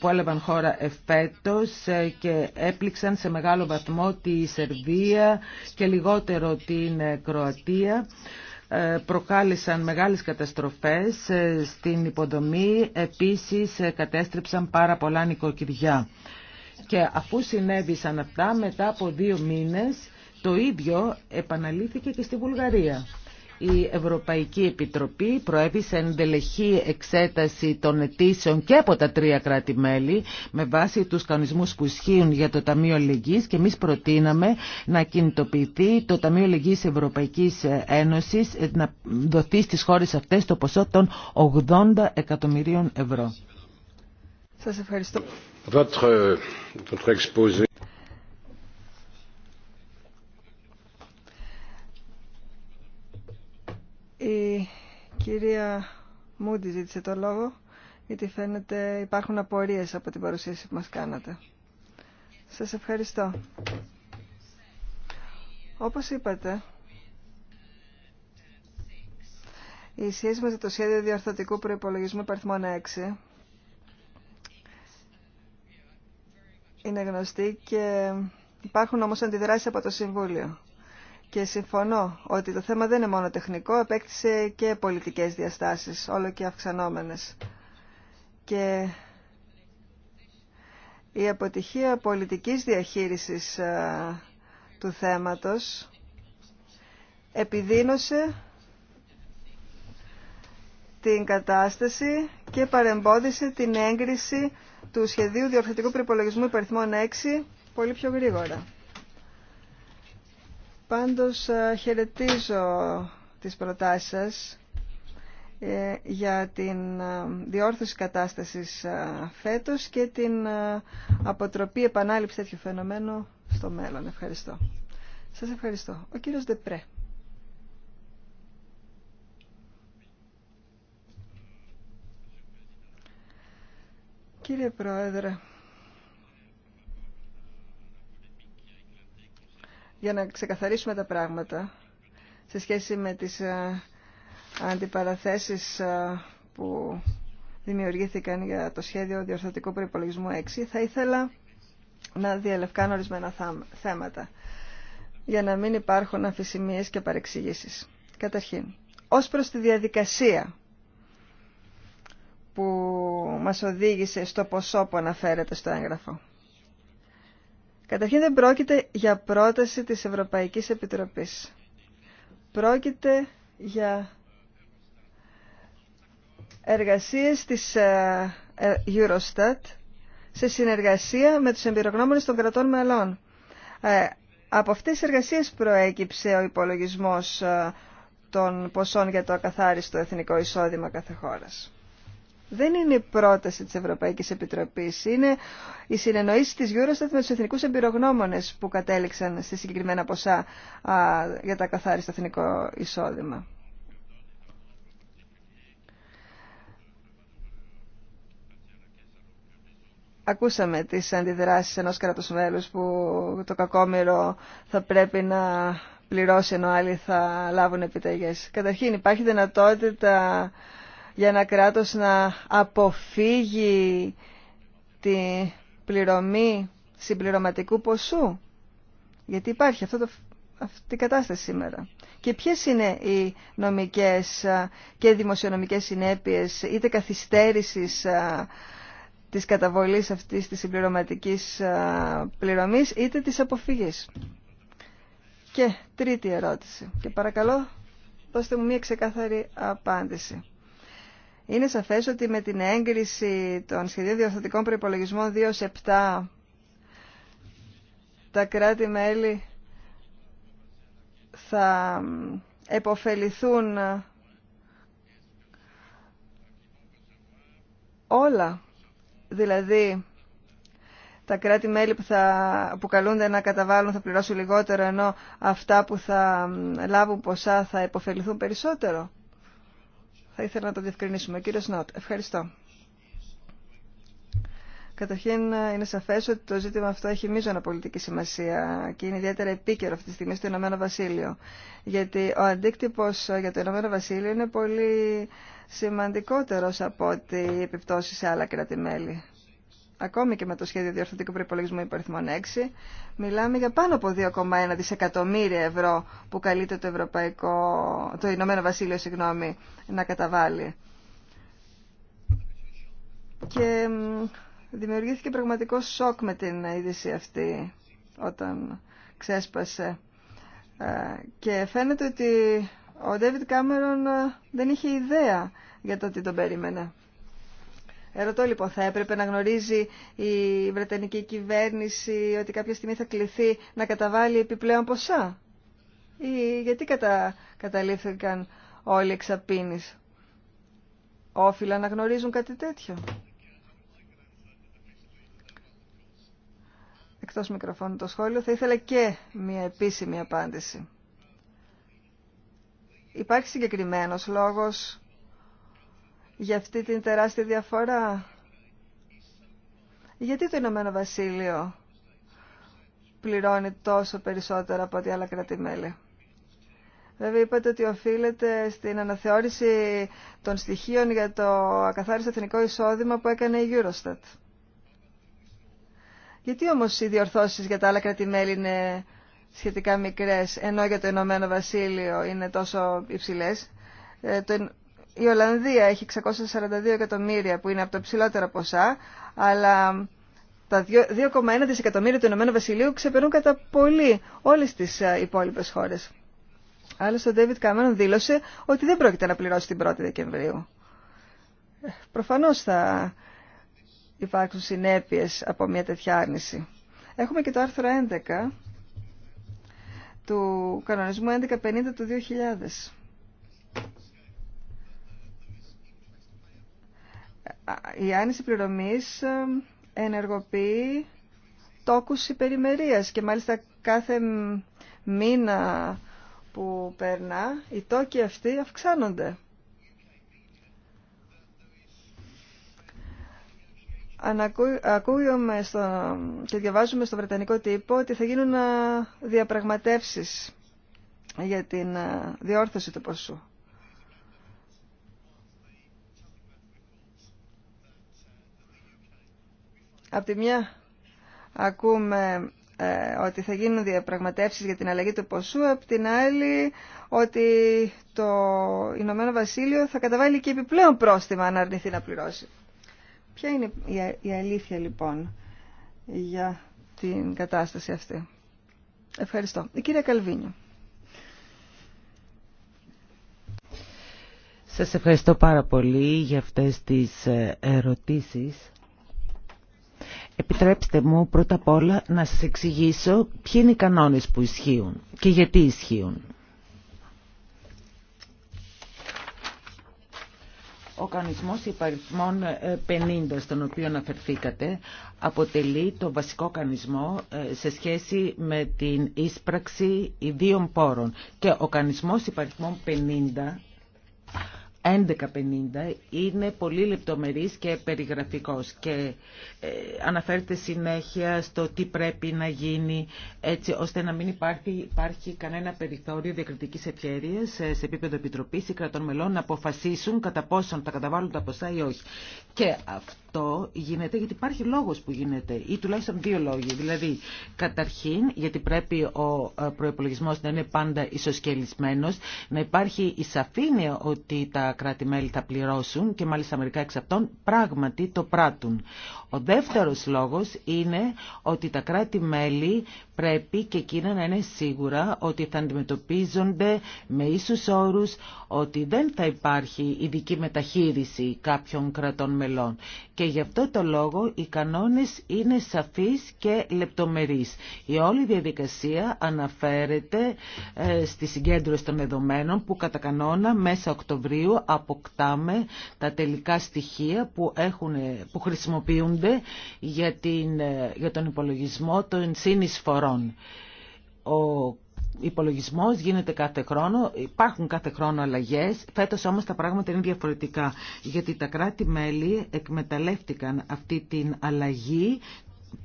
που έλαβαν χώρα εφέτος ε, και έπληξαν σε μεγάλο βαθμό τη Σερβία και λιγότερο την Κροατία προκάλεσαν μεγάλες καταστροφές στην υποδομή, επίσης κατέστρεψαν πάρα πολλά νοικοκυριά. Και αφού συνέβησαν αυτά, μετά από δύο μήνες, το ίδιο επαναλήθηκε και στη Βουλγαρία η Ευρωπαϊκή Επιτροπή προέβη σε εντελεχή εξέταση των αιτήσεων και από τα τρία κράτη-μέλη με βάση τους κανονισμούς που ισχύουν για το Ταμείο Λεγγύης και εμείς προτείναμε να κινητοποιηθεί το Ταμείο Λεγγύης Ευρωπαϊκής Ένωσης να δοθεί στις χώρες αυτές το ποσό των 80 εκατομμυρίων ευρώ. Σας ευχαριστώ. Votre, votre Η κυρία Μούντι ζήτησε το λόγο, γιατί φαίνεται υπάρχουν απορίες από την παρουσίαση που μας κάνατε. Σας ευχαριστώ. Όπως είπατε, η σχέση μας με το σχέδιο διορθωτικού προϋπολογισμού υπαριθμών 6 είναι γνωστή και υπάρχουν όμως αντιδράσεις από το Συμβούλιο. Και συμφωνώ ότι το θέμα δεν είναι μόνο τεχνικό, επέκτησε και πολιτικές διαστάσεις, όλο και αυξανόμενες. Και η αποτυχία πολιτικής διαχείρισης ε, του θέματος επιδίνωσε την κατάσταση και παρεμπόδισε την έγκριση του σχεδίου διορθωτικού προπολογισμού υπ. 6 πολύ πιο γρήγορα. Πάντως ε, χαιρετίζω τις προτάσεις σας ε, για την ε, διόρθωση κατάστασης φέτος και την αποτροπή επανάληψη τέτοιου φαινομένου στο μέλλον. Ευχαριστώ. Σας ευχαριστώ. Ο κύριος Δεπρέ. Κύριε Πρόεδρε, για να ξεκαθαρίσουμε τα πράγματα σε σχέση με τις ε, αντιπαραθέσεις ε, που δημιουργήθηκαν για το σχέδιο διορθωτικού προϋπολογισμού 6, θα ήθελα να διαλευκάνω ορισμένα θέματα για να μην υπάρχουν αφησιμίες και παρεξηγήσεις. Καταρχήν, ως προς τη διαδικασία που μας οδήγησε στο ποσό που αναφέρεται στο έγγραφο. Καταρχήν δεν πρόκειται για πρόταση της Ευρωπαϊκής Επιτροπής. Πρόκειται για εργασίες της ε, ε, Eurostat σε συνεργασία με τους εμπειρογνώμονες των κρατών μελών. Ε, από αυτές τις εργασίες προέκυψε ο υπολογισμός των ποσών για το ακαθάριστο εθνικό εισόδημα κάθε χώρας δεν είναι η πρόταση της Ευρωπαϊκής Επιτροπής. Είναι η συνεννοήσεις της Eurostat με τους εθνικούς εμπειρογνώμονες που κατέληξαν στη συγκεκριμένα ποσά για τα καθάριστα εθνικό εισόδημα. Ακούσαμε τις αντιδράσεις ενός κράτους μέλους που το κακόμερο θα πρέπει να πληρώσει ενώ άλλοι θα λάβουν επιταγές. Καταρχήν υπάρχει δυνατότητα για ένα κράτος να αποφύγει τη πληρωμή συμπληρωματικού ποσού. Γιατί υπάρχει αυτό το, αυτή η κατάσταση σήμερα. Και ποιες είναι οι νομικές και δημοσιονομικές συνέπειες είτε καθυστέρησης της καταβολής αυτής της συμπληρωματικής πληρωμής είτε της αποφυγής. Και τρίτη ερώτηση. Και παρακαλώ δώστε μου μια ξεκάθαρη απάντηση. Είναι σαφές ότι με την έγκριση των σχεδίων διορθωτικών προϋπολογισμών 2-7 τα κράτη-μέλη θα επωφεληθούν ε, όλα. Δηλαδή, τα κράτη-μέλη που, θα, που καλούνται να καταβάλουν θα πληρώσουν λιγότερο, ενώ αυτά που θα λάβουν ποσά θα επωφεληθούν περισσότερο. Θα ήθελα να το διευκρινίσουμε. Κύριος Σνότ, ευχαριστώ. Καταρχήν είναι σαφές ότι το ζήτημα αυτό έχει μείζωνα πολιτική σημασία και είναι ιδιαίτερα επίκαιρο αυτή τη στιγμή στο Ηνωμένο Βασίλειο. Γιατί ο αντίκτυπο για το Ηνωμένο Βασίλειο είναι πολύ σημαντικότερο από ό,τι οι επιπτώσει σε άλλα κράτη-μέλη ακόμη και με το σχέδιο διορθωτικού προπολογισμού υπαριθμών 6, μιλάμε για πάνω από 2,1 δισεκατομμύρια ευρώ που καλείται το, Ευρωπαϊκό, το Ηνωμένο Βασίλειο συγγνώμη, να καταβάλει. Και δημιουργήθηκε πραγματικό σοκ με την είδηση αυτή όταν ξέσπασε. Ε, και φαίνεται ότι ο Ντέβιτ Κάμερον δεν είχε ιδέα για το τι τον περίμενε. Ερωτώ λοιπόν, θα έπρεπε να γνωρίζει η Βρετανική κυβέρνηση ότι κάποια στιγμή θα κληθεί να καταβάλει επιπλέον ποσά. Ή γιατί κατα... καταλήφθηκαν όλοι εξαπίνης. Όφυλα να γνωρίζουν κάτι τέτοιο. Εκτός μικροφώνου το σχόλιο, θα ήθελα και μια επίσημη απάντηση. Υπάρχει συγκεκριμένος λόγος για αυτή την τεράστια διαφορά. Γιατί το Ηνωμένο Βασίλειο πληρώνει τόσο περισσότερα από ό,τι άλλα κρατημέλη. Βέβαια είπατε ότι οφείλεται στην αναθεώρηση των στοιχείων για το ακαθάριστο εθνικό εισόδημα που έκανε η Eurostat. Γιατί όμως οι διορθώσεις για τα άλλα κρατημέλη είναι σχετικά μικρές, ενώ για το Ηνωμένο Βασίλειο είναι τόσο υψηλές. Ε, το η Ολλανδία έχει 642 εκατομμύρια που είναι από τα ψηλότερα ποσά, αλλά τα 2,1 δισεκατομμύρια του Ηνωμένου Βασιλείου ξεπερνούν κατά πολύ όλε τι ε, υπόλοιπε χώρε. Άλλωστε ο Ντέβιτ Κάμερον δήλωσε ότι δεν πρόκειται να πληρώσει την 1η Δεκεμβρίου. Ε, Προφανώ θα υπάρξουν συνέπειε από μια τέτοια άρνηση. Έχουμε και το άρθρο 11 του κανονισμού 1150 του 2000 η άνηση πληρωμής ενεργοποιεί τόκους υπερημερίας και μάλιστα κάθε μήνα που περνά οι τόκοι αυτοί αυξάνονται. Ακούγουμε στο, και διαβάζουμε στο Βρετανικό τύπο ότι θα γίνουν διαπραγματεύσεις για την διόρθωση του ποσού. από τη μια ακούμε ε, ότι θα γίνουν διαπραγματεύσεις για την αλλαγή του ποσού, απ' την άλλη ότι το Ηνωμένο Βασίλειο θα καταβάλει και επιπλέον πρόστιμα αν αρνηθεί να πληρώσει. Ποια είναι η αλήθεια λοιπόν για την κατάσταση αυτή. Ευχαριστώ. Η κυρία Καλβίνιο. Σας ευχαριστώ πάρα πολύ για αυτές τις ε, ερωτήσεις. Επιτρέψτε μου πρώτα απ' όλα να σας εξηγήσω ποιοι είναι οι κανόνες που ισχύουν και γιατί ισχύουν. Ο κανονισμός υπαριθμών 50, ε, στον οποίο αναφερθήκατε, αποτελεί το βασικό κανονισμό ε, σε σχέση με την ίσπραξη ιδίων πόρων. Και ο κανονισμός υπαριθμών 50 11.50 είναι πολύ λεπτομερής και περιγραφικός και ε, αναφέρεται συνέχεια στο τι πρέπει να γίνει έτσι ώστε να μην υπάρχει, κανένα περιθώριο διακριτικής ευκαιρίας ε, σε επίπεδο επιτροπής ή κρατών μελών να αποφασίσουν κατά πόσον θα καταβάλουν τα ποσά ή όχι. Και αυτό γίνεται γιατί υπάρχει λόγος που γίνεται ή τουλάχιστον δύο λόγοι. Δηλαδή, καταρχήν, γιατί πρέπει ο ε, προϋπολογισμός να είναι πάντα ισοσκελισμένος, να υπάρχει η σαφήνεια κατα ποσον τα καταβαλουν τα ποσα η οχι και αυτο γινεται γιατι υπαρχει λογος που γινεται η τουλαχιστον δυο λογοι δηλαδη καταρχην γιατι πρεπει ο προυπολογισμος να ειναι παντα ισοσκελισμενος να υπαρχει η οτι τα κράτη-μέλη θα πληρώσουν και μάλιστα μερικά εξ αυτών πράγματι το πράττουν. Ο δεύτερος λόγος είναι ότι τα κράτη-μέλη πρέπει και εκείνα να είναι σίγουρα ότι θα αντιμετωπίζονται με ίσους όρους, ότι δεν θα υπάρχει ειδική μεταχείριση κάποιων κρατών μελών. Και γι' αυτό το λόγο οι κανόνες είναι σαφείς και λεπτομερείς. Η όλη διαδικασία αναφέρεται ε, στη συγκέντρωση των δεδομένων που κατά κανόνα μέσα Οκτωβρίου αποκτάμε τα τελικά στοιχεία που, έχουν, ε, που για, την, ε, για τον υπολογισμό των συνεισφορών. Ο υπολογισμός γίνεται κάθε χρόνο, υπάρχουν κάθε χρόνο αλλαγές, φέτος όμως τα πράγματα είναι διαφορετικά, γιατί τα κράτη-μέλη εκμεταλλεύτηκαν αυτή την αλλαγή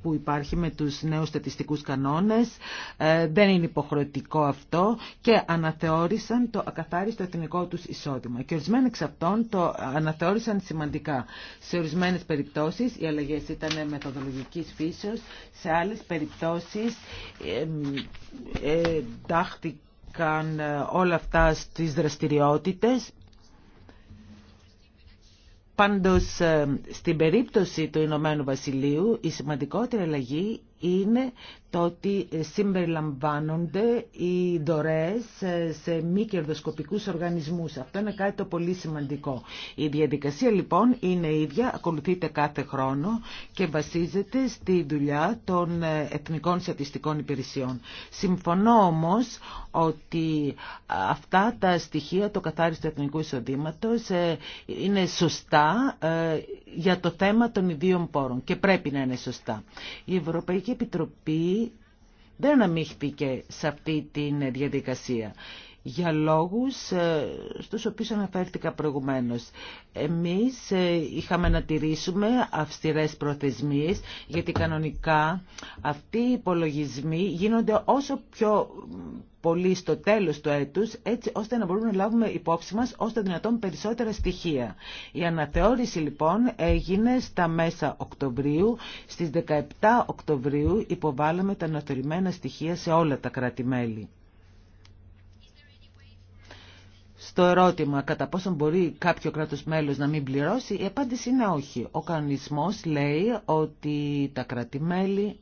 που υπάρχει με τους νέους στατιστικούς κανόνες. Ε, δεν είναι υποχρεωτικό αυτό και αναθεώρησαν το ακαθάριστο εθνικό τους εισόδημα. Και ορισμένοι εξ αυτών το αναθεώρησαν σημαντικά. Σε ορισμένες περιπτώσεις οι αλλαγές ήταν μεθοδολογικής φύσεως, σε άλλες περιπτώσεις ε, εντάχθηκαν ε, όλα αυτά στις δραστηριότητες Πάντως, ε, στην περίπτωση του Ηνωμένου Βασιλείου, η σημαντικότερη αλλαγή είναι το ότι ε, συμπεριλαμβάνονται οι δωρές ε, σε μη κερδοσκοπικούς οργανισμούς. Αυτό είναι κάτι το πολύ σημαντικό. Η διαδικασία λοιπόν είναι ίδια, ακολουθείται κάθε χρόνο και βασίζεται στη δουλειά των ε, Εθνικών Στατιστικών Υπηρεσιών. Συμφωνώ όμως ότι αυτά τα στοιχεία, το καθάριστο εθνικού εισοδήματο είναι σωστά για το θέμα των ιδίων πόρων και πρέπει να είναι σωστά. Η Ευρωπαϊκή Επιτροπή δεν αναμίχθηκε σε αυτή τη διαδικασία για λόγους ε, στους οποίους αναφέρθηκα προηγουμένως. Εμείς ε, είχαμε να τηρήσουμε αυστηρές προθεσμίες γιατί κανονικά αυτοί οι υπολογισμοί γίνονται όσο πιο πολύ στο τέλος του έτους έτσι ώστε να μπορούμε να λάβουμε υπόψη μας όσο δυνατόν περισσότερα στοιχεία. Η αναθεώρηση λοιπόν έγινε στα μέσα Οκτωβρίου. Στις 17 Οκτωβρίου υποβάλαμε τα αναθεωρημένα στοιχεία σε όλα τα κράτη-μέλη. Το ερώτημα κατά πόσο μπορεί κάποιο κράτος μέλος να μην πληρώσει, η απάντηση είναι όχι. Ο κανονισμός λέει ότι τα κράτη-μέλη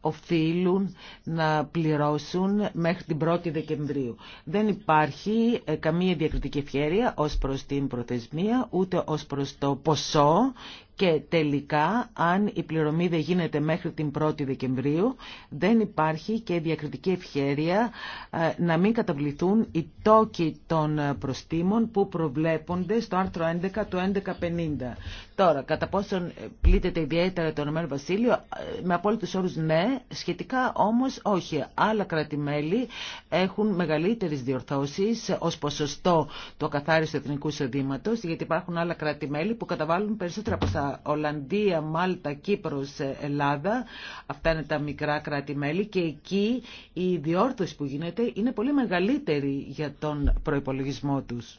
οφείλουν να πληρώσουν μέχρι την 1η Δεκεμβρίου. Δεν υπάρχει ε, καμία διακριτική ευχαίρεια ως προς την προθεσμία, ούτε ως προς το ποσό και τελικά αν η πληρωμή δεν γίνεται μέχρι την 1η Δεκεμβρίου δεν υπάρχει και διακριτική ευχαίρεια ε, να μην καταβληθούν οι τόκοι των ε, προστήμων που προβλέπονται στο άρθρο 11 του 1150. Τώρα, κατά πόσον πλήττεται ιδιαίτερα το Ηνωμένο Βασίλειο, με απόλυτους όρους ναι, σχετικά όμως όχι. Άλλα κράτη-μέλη έχουν μεγαλύτερες διορθώσεις ως ποσοστό το καθαριστο εθνικου εθνικού εισοδήματο, γιατί υπάρχουν άλλα κράτη-μέλη που καταβάλουν περισσότερα από τα Ολλανδία, Μάλτα, Κύπρος, Ελλάδα. Αυτά είναι τα μικρά και εκεί η διόρθωση που γίνεται είναι πολύ μεγαλύτερη για τον προϋπολογισμό τους.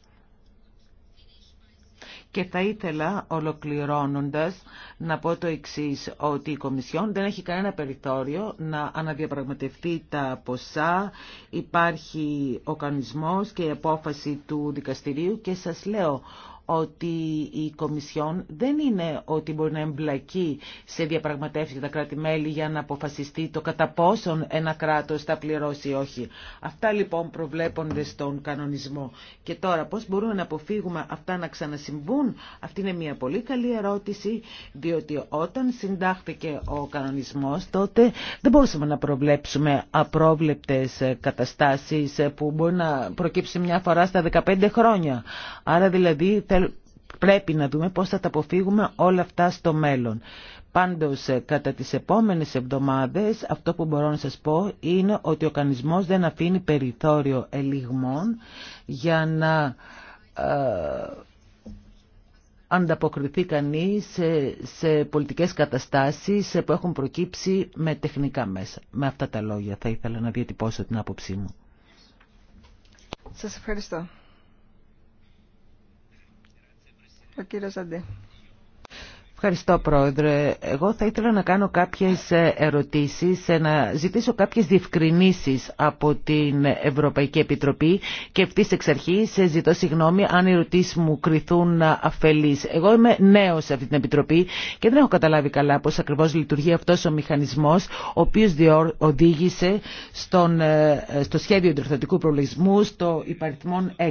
Και θα ήθελα ολοκληρώνοντας να πω το εξής, ότι η Κομισιόν δεν έχει κανένα περιθώριο να αναδιαπραγματευτεί τα ποσά. Υπάρχει ο κανονισμός και η απόφαση του δικαστηρίου και σας λέω ότι η Κομισιόν δεν είναι ότι μπορεί να εμπλακεί σε διαπραγματεύσεις τα κράτη-μέλη για να αποφασιστεί το κατά πόσον ένα κράτος θα πληρώσει ή όχι. Αυτά λοιπόν προβλέπονται στον κανονισμό. Και τώρα πώς μπορούμε να αποφύγουμε αυτά να ξανασυμβούν. Αυτή είναι μια πολύ καλή ερώτηση, διότι όταν συντάχθηκε ο κανονισμός τότε δεν μπορούσαμε να προβλέψουμε απρόβλεπτες καταστάσεις που μπορεί να προκύψει μια φορά στα 15 χρόνια. Άρα δηλαδή Πρέπει να δούμε πώς θα τα αποφύγουμε όλα αυτά στο μέλλον. Πάντως, κατά τις επόμενες εβδομάδες, αυτό που μπορώ να σας πω είναι ότι ο κανισμός δεν αφήνει περιθώριο ελιγμών για να ε, ανταποκριθεί κανείς σε, σε πολιτικές καταστάσεις που έχουν προκύψει με τεχνικά μέσα. Με αυτά τα λόγια θα ήθελα να διατυπώσω την άποψή μου. Σας ευχαριστώ. Ο κύριος Ευχαριστώ Πρόεδρε. Εγώ θα ήθελα να κάνω κάποιες ε, ερωτήσεις, ε, να ζητήσω κάποιες διευκρινήσεις από την Ευρωπαϊκή Επιτροπή και αυτή εξ αρχής ε, ζητώ συγγνώμη αν οι ερωτήσεις μου κρυθούν αφελείς. Εγώ είμαι νέος σε αυτή την Επιτροπή και δεν έχω καταλάβει καλά πώς ακριβώς λειτουργεί αυτός ο μηχανισμός ο οποίος οδήγησε στον, στο σχέδιο διορθωτικού προβλησμού στο υπαριθμόν 6.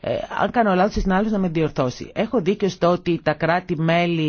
Ε, αν κάνω λάθος, συνάλλως να με διορθώσει. Έχω δίκιο στο τα κράτη-μέλη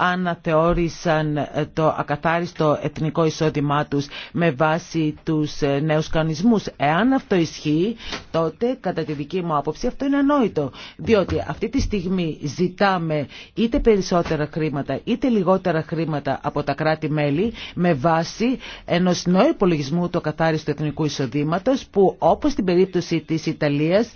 αναθεώρησαν ε, το ακαθάριστο εθνικό εισόδημά τους με βάση τους ε, νέους κανονισμούς. Εάν αυτό ισχύει, τότε κατά τη δική μου άποψη αυτό είναι ανόητο. Διότι αυτή τη στιγμή ζητάμε είτε περισσότερα χρήματα είτε λιγότερα χρήματα από τα κράτη-μέλη με βάση ενός νέου υπολογισμού του ακαθάριστου εθνικού εισοδήματος που όπως στην περίπτωση της Ιταλίας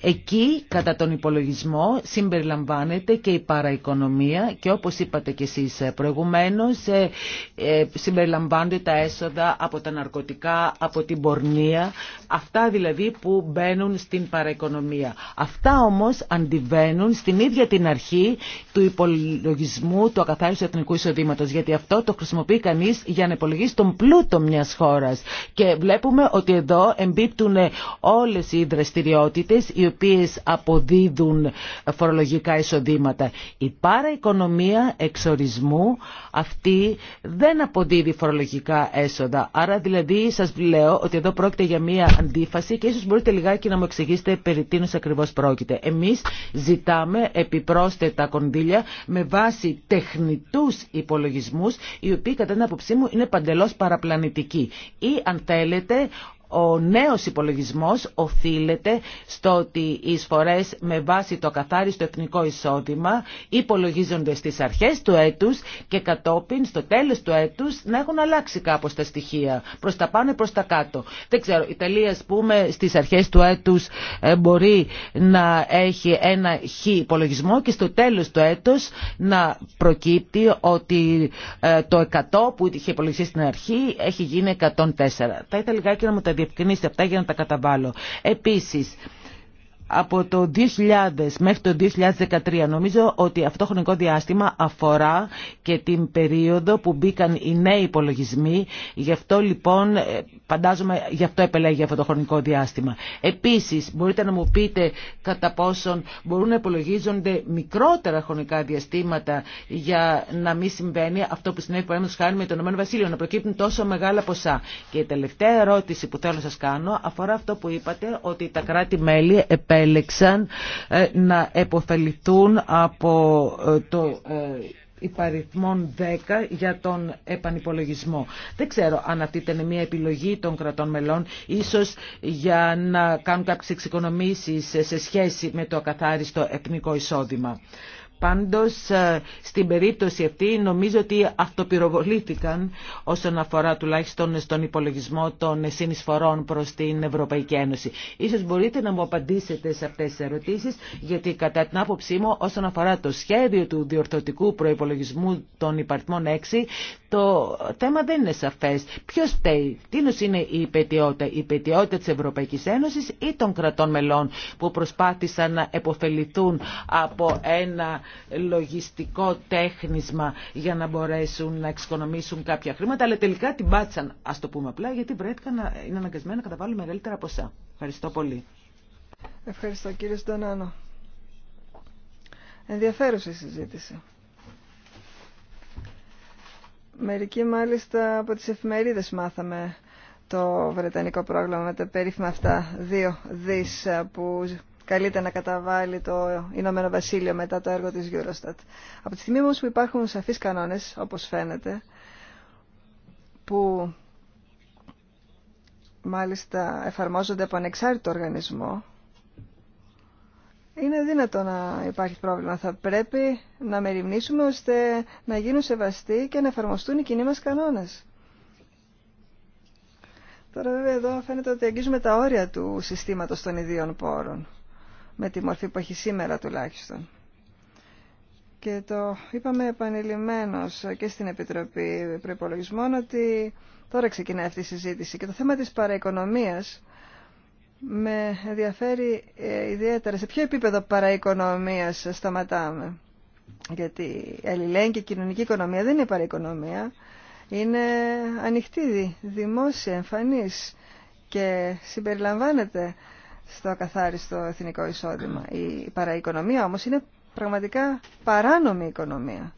εκεί κατά τον υπολογισμό συμπεριλαμβάνεται και η παραοικονομία και όπως είπα είπατε κι εσείς προηγουμένως, ε, ε, συμπεριλαμβάνονται τα έσοδα από τα ναρκωτικά, από την πορνεία, αυτά δηλαδή που μπαίνουν στην παραοικονομία. Αυτά όμως αντιβαίνουν στην ίδια την αρχή του υπολογισμού του ακαθάριστου εθνικού εισοδήματος, γιατί αυτό το χρησιμοποιεί κανείς για να υπολογίσει τον πλούτο μιας χώρας. Και βλέπουμε ότι εδώ εμπίπτουν όλες οι δραστηριότητες οι οποίες αποδίδουν φορολογικά εισοδήματα. Η παραοικονομία εξορισμού αυτή δεν αποδίδει φορολογικά έσοδα. Άρα δηλαδή σας λέω ότι εδώ πρόκειται για μία αντίφαση και ίσως μπορείτε λιγάκι να μου εξηγήσετε περί τίνος ακριβώς πρόκειται. Εμείς ζητάμε επιπρόσθετα κονδύλια με βάση τεχνητούς υπολογισμούς οι οποίοι κατά την άποψή μου είναι παντελώς παραπλανητικοί ή αν θέλετε ο νέος υπολογισμός οφείλεται στο ότι οι εισφορές με βάση το καθάριστο εθνικό εισόδημα υπολογίζονται στις αρχές του έτους και κατόπιν στο τέλος του έτους να έχουν αλλάξει κάπως τα στοιχεία προς τα πάνω ή προς τα κάτω. Δεν ξέρω, η Ιταλία ας πούμε στις αρχές του έτους ε, μπορεί να έχει ένα χ υπολογισμό και στο τέλος του έτους να προκύπτει ότι ε, το 100 που είχε υπολογιστεί στην αρχή έχει γίνει 104. Θα ήθελα λιγάκι να μου τα διευκρινίσετε αυτά για να τα καταβάλω. Επίσης, από το 2000 μέχρι το 2013. Νομίζω ότι αυτό το χρονικό διάστημα αφορά και την περίοδο που μπήκαν οι νέοι υπολογισμοί. Γι' αυτό λοιπόν, ε, φαντάζομαι, γι' αυτό επελέγει αυτό το χρονικό διάστημα. Επίσης, μπορείτε να μου πείτε κατά πόσον μπορούν να υπολογίζονται μικρότερα χρονικά διαστήματα για να μην συμβαίνει αυτό που συνέβη παραδείγματος χάρη με το Ηνωμένο Βασίλειο, να προκύπτουν τόσο μεγάλα ποσά. Και η τελευταία ερώτηση που θέλω να σας κάνω αφορά αυτό που είπατε ότι τα κράτη-μέλη επέλεξαν ε, να εποφεληθούν από ε, το ε, υπαριθμών 10 για τον επανυπολογισμό. Δεν ξέρω αν αυτή ήταν μια επιλογή των κρατών μελών, ίσως για να κάνουν κάποιες εξοικονομήσεις σε σχέση με το ακαθάριστο εθνικό εισόδημα. Πάντως ε, στην περίπτωση αυτή νομίζω ότι αυτοπυροβολήθηκαν όσον αφορά τουλάχιστον στον υπολογισμό των συνεισφορών προς την Ευρωπαϊκή Ένωση. Ίσως μπορείτε να μου απαντήσετε σε αυτές τις ερωτήσεις γιατί κατά την άποψή μου όσον αφορά το σχέδιο του διορθωτικού προϋπολογισμού των υπαρτμών 6 το θέμα δεν είναι σαφές. Ποιος θέλει, τι είναι η υπετιότητα, η υπετιότητα της Ευρωπαϊκής Ένωσης ή των κρατών μελών που προσπάθησαν να επωφεληθούν από ένα λογιστικό τέχνισμα για να μπορέσουν να εξοικονομήσουν κάποια χρήματα, αλλά τελικά την πάτησαν, α το πούμε απλά, γιατί βρέθηκαν να είναι αναγκασμένοι να καταβάλουν μεγαλύτερα ποσά. Ευχαριστώ πολύ. Ευχαριστώ κύριε Στονάνο. Ενδιαφέρουσα η συζήτηση. Μερικοί μάλιστα από τις εφημερίδες μάθαμε το βρετανικό πρόγραμμα με τα περίφημα αυτά δύο δις ε, που καλείται να καταβάλει το Ηνωμένο Βασίλειο μετά το έργο της Eurostat. Από τη στιγμή όμως που υπάρχουν σαφείς κανόνες, όπως φαίνεται, που μάλιστα εφαρμόζονται από ανεξάρτητο οργανισμό, είναι δυνατό να υπάρχει πρόβλημα. Θα πρέπει να μεριμνήσουμε ώστε να γίνουν σεβαστοί και να εφαρμοστούν οι κοινοί μας κανόνες. Τώρα βέβαια εδώ φαίνεται ότι αγγίζουμε τα όρια του συστήματος των ιδίων πόρων με τη μορφή που έχει σήμερα τουλάχιστον. Και το είπαμε επανειλημμένως και στην Επιτροπή Προϋπολογισμών ότι τώρα ξεκινάει αυτή η συζήτηση. Και το θέμα της παραοικονομίας με ενδιαφέρει ε, ιδιαίτερα. Σε ποιο επίπεδο παραοικονομίας σταματάμε. Γιατί η αλληλέγγυη και κοινωνική οικονομία δεν είναι παραοικονομία. Είναι ανοιχτή, δημόσια, εμφανής και συμπεριλαμβάνεται στο ακαθάριστο εθνικό εισόδημα. Η παραοικονομία όμως είναι πραγματικά παράνομη οικονομία.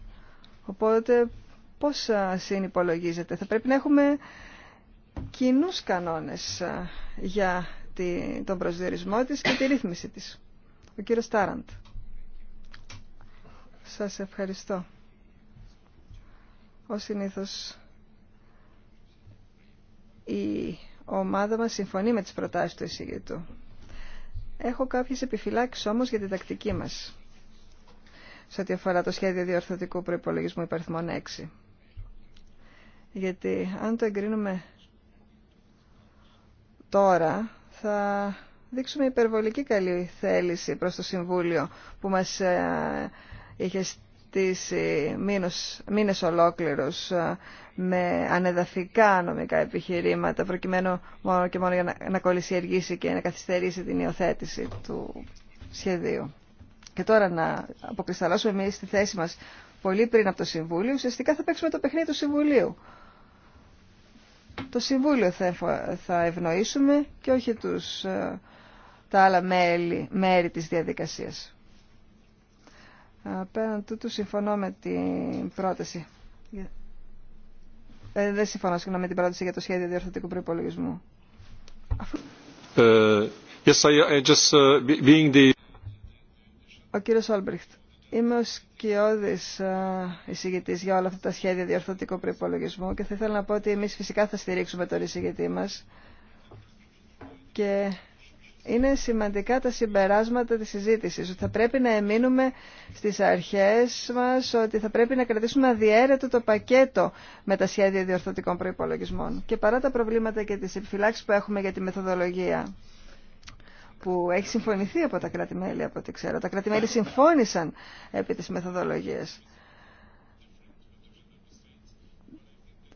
Οπότε πώς συνυπολογίζεται. Θα πρέπει να έχουμε κοινού κανόνες για τον προσδιορισμό της και τη ρύθμιση της. Ο κύριος Τάραντ. Σας ευχαριστώ. Ό συνήθως η ομάδα μας συμφωνεί με τις προτάσεις του εισηγητού. Έχω κάποιες επιφυλάξεις όμως για την τακτική μας σε ό,τι αφορά το σχέδιο διορθωτικού προϋπολογισμού υπαριθμών 6. Γιατί αν το εγκρίνουμε τώρα θα δείξουμε υπερβολική καλή θέληση προς το Συμβούλιο που μας ε, είχε τις ε, μήνους, μήνες ολόκληρους ε, με ανεδαφικά νομικά επιχειρήματα προκειμένου μόνο και μόνο για να, να κολλησιεργήσει και να καθυστερήσει την υιοθέτηση του σχεδίου. Και τώρα να αποκρισταλώσουμε εμείς τη θέση μας πολύ πριν από το Συμβούλιο, ουσιαστικά θα παίξουμε το παιχνίδι του Συμβουλίου. Το Συμβούλιο θα, θα ευνοήσουμε και όχι τους, ε, τα άλλα μέρη της διαδικασίας. Πέραν τούτου συμφωνώ με την πρόταση. Ε, δεν συμφωνώ συγγνώμη την πρόταση για το σχέδιο διορθωτικού προϋπολογισμού. Ε, uh, yes, Ο κύριος Όλμπριχτ. Είμαι ο σκιώδης ε, εισηγητής για όλα αυτά τα σχέδια διορθωτικού προϋπολογισμού και θα ήθελα να πω ότι εμείς φυσικά θα στηρίξουμε τον εισηγητή μας και είναι σημαντικά τα συμπεράσματα της συζήτησης, ότι θα πρέπει να εμείνουμε στις αρχές μας, ότι θα πρέπει να κρατήσουμε αδιέρετο το πακέτο με τα σχέδια διορθωτικών προϋπολογισμών. Και παρά τα προβλήματα και τις επιφυλάξεις που έχουμε για τη μεθοδολογία, που έχει συμφωνηθεί από τα κράτη-μέλη, από ό,τι ξέρω, τα κράτη-μέλη συμφώνησαν επί της μεθοδολογίας.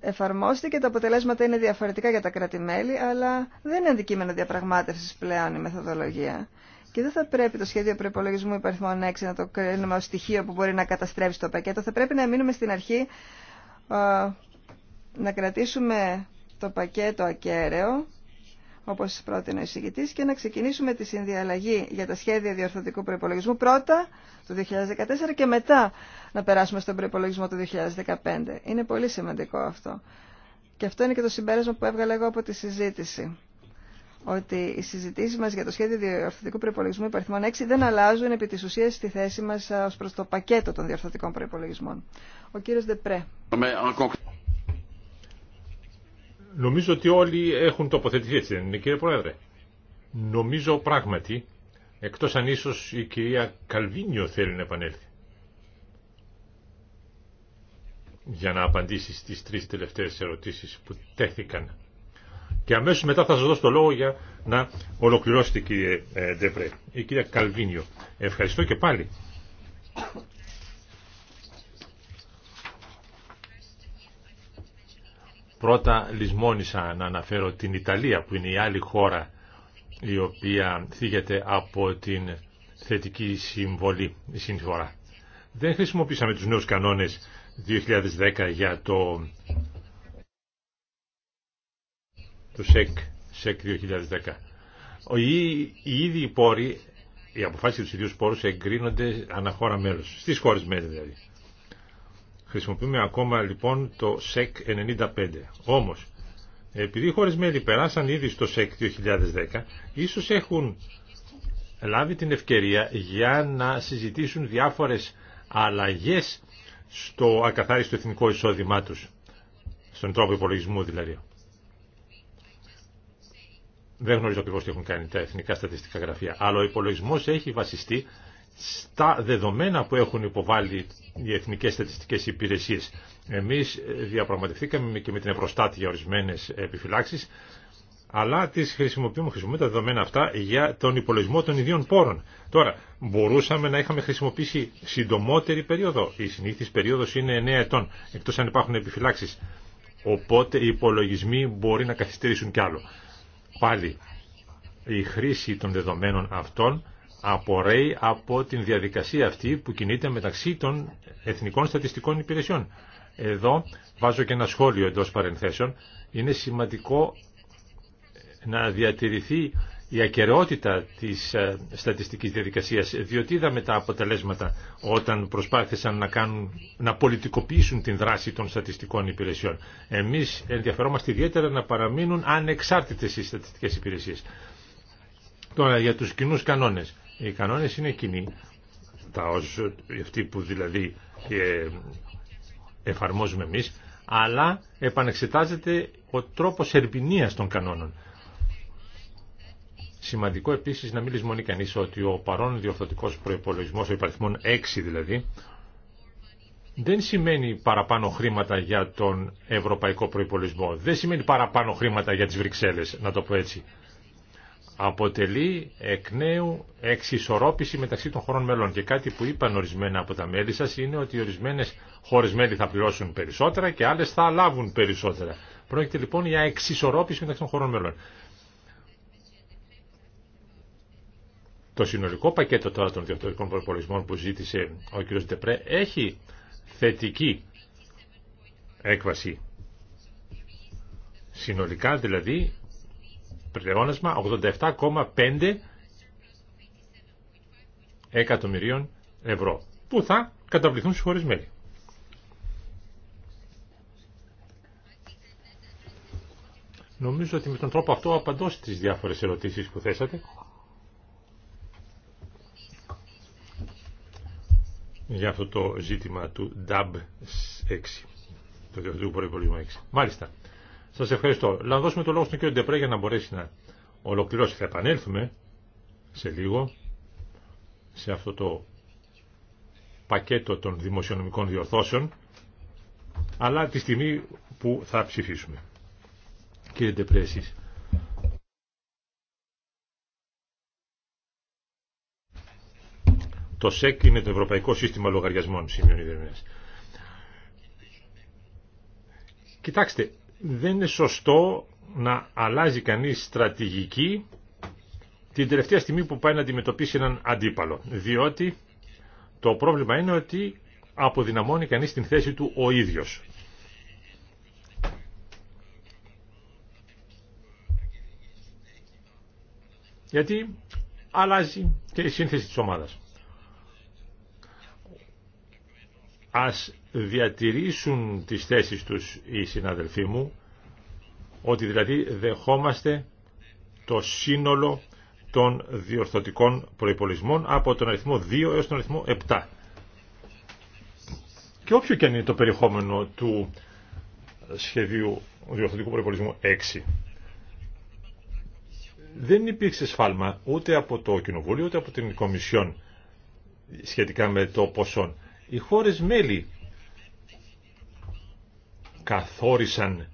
εφαρμόστηκε, και τα αποτελέσματα είναι διαφορετικά για τα κράτη-μέλη, αλλά δεν είναι αντικείμενο διαπραγμάτευσης πλέον η μεθοδολογία. Και δεν θα πρέπει το σχέδιο προπολογισμού υπαριθμών 6 να το κρίνουμε ω στοιχείο που μπορεί να καταστρέψει το πακέτο. Θα πρέπει να μείνουμε στην αρχή να κρατήσουμε το πακέτο ακέραιο Όπω πρότεινε ο εισηγητή, και να ξεκινήσουμε τη συνδιαλλαγή για τα σχέδια διορθωτικού προπολογισμού πρώτα το 2014 και μετά να περάσουμε στον προπολογισμό του 2015. Είναι πολύ σημαντικό αυτό. Και αυτό είναι και το συμπέρασμα που έβγαλα εγώ από τη συζήτηση. Ότι οι συζητήσει μα για το σχέδιο διορθωτικού προπολογισμού υπαριθμών 6 δεν αλλάζουν επί τη ουσία στη θέση μα ω προ το πακέτο των διορθωτικών προπολογισμών. Ο κύριο Δεπρέ. Νομίζω ότι όλοι έχουν τοποθετηθεί έτσι, δεν είναι κύριε Πρόεδρε. Νομίζω πράγματι, εκτός αν ίσως η κυρία Καλβίνιο θέλει να επανέλθει. Για να απαντήσει στις τρεις τελευταίες ερωτήσεις που τέθηκαν. Και αμέσως μετά θα σας δώσω το λόγο για να ολοκληρώσετε κύριε ε, Ντεπρέ. Η κυρία Καλβίνιο. Ευχαριστώ και πάλι Πρώτα λησμόνησα να αναφέρω την Ιταλία που είναι η άλλη χώρα η οποία θίγεται από την θετική συμβολή, η Δεν χρησιμοποίησαμε τους νέους κανόνες 2010 για το, το ΣΕΚ, 2010. Οι, οι ίδιοι πόροι, οι αποφάσεις του τους ίδιους πόρους εγκρίνονται αναχώρα μέλος, στις χώρες μέλη δηλαδή. Χρησιμοποιούμε ακόμα λοιπόν το ΣΕΚ 95. Όμως, επειδή οι χώρες μέλη περάσαν ήδη στο ΣΕΚ 2010, ίσως έχουν λάβει την ευκαιρία για να συζητήσουν διάφορες αλλαγές στο ακαθάριστο εθνικό εισόδημά τους. Στον τρόπο υπολογισμού δηλαδή. Δεν γνωρίζω ακριβώ τι έχουν κάνει τα εθνικά στατιστικά γραφεία, αλλά ο υπολογισμό έχει βασιστεί στα δεδομένα που έχουν υποβάλει οι Εθνικές Στατιστικές Υπηρεσίες. Εμείς διαπραγματευθήκαμε και με την Ευρωστάτη για ορισμένες επιφυλάξεις, αλλά τις χρησιμοποιούμε, χρησιμοποιούμε τα δεδομένα αυτά για τον υπολογισμό των ιδίων πόρων. Τώρα, μπορούσαμε να είχαμε χρησιμοποιήσει συντομότερη περίοδο. Η συνήθις περίοδος είναι 9 ετών, εκτός αν υπάρχουν επιφυλάξεις. Οπότε οι υπολογισμοί μπορεί να καθυστερήσουν κι άλλο. Πάλι, η χρήση των δεδομένων αυτών απορρέει από την διαδικασία αυτή που κινείται μεταξύ των εθνικών στατιστικών υπηρεσιών. Εδώ βάζω και ένα σχόλιο εντός παρενθέσεων. Είναι σημαντικό να διατηρηθεί η ακαιρεότητα της ε, στατιστικής διαδικασίας, διότι είδαμε τα αποτελέσματα όταν προσπάθησαν να, κάνουν, να πολιτικοποιήσουν την δράση των στατιστικών υπηρεσιών. Εμείς ενδιαφερόμαστε ιδιαίτερα να παραμείνουν ανεξάρτητες οι στατιστικές υπηρεσίες. Τώρα για τους κοινού κανόνες. Οι κανόνες είναι κοινοί, τα αυτοί που δηλαδή ε, εφαρμόζουμε εμείς, αλλά επανεξετάζεται ο τρόπος ερμηνείας των κανόνων. Σημαντικό επίσης να μην λησμονεί κανείς ότι ο παρόν διορθωτικός προϋπολογισμός, ο υπαριθμών 6 δηλαδή, δεν σημαίνει παραπάνω χρήματα για τον ευρωπαϊκό προϋπολογισμό. Δεν σημαίνει παραπάνω χρήματα για τις Βρυξέλλες, να το πω έτσι αποτελεί εκ νέου εξισορρόπηση μεταξύ των χωρών μελών. Και κάτι που είπαν ορισμένα από τα μέλη σας είναι ότι ορισμένε χώρε μέλη θα πληρώσουν περισσότερα και άλλε θα λάβουν περισσότερα. Πρόκειται λοιπόν για εξισορρόπηση μεταξύ των χωρών μελών. Το συνολικό πακέτο τώρα των διορθωτικών προπολογισμών που ζήτησε ο κ. Ντεπρέ έχει θετική έκβαση. Συνολικά δηλαδή πλεόνασμα 87,5 εκατομμυρίων ευρώ που θα καταβληθούν στις μέλη. Νομίζω ότι με τον τρόπο αυτό απαντώ στις διάφορες ερωτήσεις που θέσατε. για αυτό το ζήτημα του DAB 6, το Διευθυντικού 6. Μάλιστα. Σας ευχαριστώ. Να δώσουμε το λόγο στον κύριο Ντεπρέ για να μπορέσει να ολοκληρώσει. Θα επανέλθουμε σε λίγο σε αυτό το πακέτο των δημοσιονομικών διορθώσεων, αλλά τη στιγμή που θα ψηφίσουμε. Κύριε Ντεπρέ, εσείς. Το ΣΕΚ είναι το Ευρωπαϊκό Σύστημα Λογαριασμών, σημειώνει η Κοιτάξτε, δεν είναι σωστό να αλλάζει κανείς στρατηγική την τελευταία στιγμή που πάει να αντιμετωπίσει έναν αντίπαλο. Διότι το πρόβλημα είναι ότι αποδυναμώνει κανείς την θέση του ο ίδιος. Γιατί αλλάζει και η σύνθεση της ομάδας. Ας διατηρήσουν τις θέσεις τους οι συναδελφοί μου, ότι δηλαδή δεχόμαστε το σύνολο των διορθωτικών προϋπολισμών από τον αριθμό 2 έως τον αριθμό 7. Και όποιο και αν είναι το περιεχόμενο του σχεδίου διορθωτικού προϋπολισμού 6. Δεν υπήρξε σφάλμα ούτε από το Κοινοβούλιο ούτε από την Κομισιόν σχετικά με το ποσό. Οι χώρες μέλη καθόρισαν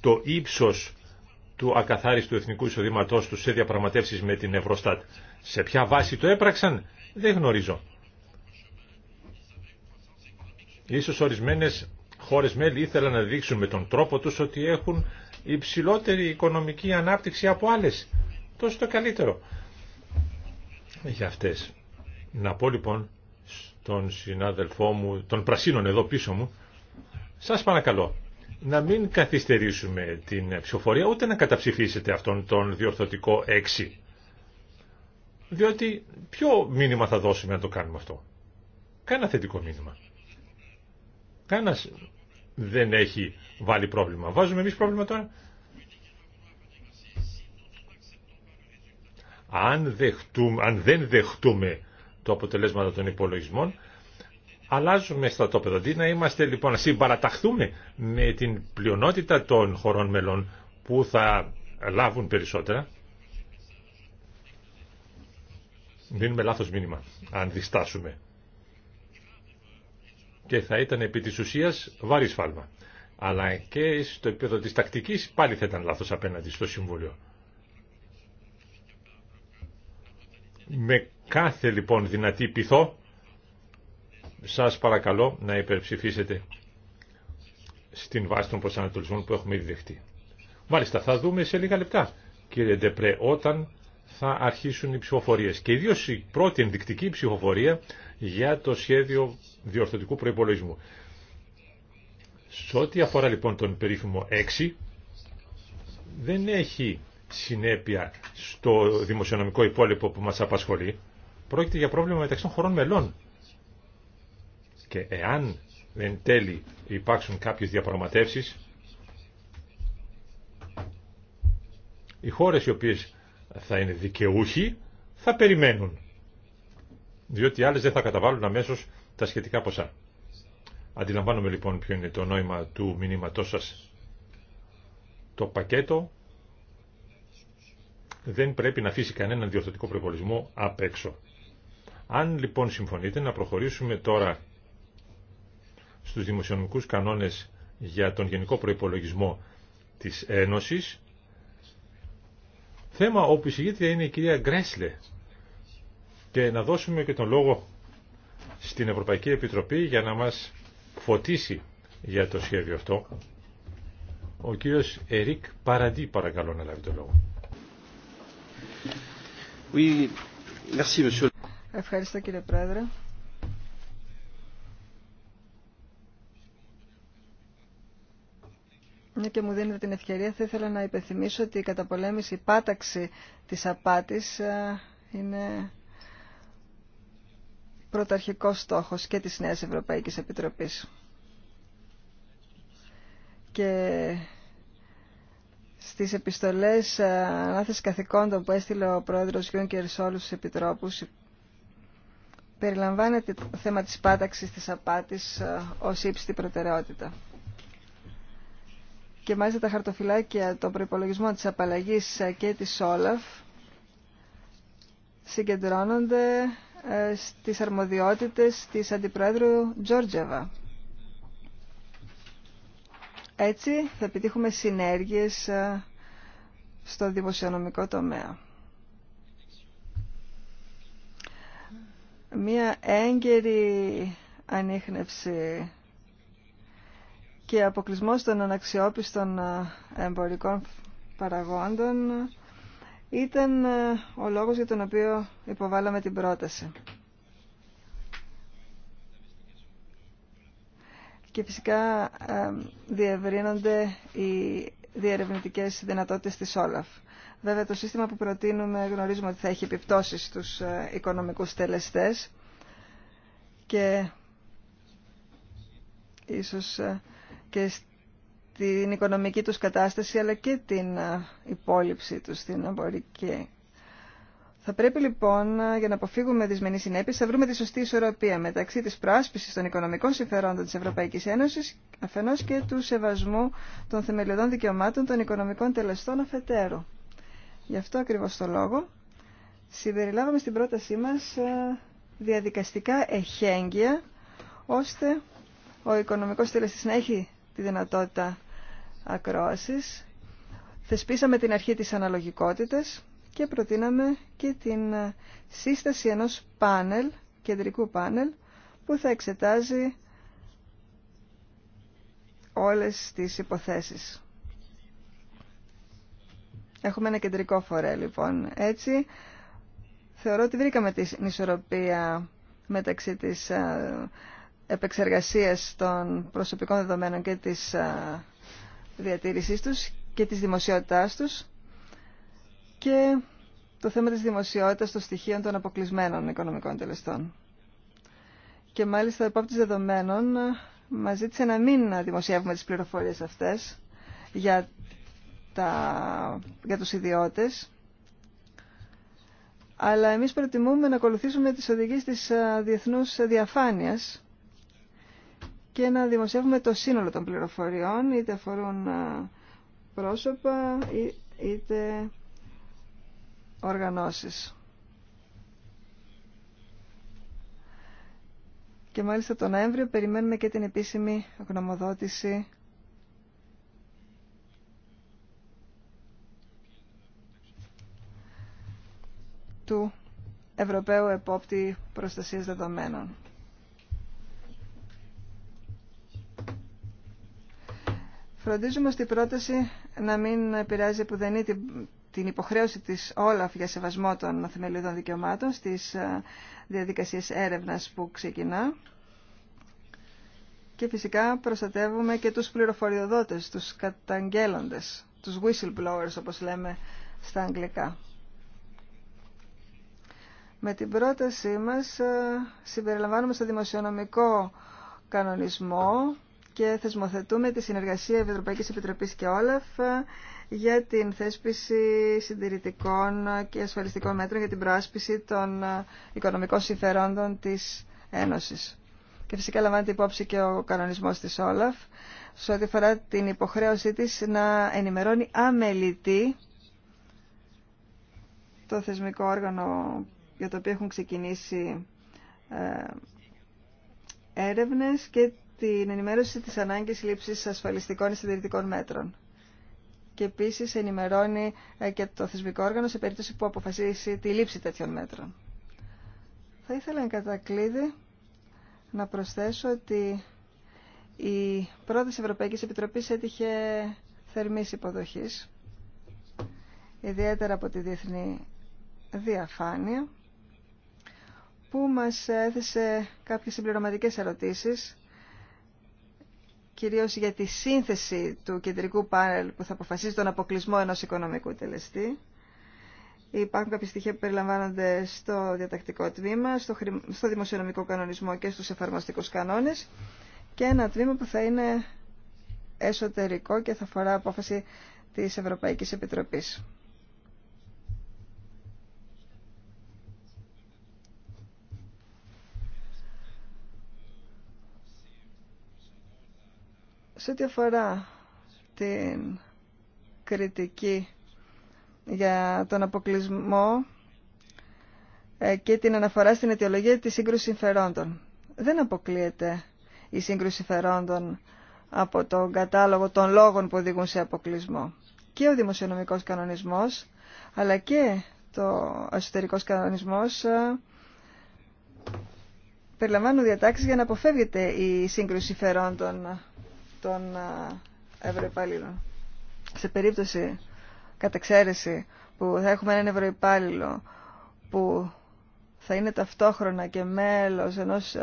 το ύψος του ακαθάριστου εθνικού εισοδήματός του σε διαπραγματεύσεις με την Ευρωστάτ. Σε ποια βάση το έπραξαν δεν γνωρίζω. Ίσως ορισμένες χώρες μέλη ήθελαν να δείξουν με τον τρόπο τους ότι έχουν υψηλότερη οικονομική ανάπτυξη από άλλες. Τόσο το καλύτερο για αυτές. Να πω λοιπόν στον συνάδελφό μου, τον πρασίνων εδώ πίσω μου, σας παρακαλώ να μην καθυστερήσουμε την ψηφοφορία ούτε να καταψηφίσετε αυτόν τον διορθωτικό 6. Διότι ποιο μήνυμα θα δώσουμε να το κάνουμε αυτό. Κάνα θετικό μήνυμα. Κάνας δεν έχει βάλει πρόβλημα. Βάζουμε εμείς πρόβλημα τώρα. Αν, δεχτούμε, αν δεν δεχτούμε το αποτελέσμα των υπολογισμών, αλλάζουμε στο τόπεδα. Αντί να είμαστε λοιπόν, να συμπαραταχθούμε με την πλειονότητα των χωρών μελών που θα λάβουν περισσότερα, δίνουμε λάθος μήνυμα αν διστάσουμε. Και θα ήταν επί της ουσίας βαρύ σφάλμα. Αλλά και στο επίπεδο της τακτικής πάλι θα ήταν λάθος απέναντι στο Συμβούλιο. Με κάθε λοιπόν δυνατή πειθό σας παρακαλώ να υπερψηφίσετε στην βάση των προσανατολισμών που έχουμε ήδη δεχτεί. Μάλιστα, θα δούμε σε λίγα λεπτά, κύριε Ντεπρέ, όταν θα αρχίσουν οι ψηφοφορίες και ιδίω η πρώτη ενδεικτική ψηφοφορία για το σχέδιο διορθωτικού προϋπολογισμού. Σε ό,τι αφορά λοιπόν τον περίφημο 6, δεν έχει συνέπεια στο δημοσιονομικό υπόλοιπο που μας απασχολεί. Πρόκειται για πρόβλημα μεταξύ των χωρών μελών και εάν εν τέλει υπάρξουν κάποιες διαπραγματεύσεις οι χώρες οι οποίες θα είναι δικαιούχοι θα περιμένουν διότι οι άλλες δεν θα καταβάλουν αμέσως τα σχετικά ποσά. Αντιλαμβάνομαι λοιπόν ποιο είναι το νόημα του μηνύματός σας. Το πακέτο δεν πρέπει να αφήσει κανέναν διορθωτικό προϋπολισμό απ' έξω. Αν λοιπόν συμφωνείτε να προχωρήσουμε τώρα στους δημοσιονομικούς κανόνες για τον γενικό προϋπολογισμό της Ένωσης, θέμα όπου η είναι η κυρία Γκρέσλε και να δώσουμε και τον λόγο στην Ευρωπαϊκή Επιτροπή για να μας φωτίσει για το σχέδιο αυτό. Ο κύριος Ερικ Παραντή παρακαλώ να λάβει τον λόγο. Oui, merci, Ευχαριστώ κύριε Πρόεδρε. Μια και μου δίνετε την ευκαιρία, θα ήθελα να υπενθυμίσω ότι η καταπολέμηση, η πάταξη της απάτης ε, είναι πρωταρχικός στόχος και της Νέας Ευρωπαϊκής Επιτροπής. Και στις επιστολές ε, ανάθεση καθηκόντων που έστειλε ο πρόεδρος Γιούνκερ σε όλους τους επιτρόπους περιλαμβάνεται το θέμα της πάταξης της απάτης ε, ως ύψητη προτεραιότητα και μάλιστα τα χαρτοφυλάκια των προϋπολογισμών της απαλλαγής ε, και της Όλαφ συγκεντρώνονται ε, στις αρμοδιότητες της Αντιπρόεδρου Τζόρτζεβα. Έτσι θα επιτύχουμε συνέργειες ε, στο δημοσιονομικό τομέα. Μία έγκαιρη ανείχνευση και αποκλεισμό των αναξιόπιστων ε, εμπορικών παραγόντων ήταν ε, ο λόγος για τον οποίο υποβάλαμε την πρόταση. Και φυσικά ε, διευρύνονται οι διερευνητικές δυνατότητες της Όλαφ. Βέβαια το σύστημα που προτείνουμε γνωρίζουμε ότι θα έχει επιπτώσεις στους οικονομικούς τελεστές και ίσως και στην οικονομική τους κατάσταση αλλά και την υπόλοιψή τους στην εμπορική. Θα πρέπει λοιπόν για να αποφύγουμε δυσμενή συνέπειε να βρούμε τη σωστή ισορροπία μεταξύ τη προάσπιση των οικονομικών συμφερόντων τη Ευρωπαϊκή Ένωση αφενό και του σεβασμού των θεμελιωδών δικαιωμάτων των οικονομικών τελεστών αφετέρου. Γι' αυτό ακριβώ το λόγο συμπεριλάβαμε στην πρότασή μα διαδικαστικά εχέγγυα ώστε ο οικονομικό τελεστή να έχει τη δυνατότητα ακρόασης. Θεσπίσαμε την αρχή της αναλογικότητας και προτείναμε και την σύσταση ενός πάνελ, κεντρικού πάνελ, που θα εξετάζει όλες τις υποθέσεις. Έχουμε ένα κεντρικό φορέ λοιπόν. Έτσι θεωρώ ότι βρήκαμε την ισορροπία μεταξύ της ε, επεξεργασίας των προσωπικών δεδομένων και της ε, διατήρησής τους και της δημοσιότητάς τους και το θέμα της δημοσιότητας των στοιχείων των αποκλεισμένων οικονομικών τελεστών. Και μάλιστα ο δεδομένων ε, μας ζήτησε να μην δημοσιεύουμε τις πληροφορίες αυτές για, τα, για τους ιδιώτες αλλά εμείς προτιμούμε να ακολουθήσουμε τις οδηγίες της ε, διεθνούς διαφάνειας και να δημοσιεύουμε το σύνολο των πληροφοριών, είτε αφορούν πρόσωπα, είτε οργανώσεις. Και μάλιστα τον Νοέμβριο περιμένουμε και την επίσημη γνωμοδότηση του Ευρωπαίου Επόπτη Προστασίας Δεδομένων. Φροντίζουμε στην πρόταση να μην επηρεάζει που δεν είναι την υποχρέωση της Όλαφ για σεβασμό των θεμελιωδών δικαιωμάτων στις ε, διαδικασίες έρευνας που ξεκινά. Και φυσικά προστατεύουμε και τους πληροφοριοδότες, τους καταγγέλλοντες, τους whistleblowers όπως λέμε στα αγγλικά. Με την πρότασή μας ε, συμπεριλαμβάνουμε στο δημοσιονομικό κανονισμό και θεσμοθετούμε τη συνεργασία Ευρωπαϊκή Επιτροπή και Όλαφ για την θέσπιση συντηρητικών και ασφαλιστικών μέτρων για την προάσπιση των οικονομικών συμφερόντων της Ένωσης. Και φυσικά λαμβάνεται υπόψη και ο κανονισμό της Όλαφ σε ό,τι αφορά την υποχρέωσή της να ενημερώνει αμελητή το θεσμικό όργανο για το οποίο έχουν ξεκινήσει ε, έρευνες την ενημέρωση της ανάγκης λήψης ασφαλιστικών συντηρητικών μέτρων. Και επίσης ενημερώνει ε, και το θεσμικό όργανο σε περίπτωση που αποφασίσει τη λήψη τέτοιων μέτρων. Θα ήθελα να να προσθέσω ότι η πρώτη Ευρωπαϊκής Επιτροπής έτυχε θερμής υποδοχής, ιδιαίτερα από τη διεθνή διαφάνεια, που μας έθεσε κάποιες συμπληρωματικές ερωτήσεις κυρίως για τη σύνθεση του κεντρικού πάνελ που θα αποφασίζει τον αποκλεισμό ενός οικονομικού τελεστή. Υπάρχουν κάποια στοιχεία που περιλαμβάνονται στο διατακτικό τμήμα, στο, στο δημοσιονομικό κανονισμό και στους εφαρμοστικούς κανόνες και ένα τμήμα που θα είναι εσωτερικό και θα αφορά απόφαση της Ευρωπαϊκής Επιτροπής. Σε ό,τι αφορά την κριτική για τον αποκλεισμό ε, και την αναφορά στην αιτιολογία της σύγκρουσης συμφερόντων. Δεν αποκλείεται η σύγκρουση συμφερόντων από τον κατάλογο των λόγων που οδηγούν σε αποκλεισμό. Και ο δημοσιονομικός κανονισμός, αλλά και το εσωτερικός κανονισμός ε, περιλαμβάνουν διατάξεις για να αποφεύγεται η σύγκρουση συμφερόντων των ευρωυπαλλήλων. Σε περίπτωση κατεξαίρεση που θα έχουμε έναν ευρωυπάλληλο που θα είναι ταυτόχρονα και μέλος ενός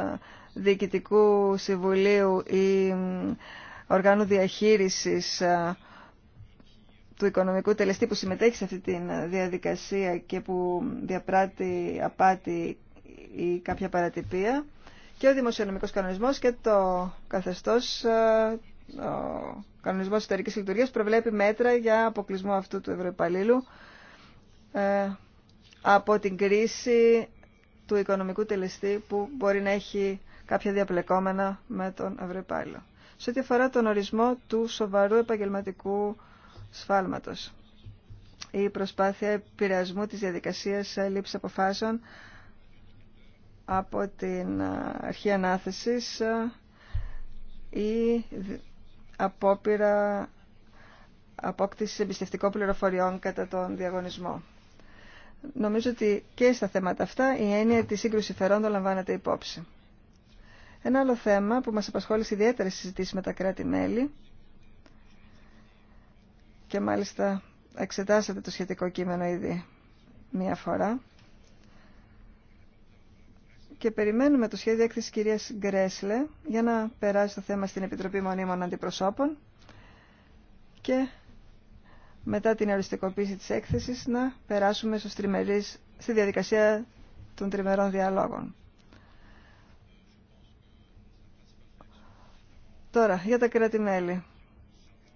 διοικητικού συμβουλίου ή οργάνου διαχείρισης του οικονομικού τελεστή που συμμετέχει σε αυτή τη διαδικασία και που διαπράττει απάτη ή κάποια παρατυπία και ο δημοσιονομικός κανονισμός και το καθεστώς, ε, ο κανονισμός εταιρικής λειτουργίας προβλέπει μέτρα για αποκλεισμό αυτού του ευρωϊπαλλήλου ε, από την κρίση του οικονομικού τελεστή που μπορεί να έχει κάποια διαπλεκόμενα με τον ευρωϊπάλληλο. Σε ό,τι αφορά τον ορισμό του σοβαρού επαγγελματικού σφάλματος. Η προσπάθεια επηρεασμού της διαδικασίας ε, λήψης αποφάσεων από την ε, αρχή ανάθεσης ε, ή απόπειρα απόκτησης εμπιστευτικών πληροφοριών κατά τον διαγωνισμό. Νομίζω ότι και στα θέματα αυτά η έννοια της σύγκρουση φερόντων λαμβάνεται υπόψη. Ένα άλλο θέμα που μας απασχόλησε ιδιαίτερα συζητήσει με τα κράτη-μέλη και μάλιστα εξετάσατε το σχετικό κείμενο ήδη μία φορά και περιμένουμε το σχέδιο έκθεση κυρία Γκρέσλε για να περάσει το θέμα στην Επιτροπή Μονίμων Αντιπροσώπων και μετά την οριστικοποίηση της έκθεσης να περάσουμε στους τριμερείς, στη διαδικασία των τριμερών διαλόγων. Τώρα, για τα κράτη-μέλη.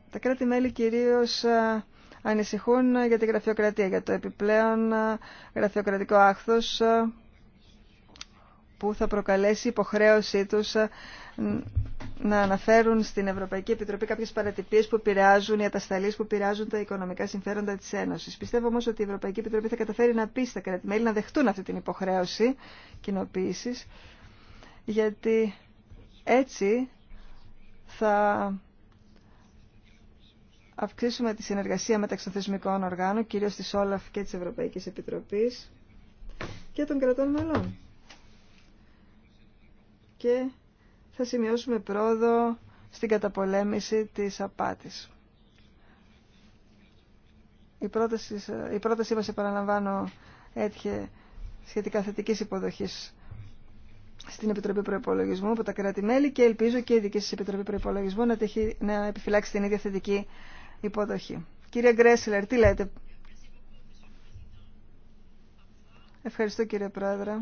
Τα κράτη-μέλη κυρίως ανησυχούν για τη γραφειοκρατία, για το επιπλέον γραφειοκρατικό άχθος που θα προκαλέσει υποχρέωσή τους ε, να αναφέρουν στην Ευρωπαϊκή Επιτροπή κάποιες παρατυπίες που επηρεάζουν οι ατασταλείς που επηρεάζουν τα οικονομικά συμφέροντα της Ένωσης. Πιστεύω όμως ότι η Ευρωπαϊκή Επιτροπή θα καταφέρει να πει στα κρατη να δεχτούν αυτή την υποχρέωση κοινοποίηση, γιατί έτσι θα αυξήσουμε τη συνεργασία μεταξύ των θεσμικών οργάνων, κυρίως της Όλαφ και της Ευρωπαϊκής Επιτροπής και των κρατών μελών και θα σημειώσουμε πρόοδο στην καταπολέμηση της απάτης. Η πρόταση, η πρότασή μας, επαναλαμβάνω, έτυχε σχετικά θετική υποδοχή στην Επιτροπή Προπολογισμού από τα κράτη-μέλη και ελπίζω και η δική σα Επιτροπή Προπολογισμού να, τεχει, να επιφυλάξει την ίδια θετική υποδοχή. Κύριε Γκρέσλερ, τι λέτε. Ευχαριστώ κύριε Πρόεδρε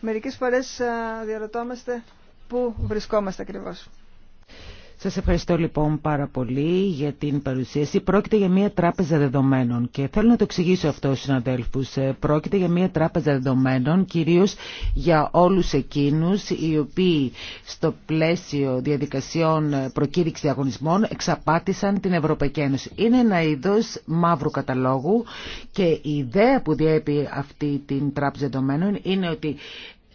μερικές φορές διαρωτόμαστε πού βρισκόμαστε ακριβώς. Σας ευχαριστώ λοιπόν πάρα πολύ για την παρουσίαση. Πρόκειται για μια τράπεζα δεδομένων και θέλω να το εξηγήσω αυτό στους συναδέλφους. Ε, πρόκειται για μια τράπεζα δεδομένων κυρίως για όλους εκείνους οι οποίοι στο πλαίσιο διαδικασιών ε, προκήρυξη αγωνισμών εξαπάτησαν την Ευρωπαϊκή Ένωση. Είναι ένα είδος μαύρου καταλόγου και η ιδέα που διέπει αυτή την τράπεζα δεδομένων είναι ότι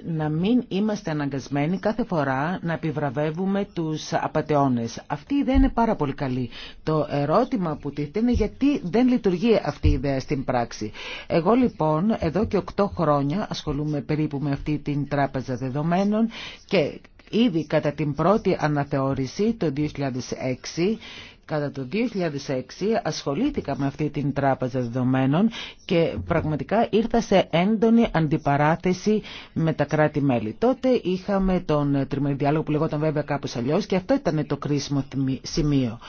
να μην είμαστε αναγκασμένοι κάθε φορά να επιβραβεύουμε τους απαταιώνες. Αυτή η ιδέα είναι πάρα πολύ καλή. Το ερώτημα που τίθεται είναι γιατί δεν λειτουργεί αυτή η ιδέα στην πράξη. Εγώ λοιπόν εδώ και 8 χρόνια ασχολούμαι περίπου με αυτή την τράπεζα δεδομένων και Ήδη κατά την πρώτη αναθεώρηση το 2006 Κατά το 2006 ασχολήθηκα με αυτή την τράπεζα δεδομένων και πραγματικά ήρθα σε έντονη αντιπαράθεση με τα κράτη-μέλη. Τότε είχαμε τον τριμερή διάλογο που λεγόταν βέβαια κάπως αλλιώς και αυτό ήταν το κρίσιμο σημείο.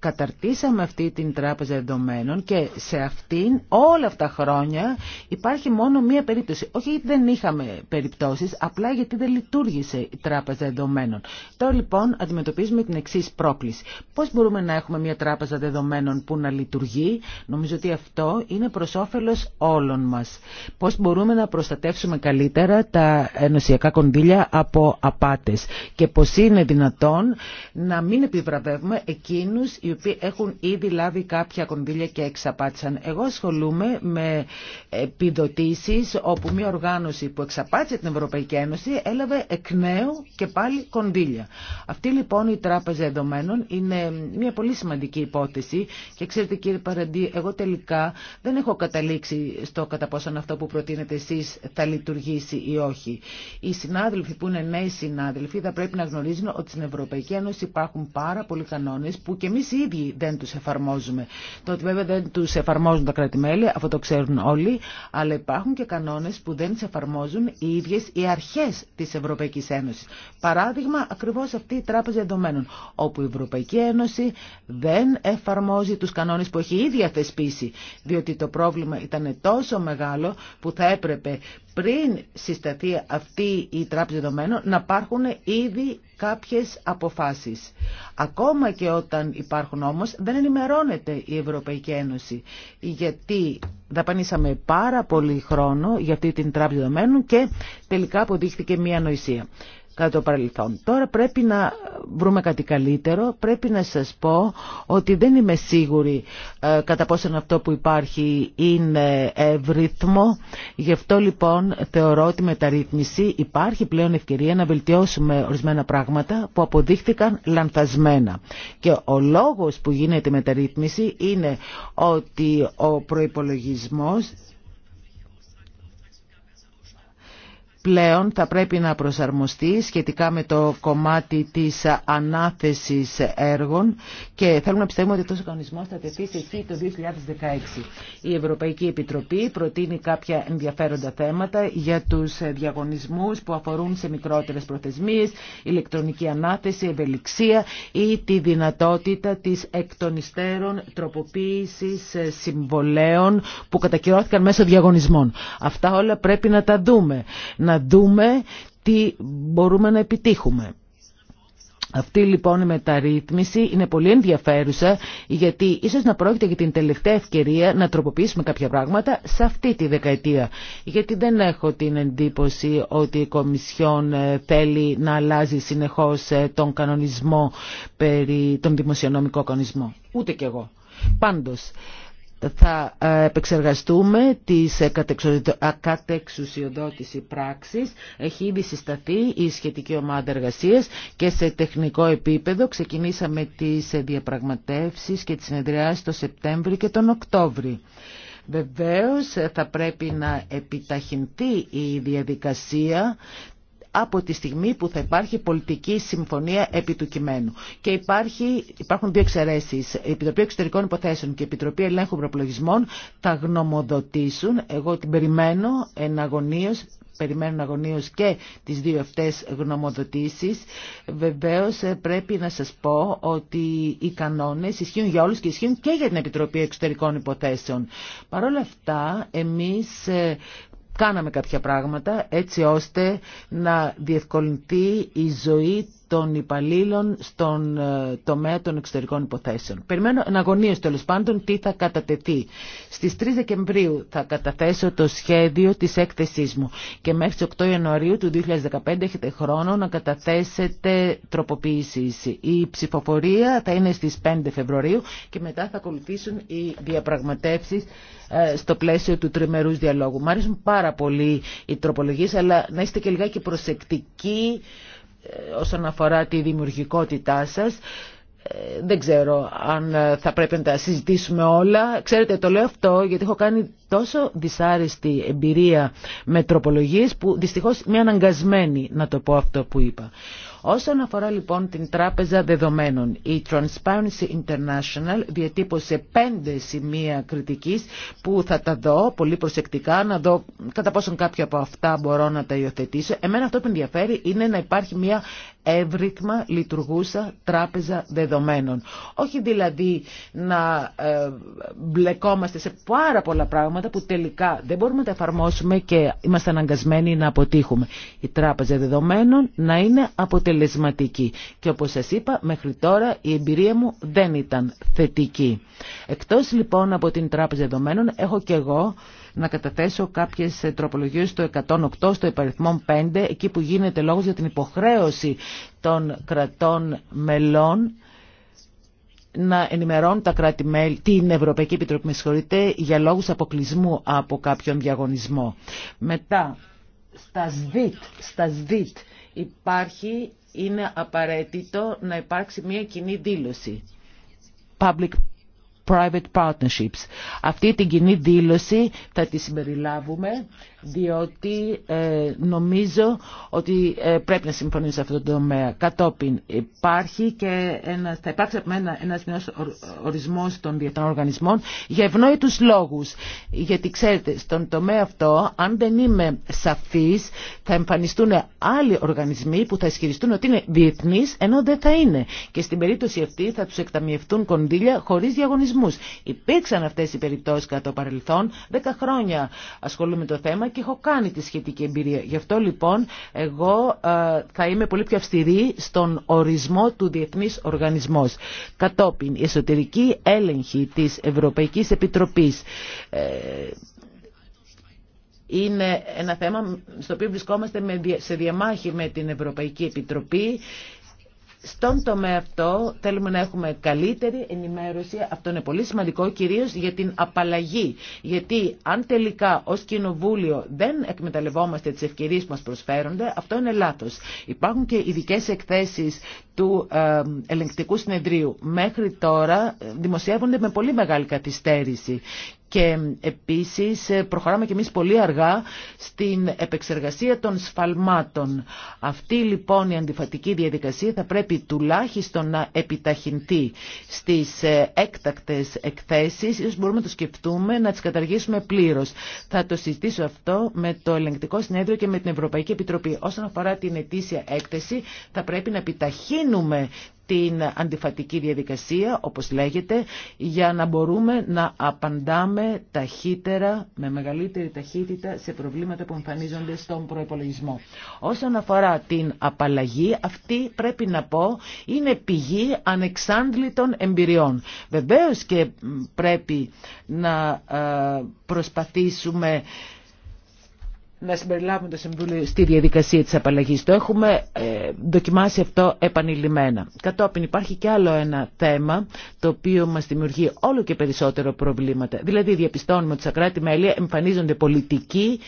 Καταρτήσαμε αυτή την τράπεζα δεδομένων και σε αυτήν όλα αυτά τα χρόνια υπάρχει μόνο μία περίπτωση. Όχι γιατί δεν είχαμε περιπτώσεις, απλά γιατί δεν λειτουργήσε η τράπεζα δεδομένων. Τώρα λοιπόν αντιμετωπίζουμε την εξή πρόκληση. Πώς μπορούμε να έχουμε μία τράπεζα δεδομένων που να λειτουργεί. Νομίζω ότι αυτό είναι προς όφελος όλων μας. Πώς μπορούμε να προστατεύσουμε καλύτερα τα ενωσιακά κονδύλια από απάτες και πώς είναι δυνατόν να μην επιβραβεύουμε εκείνους οι οποίοι έχουν ήδη λάβει κάποια κονδύλια και εξαπάτησαν. Εγώ ασχολούμαι με επιδοτήσει όπου μια οργάνωση που εξαπάτησε την Ευρωπαϊκή Ένωση έλαβε εκ νέου και πάλι κονδύλια. Αυτή λοιπόν η τράπεζα δεδομένων είναι μια πολύ σημαντική υπόθεση και ξέρετε κύριε Παραντή, εγώ τελικά δεν έχω καταλήξει στο κατά πόσον αυτό που προτείνετε εσεί θα λειτουργήσει ή όχι. Οι συνάδελφοι που είναι νέοι συνάδελφοι θα πρέπει να γνωρίζουν ότι στην Ευρωπαϊκή Ένωση υπάρχουν πάρα πολλοί κανόνε που και εμεί. Ήδη δεν τους εφαρμόζουμε. Το ότι βέβαια δεν τους εφαρμόζουν τα κράτη-μέλη, αυτό το ξέρουν όλοι, αλλά υπάρχουν και κανόνες που δεν τις εφαρμόζουν οι ίδιες οι αρχές της Ευρωπαϊκής Ένωσης. Παράδειγμα, ακριβώς αυτή η Τράπεζα Ενδομένων, όπου η Ευρωπαϊκή Ένωση δεν εφαρμόζει τους κανόνες που έχει ήδη αθεσπίσει, διότι το πρόβλημα ήταν τόσο μεγάλο που θα έπρεπε πριν συσταθεί αυτή η τράπεζα δεδομένων να υπάρχουν ήδη κάποιες αποφάσεις. Ακόμα και όταν υπάρχουν όμως δεν ενημερώνεται η Ευρωπαϊκή Ένωση γιατί δαπανίσαμε πάρα πολύ χρόνο για αυτή την τράπεζα δεδομένων και τελικά αποδείχθηκε μία νοησία κατά το Τώρα πρέπει να βρούμε κάτι καλύτερο. Πρέπει να σας πω ότι δεν είμαι σίγουρη ε, κατά πόσον αυτό που υπάρχει είναι ευρύθμο. Γι' αυτό λοιπόν θεωρώ ότι ρύθμιση υπάρχει πλέον ευκαιρία να βελτιώσουμε ορισμένα πράγματα που αποδείχθηκαν λανθασμένα. Και ο λόγος που γίνεται η ρύθμιση είναι ότι ο προϋπολογισμός πλέον θα πρέπει να προσαρμοστεί σχετικά με το κομμάτι της ανάθεσης έργων και θέλουμε να πιστεύουμε ότι αυτός ο κανονισμός θα τεθεί σε ισχύ το 2016. Η Ευρωπαϊκή Επιτροπή προτείνει κάποια ενδιαφέροντα θέματα για τους διαγωνισμούς που αφορούν σε μικρότερες προθεσμίες, ηλεκτρονική ανάθεση, ευελιξία ή τη δυνατότητα της εκτονιστέρων των τροποποίησης συμβολέων που κατακυρώθηκαν μέσω διαγωνισμών. Αυτά όλα πρέπει να τα δούμε, να δούμε τι μπορούμε να επιτύχουμε. Αυτή λοιπόν η μεταρρύθμιση είναι πολύ ενδιαφέρουσα γιατί ίσως να πρόκειται για την τελευταία ευκαιρία να τροποποιήσουμε κάποια πράγματα σε αυτή τη δεκαετία. Γιατί δεν έχω την εντύπωση ότι η Κομισιόν ε, θέλει να αλλάζει συνεχώς ε, τον κανονισμό, περί, τον δημοσιονομικό κανονισμό. Ούτε κι εγώ. Πάντως, θα ε, επεξεργαστούμε τις ε, κατεξουσιοδότηση πράξης. Έχει ήδη συσταθεί η σχετική ομάδα εργασίας και σε τεχνικό επίπεδο ξεκινήσαμε τις ε, διαπραγματεύσεις και τις συνεδριάσεις το Σεπτέμβριο και τον Οκτώβριο. Βεβαίως θα πρέπει να επιταχυνθεί η διαδικασία από τη στιγμή που θα υπάρχει πολιτική συμφωνία επί του κειμένου. Και υπάρχει, υπάρχουν δύο εξαιρέσει. Η Επιτροπή Εξωτερικών Υποθέσεων και η Επιτροπή Ελέγχου Προπλογισμών θα γνωμοδοτήσουν. Εγώ την περιμένω εναγωνίω περιμένουν αγωνίως και τις δύο αυτές γνωμοδοτήσεις. Βεβαίως ε, πρέπει να σας πω ότι οι κανόνες ισχύουν για όλους και ισχύουν και για την Επιτροπή Εξωτερικών Υποθέσεων. Παρ' όλα αυτά εμείς ε, Κάναμε κάποια πράγματα έτσι ώστε να διευκολυνθεί η ζωή των υπαλλήλων στον ε, τομέα των εξωτερικών υποθέσεων. Περιμένω αναγωνίως τέλο πάντων τι θα κατατεθεί. Στις 3 Δεκεμβρίου θα καταθέσω το σχέδιο της έκθεσής μου και μέχρι τι 8 Ιανουαρίου του 2015 έχετε χρόνο να καταθέσετε τροποποίηση. Η ψηφοφορία θα είναι στις 5 Φεβρουαρίου και μετά θα ακολουθήσουν οι διαπραγματεύσεις ε, στο πλαίσιο του Τριμερού διαλόγου. Μ' αρέσουν πάρα πολύ οι τροπολογίε, αλλά να είστε και λιγάκι προσεκτικοί όσον αφορά τη δημιουργικότητά σας. Ε, δεν ξέρω αν ε, θα πρέπει να τα συζητήσουμε όλα. Ξέρετε, το λέω αυτό γιατί έχω κάνει τόσο δυσάρεστη εμπειρία με τροπολογίες που δυστυχώς είμαι αναγκασμένη να το πω αυτό που είπα. Όσον αφορά λοιπόν την τράπεζα δεδομένων, η Transparency International διατύπωσε πέντε σημεία κριτικής που θα τα δω πολύ προσεκτικά, να δω κατά πόσον κάποια από αυτά μπορώ να τα υιοθετήσω. Εμένα αυτό που ενδιαφέρει είναι να υπάρχει μια εύρυθμα λειτουργούσα τράπεζα δεδομένων. Όχι δηλαδή να ε, μπλεκόμαστε σε πάρα πολλά πράγματα που τελικά δεν μπορούμε να τα εφαρμόσουμε και είμαστε αναγκασμένοι να αποτύχουμε. Η τράπεζα δεδομένων να είναι αποτελεσματική. Και όπως σας είπα, μέχρι τώρα η εμπειρία μου δεν ήταν θετική. Εκτός λοιπόν από την τράπεζα δεδομένων, έχω και εγώ να καταθέσω κάποιες ε, τροπολογίες στο 108, στο υπαριθμό 5, εκεί που γίνεται λόγος για την υποχρέωση των κρατών μελών να ενημερώνουν τα κράτη-μέλη, την Ευρωπαϊκή Επιτροπή, με για λόγους αποκλεισμού από κάποιον διαγωνισμό. Μετά, στα ΣΔΙΤ, στα ΣΔΙΤ υπάρχει, είναι απαραίτητο να υπάρξει μια κοινή δήλωση. Public private partnerships. Αυτή την κοινή δήλωση θα τη συμπεριλάβουμε διότι ε, νομίζω ότι ε, πρέπει να συμφωνήσω σε αυτό το τομέα. Κατόπιν υπάρχει και θα υπάρξει από μένα ένας ορισμός των διεθνών οργανισμών για ευνόητους λόγους. Γιατί ξέρετε, στον τομέα αυτό, αν δεν είμαι σαφής, θα εμφανιστούν άλλοι οργανισμοί που θα ισχυριστούν ότι είναι διεθνείς, ενώ δεν θα είναι. Και στην περίπτωση αυτή θα τους εκταμιευτούν κονδύλια χωρίς διαγωνισμούς. Υπήρξαν αυτές οι περιπτώσεις κατά το παρελθόν. Δέκα χρόνια ασχολούμαι το θέμα και έχω κάνει τη σχετική εμπειρία. Γι' αυτό λοιπόν εγώ ε, θα είμαι πολύ πιο αυστηρή στον ορισμό του Διεθνής Οργανισμός. Κατόπιν η εσωτερική έλεγχη της Ευρωπαϊκής Επιτροπής ε, είναι ένα θέμα στο οποίο βρισκόμαστε σε διαμάχη με την Ευρωπαϊκή Επιτροπή στον τομέα αυτό θέλουμε να έχουμε καλύτερη ενημέρωση. Αυτό είναι πολύ σημαντικό, κυρίως για την απαλλαγή. Γιατί αν τελικά ως κοινοβούλιο δεν εκμεταλλευόμαστε τις ευκαιρίες που μας προσφέρονται, αυτό είναι λάθος. Υπάρχουν και ειδικέ εκθέσεις του ε, ελεγκτικού συνεδρίου. Μέχρι τώρα ε, δημοσιεύονται με πολύ μεγάλη καθυστέρηση και επίσης ε, προχωράμε και εμείς πολύ αργά στην επεξεργασία των σφαλμάτων. Αυτή λοιπόν η αντιφατική διαδικασία θα πρέπει τουλάχιστον να επιταχυνθεί στις ε, έκτακτες εκθέσεις. Ίσως μπορούμε να το σκεφτούμε να τις καταργήσουμε πλήρως. Θα το συζητήσω αυτό με το Ελεγκτικό Συνέδριο και με την Ευρωπαϊκή Επιτροπή. Όσον αφορά την ετήσια έκθεση θα πρέπει να επιταχύνουμε την αντιφατική διαδικασία, όπως λέγεται, για να μπορούμε να απαντάμε ταχύτερα, με μεγαλύτερη ταχύτητα, σε προβλήματα που εμφανίζονται στον προϋπολογισμό. Όσον αφορά την απαλλαγή, αυτή πρέπει να πω είναι πηγή ανεξάντλητων εμπειριών. Βεβαίως και πρέπει να ε, προσπαθήσουμε να συμπεριλάβουμε το Συμβούλιο στη διαδικασία της απαλλαγής. Το έχουμε ε, δοκιμάσει αυτό επανειλημμένα. Κατόπιν υπάρχει και άλλο ένα θέμα το οποίο μας δημιουργεί όλο και περισσότερο προβλήματα. Δηλαδή διαπιστώνουμε ότι στα κράτη-μέλη εμφανίζονται πολιτικοί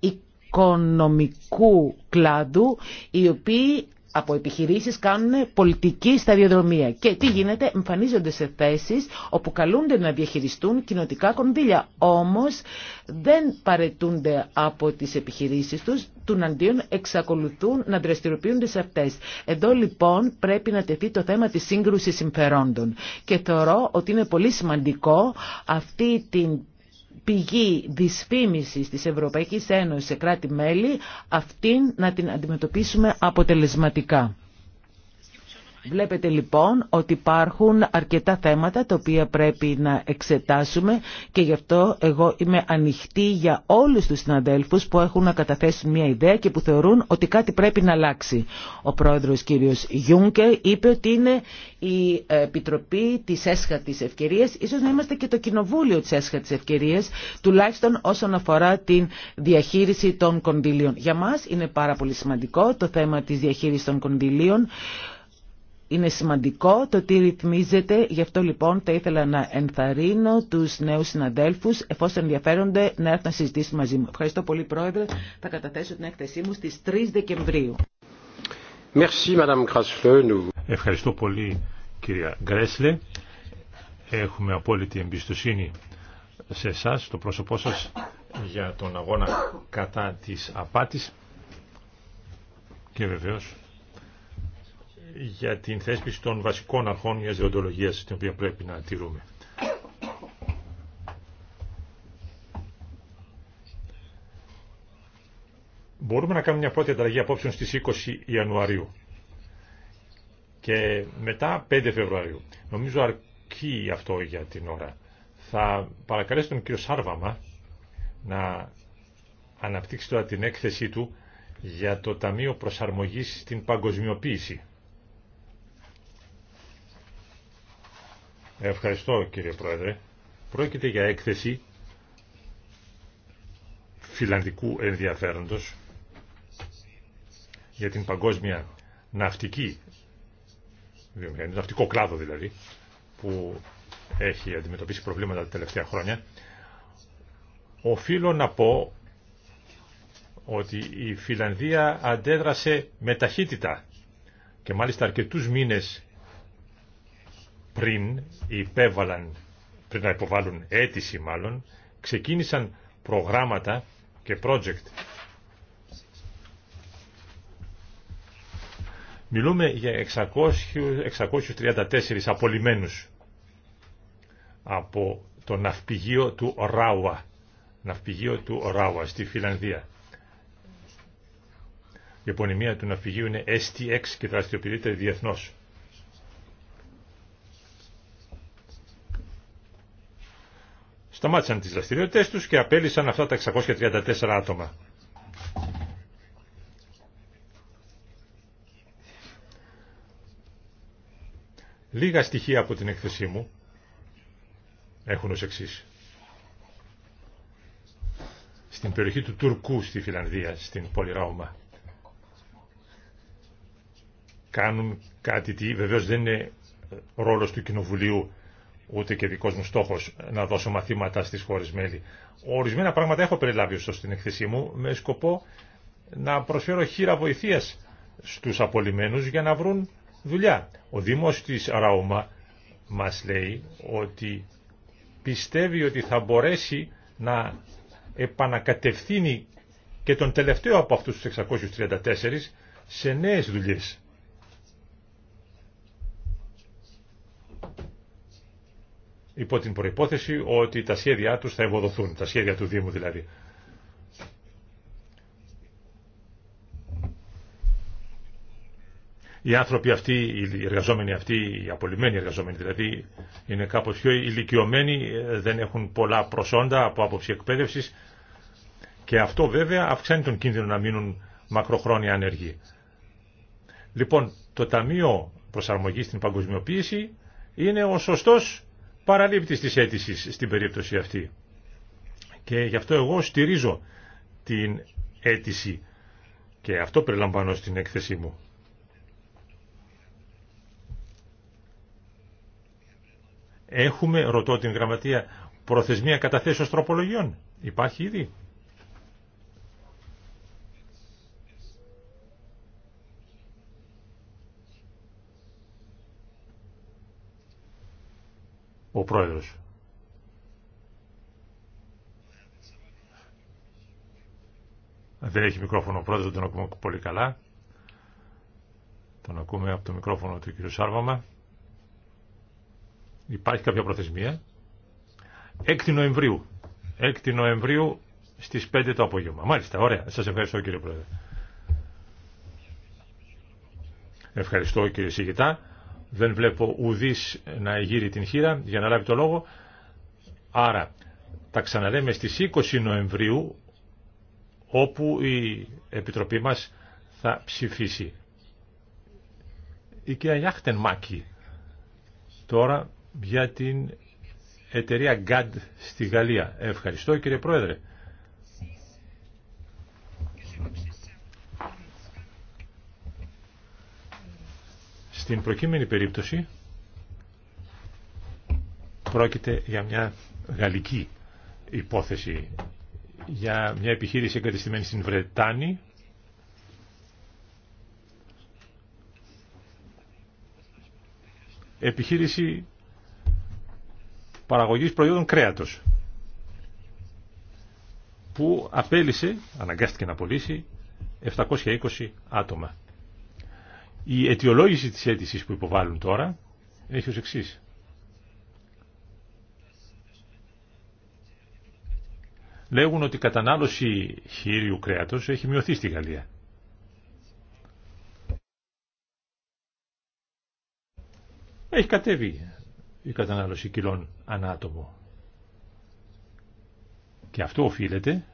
οικονομικού κλάδου οι οποίοι από επιχειρήσεις κάνουν πολιτική σταδιοδρομία. Και τι γίνεται, εμφανίζονται σε θέσεις όπου καλούνται να διαχειριστούν κοινοτικά κονδύλια. Όμως δεν παρετούνται από τις επιχειρήσεις τους, του αντίον εξακολουθούν να δραστηριοποιούνται σε αυτές. Εδώ λοιπόν πρέπει να τεθεί το θέμα της σύγκρουσης συμφερόντων. Και θεωρώ ότι είναι πολύ σημαντικό αυτή την πηγή δυσφήμισης της Ευρωπαϊκής Ένωσης σε κράτη-μέλη, αυτήν να την αντιμετωπίσουμε αποτελεσματικά. Βλέπετε λοιπόν ότι υπάρχουν αρκετά θέματα τα οποία πρέπει να εξετάσουμε και γι' αυτό εγώ είμαι ανοιχτή για όλους τους συναδέλφους που έχουν να καταθέσουν μια ιδέα και που θεωρούν ότι κάτι πρέπει να αλλάξει. Ο πρόεδρος κύριος Γιούνκερ είπε ότι είναι η Επιτροπή της Έσχατης Ευκαιρίας, ίσως να είμαστε και το Κοινοβούλιο της Έσχατης Ευκαιρίας, τουλάχιστον όσον αφορά την διαχείριση των κονδυλίων. Για μας είναι πάρα πολύ σημαντικό το θέμα της διαχείρισης των κονδυλίων. Είναι σημαντικό το τι ρυθμίζεται, γι' αυτό λοιπόν θα ήθελα να ενθαρρύνω τους νέους συναδέλφους, εφόσον ενδιαφέρονται, να έρθουν να συζητήσουν μαζί μου. Ευχαριστώ πολύ Πρόεδρε, θα καταθέσω την έκθεσή μου στις 3 Δεκεμβρίου. Ευχαριστώ πολύ κυρία Γκρέσλε. Έχουμε απόλυτη εμπιστοσύνη σε εσά, το πρόσωπό σας για τον αγώνα κατά της απάτης και βεβαίως για την θέσπιση των βασικών αρχών μιας διοντολογίας την οποία πρέπει να τηρούμε. Μπορούμε να κάνουμε μια πρώτη ανταλλαγή απόψεων στις 20 Ιανουαρίου και μετά 5 Φεβρουαρίου. Νομίζω αρκεί αυτό για την ώρα. Θα παρακαλέσω τον κύριο Σάρβαμα να αναπτύξει τώρα την έκθεσή του για το Ταμείο Προσαρμογής στην Παγκοσμιοποίηση. Ευχαριστώ κύριε Πρόεδρε. Πρόκειται για έκθεση φιλανδικού ενδιαφέροντος για την παγκόσμια ναυτική, ναυτικό κλάδο δηλαδή, που έχει αντιμετωπίσει προβλήματα τα τελευταία χρόνια. Οφείλω να πω ότι η Φιλανδία αντέδρασε με ταχύτητα και μάλιστα αρκετούς μήνες πριν υπέβαλαν, πριν να υποβάλουν αίτηση μάλλον, ξεκίνησαν προγράμματα και project. Μιλούμε για 600, 634 απολυμένους από το ναυπηγείο του Ράουα, ναυπηγείο του Ράουα στη Φιλανδία. Η επωνυμία του ναυπηγείου είναι STX και δραστηριοποιείται διεθνώς. σταμάτησαν τις δραστηριότητες τους και απέλησαν αυτά τα 634 άτομα. Λίγα στοιχεία από την έκθεσή μου έχουν ως εξής. Στην περιοχή του Τουρκού στη Φιλανδία, στην πόλη Ρώμα, κάνουν κάτι τι βεβαίως δεν είναι ρόλος του Κοινοβουλίου ούτε και δικό μου στόχος να δώσω μαθήματα στις χώρε μέλη. Ορισμένα πράγματα έχω περιλάβει ωστόσο στην εκθεσή μου με σκοπό να προσφέρω χείρα βοηθείας στους απολυμμένου για να βρουν δουλειά. Ο Δήμος της Ραούμα μας λέει ότι πιστεύει ότι θα μπορέσει να επανακατευθύνει και τον τελευταίο από αυτούς τους 634 σε νέες δουλειές. υπό την προϋπόθεση ότι τα σχέδιά τους θα ευοδοθούν, τα σχέδια του Δήμου δηλαδή. Οι άνθρωποι αυτοί, οι εργαζόμενοι αυτοί, οι απολυμμένοι εργαζόμενοι δηλαδή, είναι κάπως πιο ηλικιωμένοι, δεν έχουν πολλά προσόντα από άποψη εκπαίδευση και αυτό βέβαια αυξάνει τον κίνδυνο να μείνουν μακροχρόνια ανεργοί. Λοιπόν, το Ταμείο Προσαρμογής στην Παγκοσμιοποίηση είναι ο σωστός παραλήπτης της αίτηση στην περίπτωση αυτή. Και γι' αυτό εγώ στηρίζω την αίτηση και αυτό περιλαμβάνω στην έκθεσή μου. Έχουμε, ρωτώ την γραμματεία, προθεσμία καταθέσεως τροπολογιών. Υπάρχει ήδη. ο πρόεδρος. Δεν έχει μικρόφωνο ο πρόεδρος, τον ακούμε πολύ καλά. Τον ακούμε από το μικρόφωνο του κ. Σάρβαμα. Υπάρχει κάποια προθεσμία. 6 Νοεμβρίου. 6 Νοεμβρίου στις 5 το απόγευμα. Μάλιστα, ωραία. Σας ευχαριστώ κύριε Πρόεδρε. Ευχαριστώ κύριε Σιγητά. Δεν βλέπω ουδής να γύρει την χείρα για να λάβει το λόγο. Άρα, τα ξαναλέμε στις 20 Νοεμβρίου, όπου η Επιτροπή μας θα ψηφίσει. Η κυρία Γιάχτεν Μάκη, τώρα για την εταιρεία GAD στη Γαλλία. Ευχαριστώ κύριε Πρόεδρε. Στην προκείμενη περίπτωση πρόκειται για μια γαλλική υπόθεση για μια επιχείρηση εγκατεστημένη στην Βρετάνη επιχείρηση παραγωγής προϊόντων κρέατος που απέλησε, αναγκάστηκε να πωλήσει 720 άτομα. Η αιτιολόγηση της αίτηση που υποβάλλουν τώρα έχει ως εξής. Λέγουν ότι η κατανάλωση χείριου κρέατος έχει μειωθεί στη Γαλλία. Έχει κατέβει η κατανάλωση κιλών ανάτομο. Και αυτό οφείλεται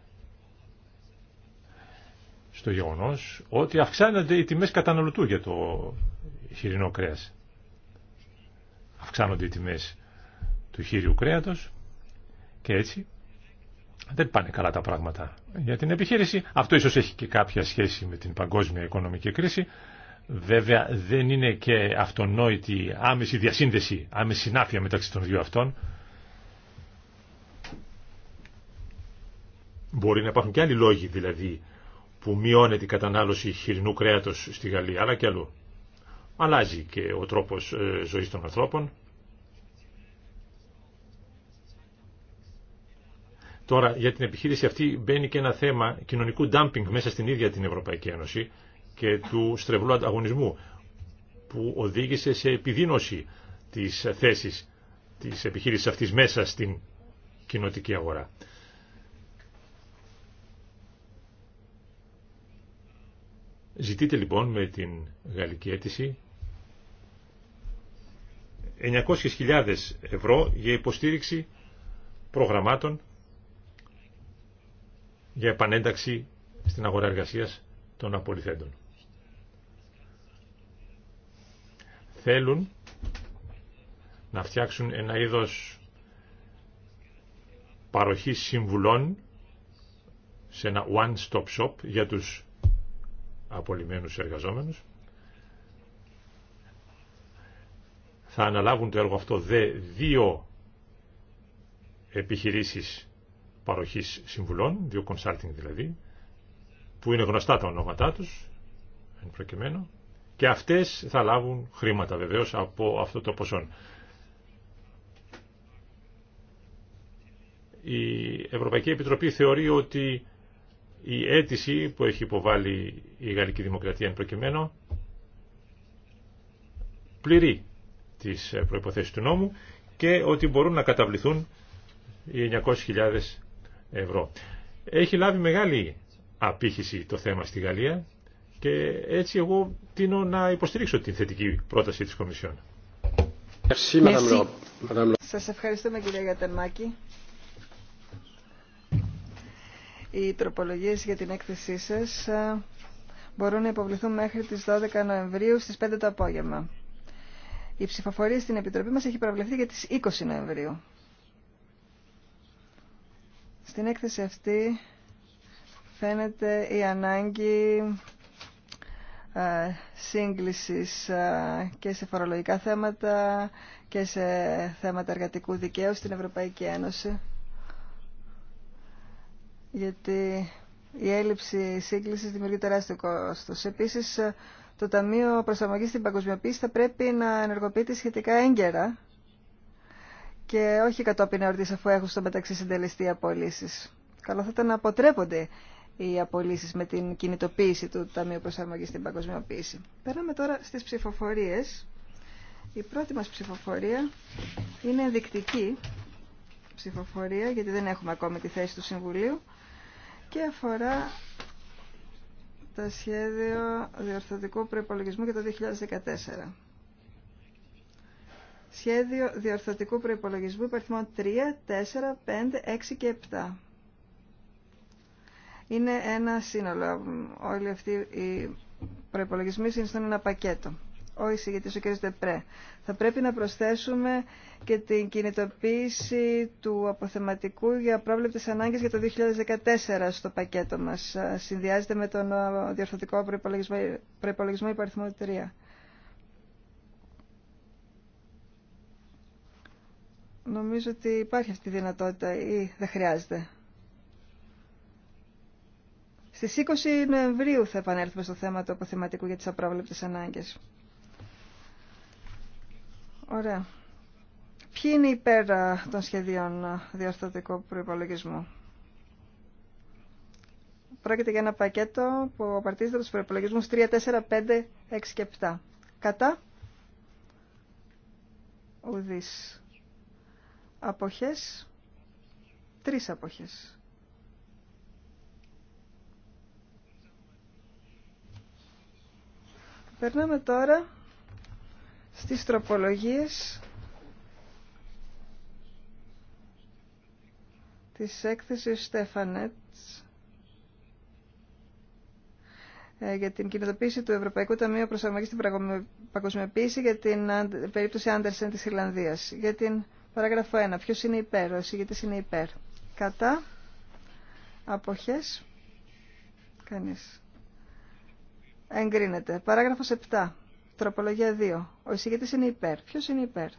στο γεγονός ότι αυξάνονται οι τιμές καταναλωτού για το χοιρινό κρέας. Αυξάνονται οι τιμές του χείριου κρέατος και έτσι δεν πάνε καλά τα πράγματα για την επιχείρηση. Αυτό ίσως έχει και κάποια σχέση με την παγκόσμια οικονομική κρίση. Βέβαια δεν είναι και αυτονόητη άμεση διασύνδεση, άμεση συνάφεια μεταξύ των δύο αυτών. Μπορεί να υπάρχουν και άλλοι λόγοι δηλαδή που μειώνεται η κατανάλωση χοιρινού κρέατος στη Γαλλία, αλλά και αλλού. Αλλάζει και ο τρόπος ε, ζωής των ανθρώπων. Τώρα για την επιχείρηση αυτή μπαίνει και ένα θέμα κοινωνικού dumping μέσα στην ίδια την Ευρωπαϊκή Ένωση και του στρεβλού ανταγωνισμού που οδήγησε σε επιδείνωση της θέσης της επιχείρησης αυτής μέσα στην κοινοτική αγορά. Ζητείτε λοιπόν με την γαλλική αίτηση 900.000 ευρώ για υποστήριξη προγραμμάτων για επανένταξη στην αγορά εργασίας των απολυθέντων. Θέλουν να φτιάξουν ένα είδος παροχής συμβουλών σε ένα one-stop shop για τους απολυμμένους εργαζόμενους. Θα αναλάβουν το έργο αυτό δε δύο επιχειρήσεις παροχής συμβουλών, δύο consulting δηλαδή, που είναι γνωστά τα ονόματά τους, εν προκειμένου, και αυτές θα λάβουν χρήματα βεβαίως από αυτό το ποσό. Η Ευρωπαϊκή Επιτροπή θεωρεί ότι η αίτηση που έχει υποβάλει η Γαλλική Δημοκρατία εν προκειμένου πληρεί τις προϋποθέσεις του νόμου και ότι μπορούν να καταβληθούν οι 900.000 ευρώ. Έχει λάβει μεγάλη απήχηση το θέμα στη Γαλλία και έτσι εγώ τίνω να υποστηρίξω την θετική πρόταση της Κομισιόν. Σας ευχαριστούμε κυρία Γιατερμάκη. Οι τροπολογίες για την έκθεσή σας ε, μπορούν να υποβληθούν μέχρι τις 12 Νοεμβρίου στις 5 το απόγευμα. Η ψηφοφορία στην Επιτροπή μας έχει προβλεφθεί για τις 20 Νοεμβρίου. Στην έκθεση αυτή φαίνεται η ανάγκη ε, σύγκλησης ε, και σε φορολογικά θέματα και σε θέματα εργατικού δικαίου στην Ευρωπαϊκή Ένωση γιατί η έλλειψη σύγκλησης δημιουργεί τεράστιο κόστος. Επίσης, το Ταμείο Προσαρμογής στην Παγκοσμιοποίηση θα πρέπει να ενεργοποιείται σχετικά έγκαιρα και όχι κατόπιν εορτής αφού έχουν στο μεταξύ συντελεστεί απολύσεις. Καλό θα ήταν να αποτρέπονται οι απολύσεις με την κινητοποίηση του Ταμείου Προσαρμογής στην Παγκοσμιοποίηση. Περάμε τώρα στις ψηφοφορίες. Η πρώτη μας ψηφοφορία είναι ενδεικτική ψηφοφορία, γιατί δεν έχουμε ακόμη τη θέση του Συμβουλίου και αφορά το σχέδιο διορθωτικού προϋπολογισμού για το 2014. Σχέδιο διορθωτικού προϋπολογισμού υπαριθμών 3, 4, 5, 6 και 7. Είναι ένα σύνολο. Όλοι αυτοί οι προϋπολογισμοί συνιστούν ένα πακέτο ο εισηγητής ο κ. Δεπρέ. Θα πρέπει να προσθέσουμε και την κινητοποίηση του αποθεματικού για πρόβλεπτες ανάγκες για το 2014 στο πακέτο μας. Συνδυάζεται με τον διορθωτικό προϋπολογισμό, προϋπολογισμό υπαριθμό 3. Νομίζω ότι υπάρχει αυτή η δυνατότητα ή δεν χρειάζεται. Στις 20 Νοεμβρίου θα επανέλθουμε στο θέμα του αποθεματικού για τις απρόβλεπτες ανάγκες. Ωραία. Ποιοι είναι υπέρ των σχεδίων διορθωτικού προϋπολογισμού. Πρόκειται για ένα πακέτο που απαρτίζεται από τους προϋπολογισμούς 3, 4, 5, 6 και 7. Κατά. Ουδής. Αποχές. Τρεις αποχές. Περνάμε τώρα στις τροπολογίες της έκθεσης Στέφανετς ε, για την κινητοποίηση του Ευρωπαϊκού Ταμείου Προσαρμογής στην Παγκοσμιοποίηση για την περίπτωση Άντερσεν της Ιρλανδίας. Για την παράγραφο 1. Ποιος είναι υπέρ, ο εισηγητής είναι υπέρ. Κατά. Αποχές. Κανείς. Εγκρίνεται. Παράγραφος 7. Τροπολογία 2. Ο εισηγητή είναι υπέρ. Ποιο είναι υπέρ.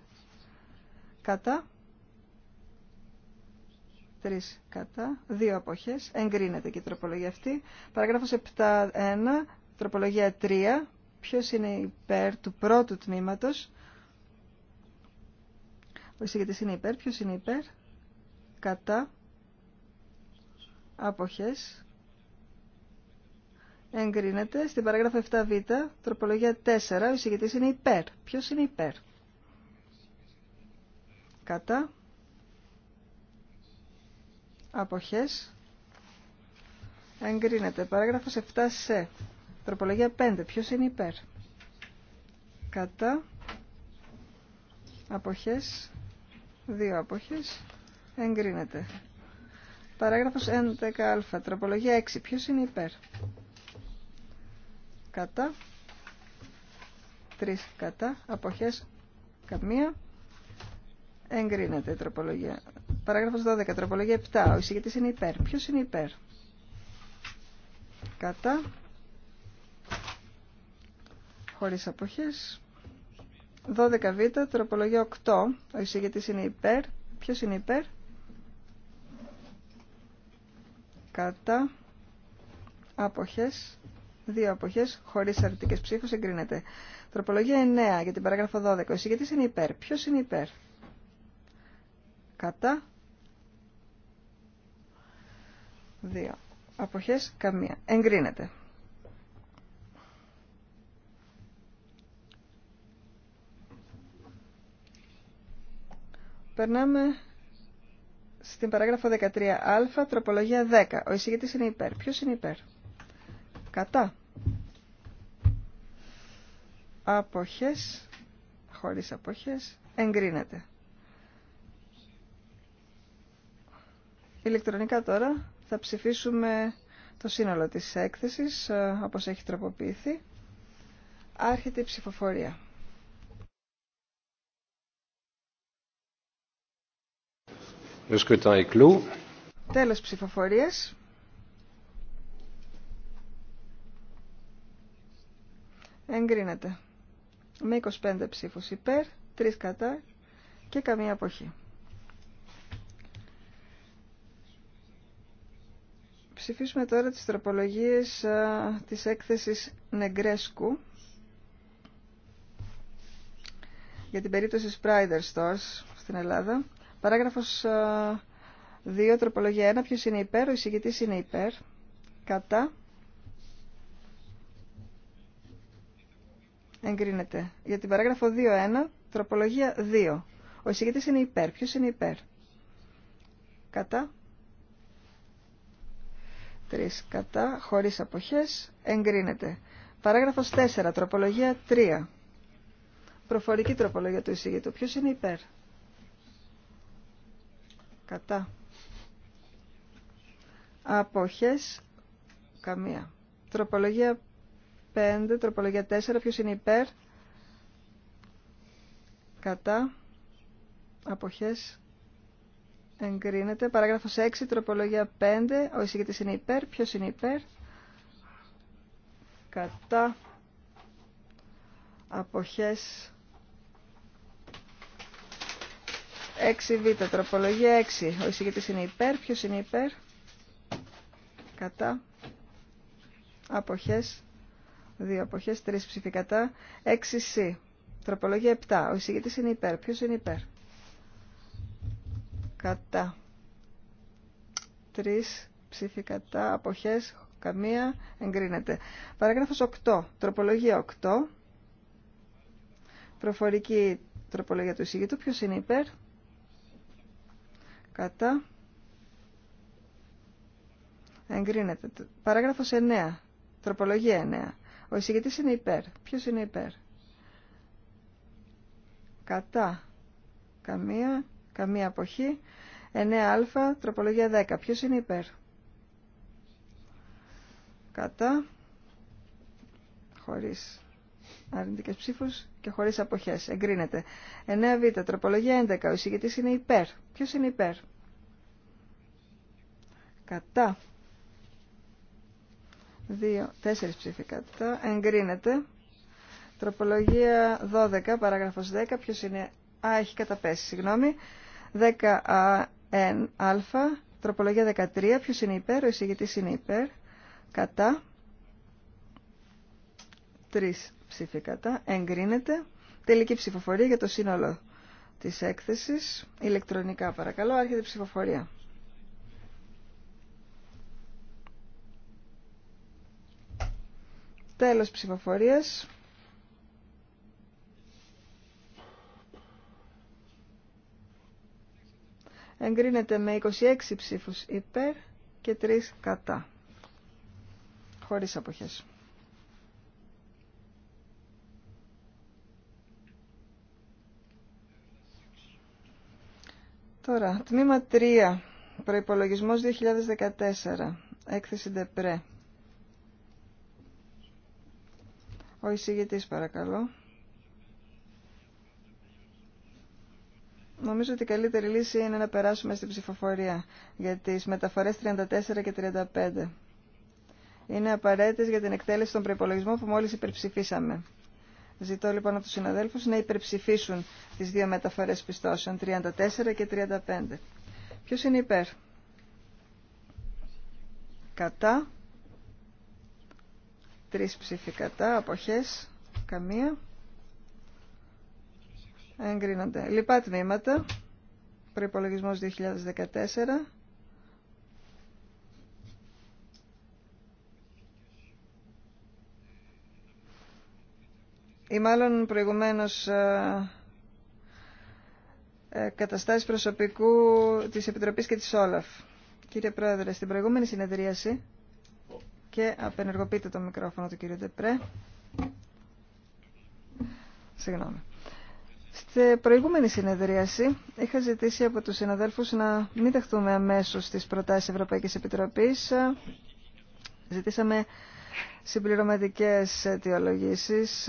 Κατά. Τρεις κατά. Δύο αποχές. Εγκρίνεται και η τροπολογία αυτή. Παραγράφος 7.1. Τροπολογία 3. Ποιο είναι υπέρ του πρώτου τμήματος. Ο εισηγητή είναι υπέρ. ποιο είναι υπέρ. Κατά. Αποχές εγκρίνεται στην παράγραφο 7β, τροπολογία 4, ο εισηγητής είναι υπέρ. Ποιος είναι υπέρ. Κατά. Αποχές. Εγκρίνεται. Παράγραφος 7 σε. Τροπολογία 5. Ποιος είναι υπέρ. Κατά. Αποχές. Δύο αποχές. Εγκρίνεται. Παράγραφος 11α. Τροπολογία 6. Ποιος είναι υπέρ κατά, τρεις κατά, αποχές καμία, εγκρίνεται η τροπολογία. Παράγραφος 12, τροπολογία 7, ο εισηγητής είναι υπέρ. Ποιος είναι υπέρ? Κατά, χωρίς αποχές, 12β, τροπολογία 8, ο εισηγητής είναι υπέρ. Ποιος είναι υπέρ? Κατά, αποχές, Δύο αποχές χωρί αρνητικέ ψήφου εγκρίνεται. Τροπολογία 9 για την παράγραφο 12. Ο γιατί είναι υπέρ. Ποιο είναι υπέρ. Κατά. Δύο. απόχέ, καμία. Εγκρίνεται. Περνάμε στην παράγραφο 13α, τροπολογία 10. Ο εισηγητής είναι υπέρ. Ποιος είναι υπέρ. Κατά. Αποχές. Χωρίς αποχές. Εγκρίνεται. Ηλεκτρονικά τώρα θα ψηφίσουμε το σύνολο της έκθεσης ε, όπως έχει τροποποιηθεί. Άρχεται η ψηφοφορία. Le scrutin Τέλος ψηφοφορίας. Εγκρίνεται. Με 25 ψήφους υπέρ, 3 κατά και καμία αποχή. Ψηφίσουμε τώρα τις τροπολογίες της έκθεσης Νεγκρέσκου για την περίπτωση Sprider Stores στην Ελλάδα. Παράγραφος 2, τροπολογία 1. Ποιος είναι υπέρ, ο εισηγητής είναι υπέρ. Κατά, Εγκρίνεται. Για την παράγραφο 2.1, τροπολογία 2. Ο εισηγητής είναι υπέρ. Ποιος είναι υπέρ. Κατά. 3. κατά, χωρίς αποχές, εγκρίνεται. Παράγραφος 4, τροπολογία 3. Προφορική τροπολογία του εισηγητού. Ποιος είναι υπέρ. Κατά. Αποχές, καμία. Τροπολογία 5, τροπολογία 4, ποιος είναι υπέρ, κατά, αποχές, εγκρίνεται. Παράγραφος 6, τροπολογία 5, ο εισηγητής είναι υπέρ, ποιος είναι υπέρ, κατά, αποχές, 6β, τροπολογία 6, ο εισηγητής είναι υπέρ, ποιος είναι υπέρ, κατά, αποχές, δύο αποχές, τρει ψηφοι κατά, 6C. Τροπολογία 7. Ο εισηγητή είναι υπέρ. Ποιο είναι υπέρ. Κατά. Τρει ψήφοι κατά, αποχές, καμία, εγκρίνεται. Παράγραφος 8. Τροπολογία 8. Προφορική τροπολογία του εισηγητού. Ποιο είναι υπέρ. Κατά. Εγκρίνεται. Παράγραφος 9. Τροπολογία 9. Ο εισηγητής είναι υπέρ. Ποιος είναι υπέρ. Κατά. Καμία. Καμία αποχή. 9α. Τροπολογία 10. Ποιος είναι υπέρ. Κατά. Χωρίς αρνητικές ψήφους και χωρίς αποχές. Εγκρίνεται. 9β. Τροπολογία 11. Ο εισηγητής είναι υπέρ. Ποιος είναι υπέρ. Κατά. Δύο, τέσσερις ψήφοι Εγκρίνεται. Τροπολογία 12, παράγραφος 10. Ποιος είναι... Α, έχει καταπέσει, συγγνώμη. 10α, α, τροπολογία 13. Ποιος είναι υπέρ, ο εισηγητής είναι υπέρ. Κατά. Τρεις ψηφικάτα. κατά. Εγκρίνεται. Τελική ψηφοφορία για το σύνολο της έκθεσης. Ηλεκτρονικά παρακαλώ, άρχεται ψηφοφορία. Τέλος ψηφοφορίας. Εγκρίνεται με 26 ψήφους υπέρ και 3 κατά. Χωρίς αποχές. Τώρα, τμήμα 3. Προϋπολογισμός 2014. Έκθεση ΔΕΠΡΕ. Ο εισηγητής παρακαλώ. Νομίζω ότι η καλύτερη λύση είναι να περάσουμε στην ψηφοφορία για τις μεταφορές 34 και 35. Είναι απαραίτητες για την εκτέλεση των προϋπολογισμών που μόλις υπερψηφίσαμε. Ζητώ λοιπόν από τους συναδέλφους να υπερψηφίσουν τις δύο μεταφορές πιστώσεων 34 και 35. Ποιος είναι υπέρ. Κατά. Τρεις ψήφοι αποχές, καμία. Εγκρίνονται. Λοιπά τμήματα. Προϋπολογισμός 2014. Ή μάλλον προηγουμένως ε, ε, καταστάσεις προσωπικού της Επιτροπής και της Όλαφ. Κύριε Πρόεδρε, στην προηγούμενη συνεδρίαση και απενεργοποιείτε το μικρόφωνο του κύριου Ντεπρέ. Συγγνώμη. Στη προηγούμενη συνεδρίαση είχα ζητήσει από τους συναδέλφους να μην δεχτούμε αμέσως τις προτάσεις Ευρωπαϊκής Επιτροπής. Ζητήσαμε συμπληρωματικές αιτιολογήσεις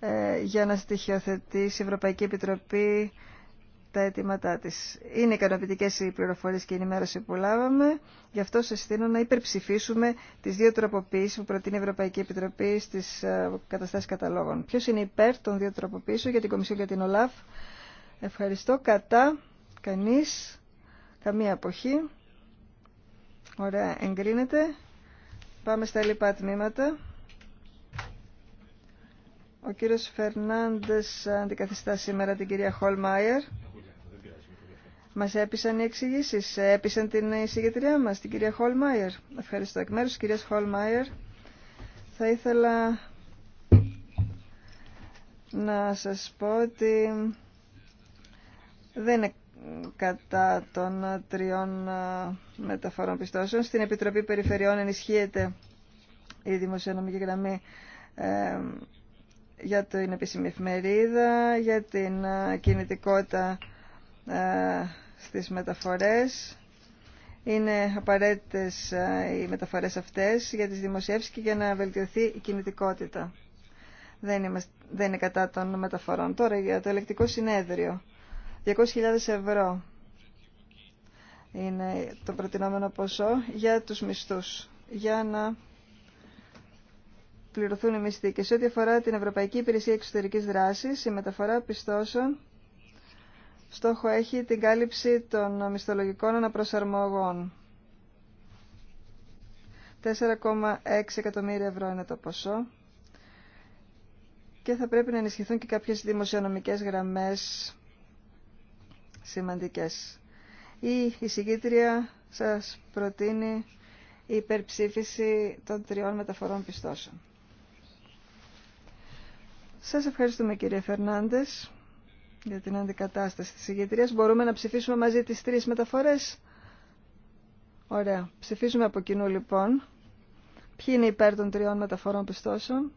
ε, για να στοιχειοθετήσει η Ευρωπαϊκή Επιτροπή τα αιτήματά της. Είναι ικανοποιητικές οι πληροφορίες και η ενημέρωση που λάβαμε. Γι' αυτό σας στείλω να υπερψηφίσουμε τις δύο τροποποιήσεις που προτείνει η Ευρωπαϊκή Επιτροπή στις ε, καταστάσεις καταλόγων. Ποιος είναι υπέρ των δύο τροποποιήσεων για την Κομισιόν και την ΟΛΑΦ. Ευχαριστώ. Κατά κανείς, καμία αποχή. Ωραία, εγκρίνεται. Πάμε στα λοιπά τμήματα. Ο κύριος Φερνάντες αντικαθιστά σήμερα την κυρία Χολμάιερ. Μας έπεισαν οι εξηγήσει, έπεισαν την εισηγητριά μας, την κυρία Χολμάιερ. Ευχαριστώ. Εκ μέρους τη κυρίας Χολμάιερ θα ήθελα να σας πω ότι δεν είναι κατά των τριών ε, μεταφορών πιστώσεων. Στην Επιτροπή Περιφερειών ενισχύεται η δημοσιονομική γραμμή ε, για την επίσημη εφημερίδα, για την ε, κινητικότητα στις μεταφορές. Είναι απαραίτητες ε, οι μεταφορές αυτές για τις δημοσιεύσεις και για να βελτιωθεί η κινητικότητα. Δεν, είμαστε, δεν είναι κατά των μεταφορών. Τώρα για το ελεκτικό συνέδριο. 200.000 ευρώ είναι το προτινόμενο ποσό για τους μισθούς. Για να πληρωθούν οι μισθοί. Και σε ό,τι αφορά την Ευρωπαϊκή Υπηρεσία Εξωτερικής Δράσης, η μεταφορά πιστώσεων στόχο έχει την κάλυψη των μισθολογικών αναπροσαρμογών. 4,6 εκατομμύρια ευρώ είναι το ποσό και θα πρέπει να ενισχυθούν και κάποιες δημοσιονομικές γραμμές σημαντικές. Η εισηγήτρια σας προτείνει η υπερψήφιση των τριών μεταφορών πιστώσεων. Σας ευχαριστούμε κύριε Φερνάντες για την αντικατάσταση της ηγετρίας. Μπορούμε να ψηφίσουμε μαζί τις τρεις μεταφορές. Ωραία. Ψηφίζουμε από κοινού λοιπόν. Ποιοι είναι υπέρ των τριών μεταφορών πιστώσεων.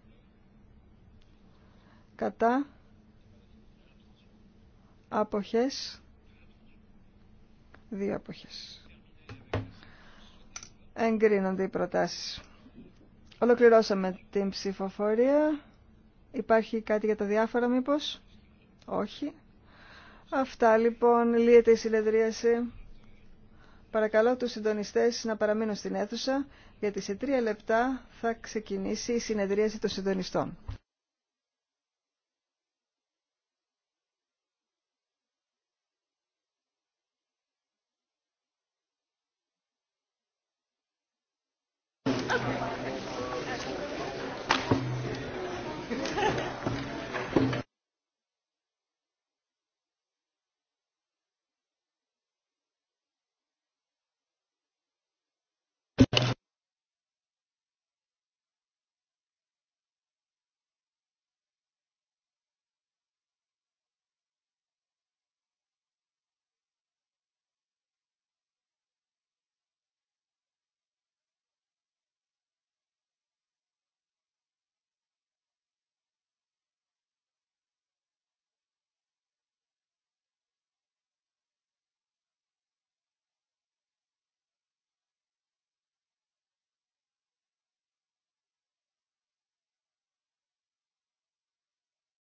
Κατά. Αποχές. Δύο αποχές. Εγκρίνονται οι προτάσεις. Ολοκληρώσαμε την ψηφοφορία. Υπάρχει κάτι για τα διάφορα μήπως. Όχι. Αυτά λοιπόν, λύεται η συνεδρίαση. Παρακαλώ τους συντονιστές να παραμείνουν στην αίθουσα, γιατί σε τρία λεπτά θα ξεκινήσει η συνεδρίαση των συντονιστών.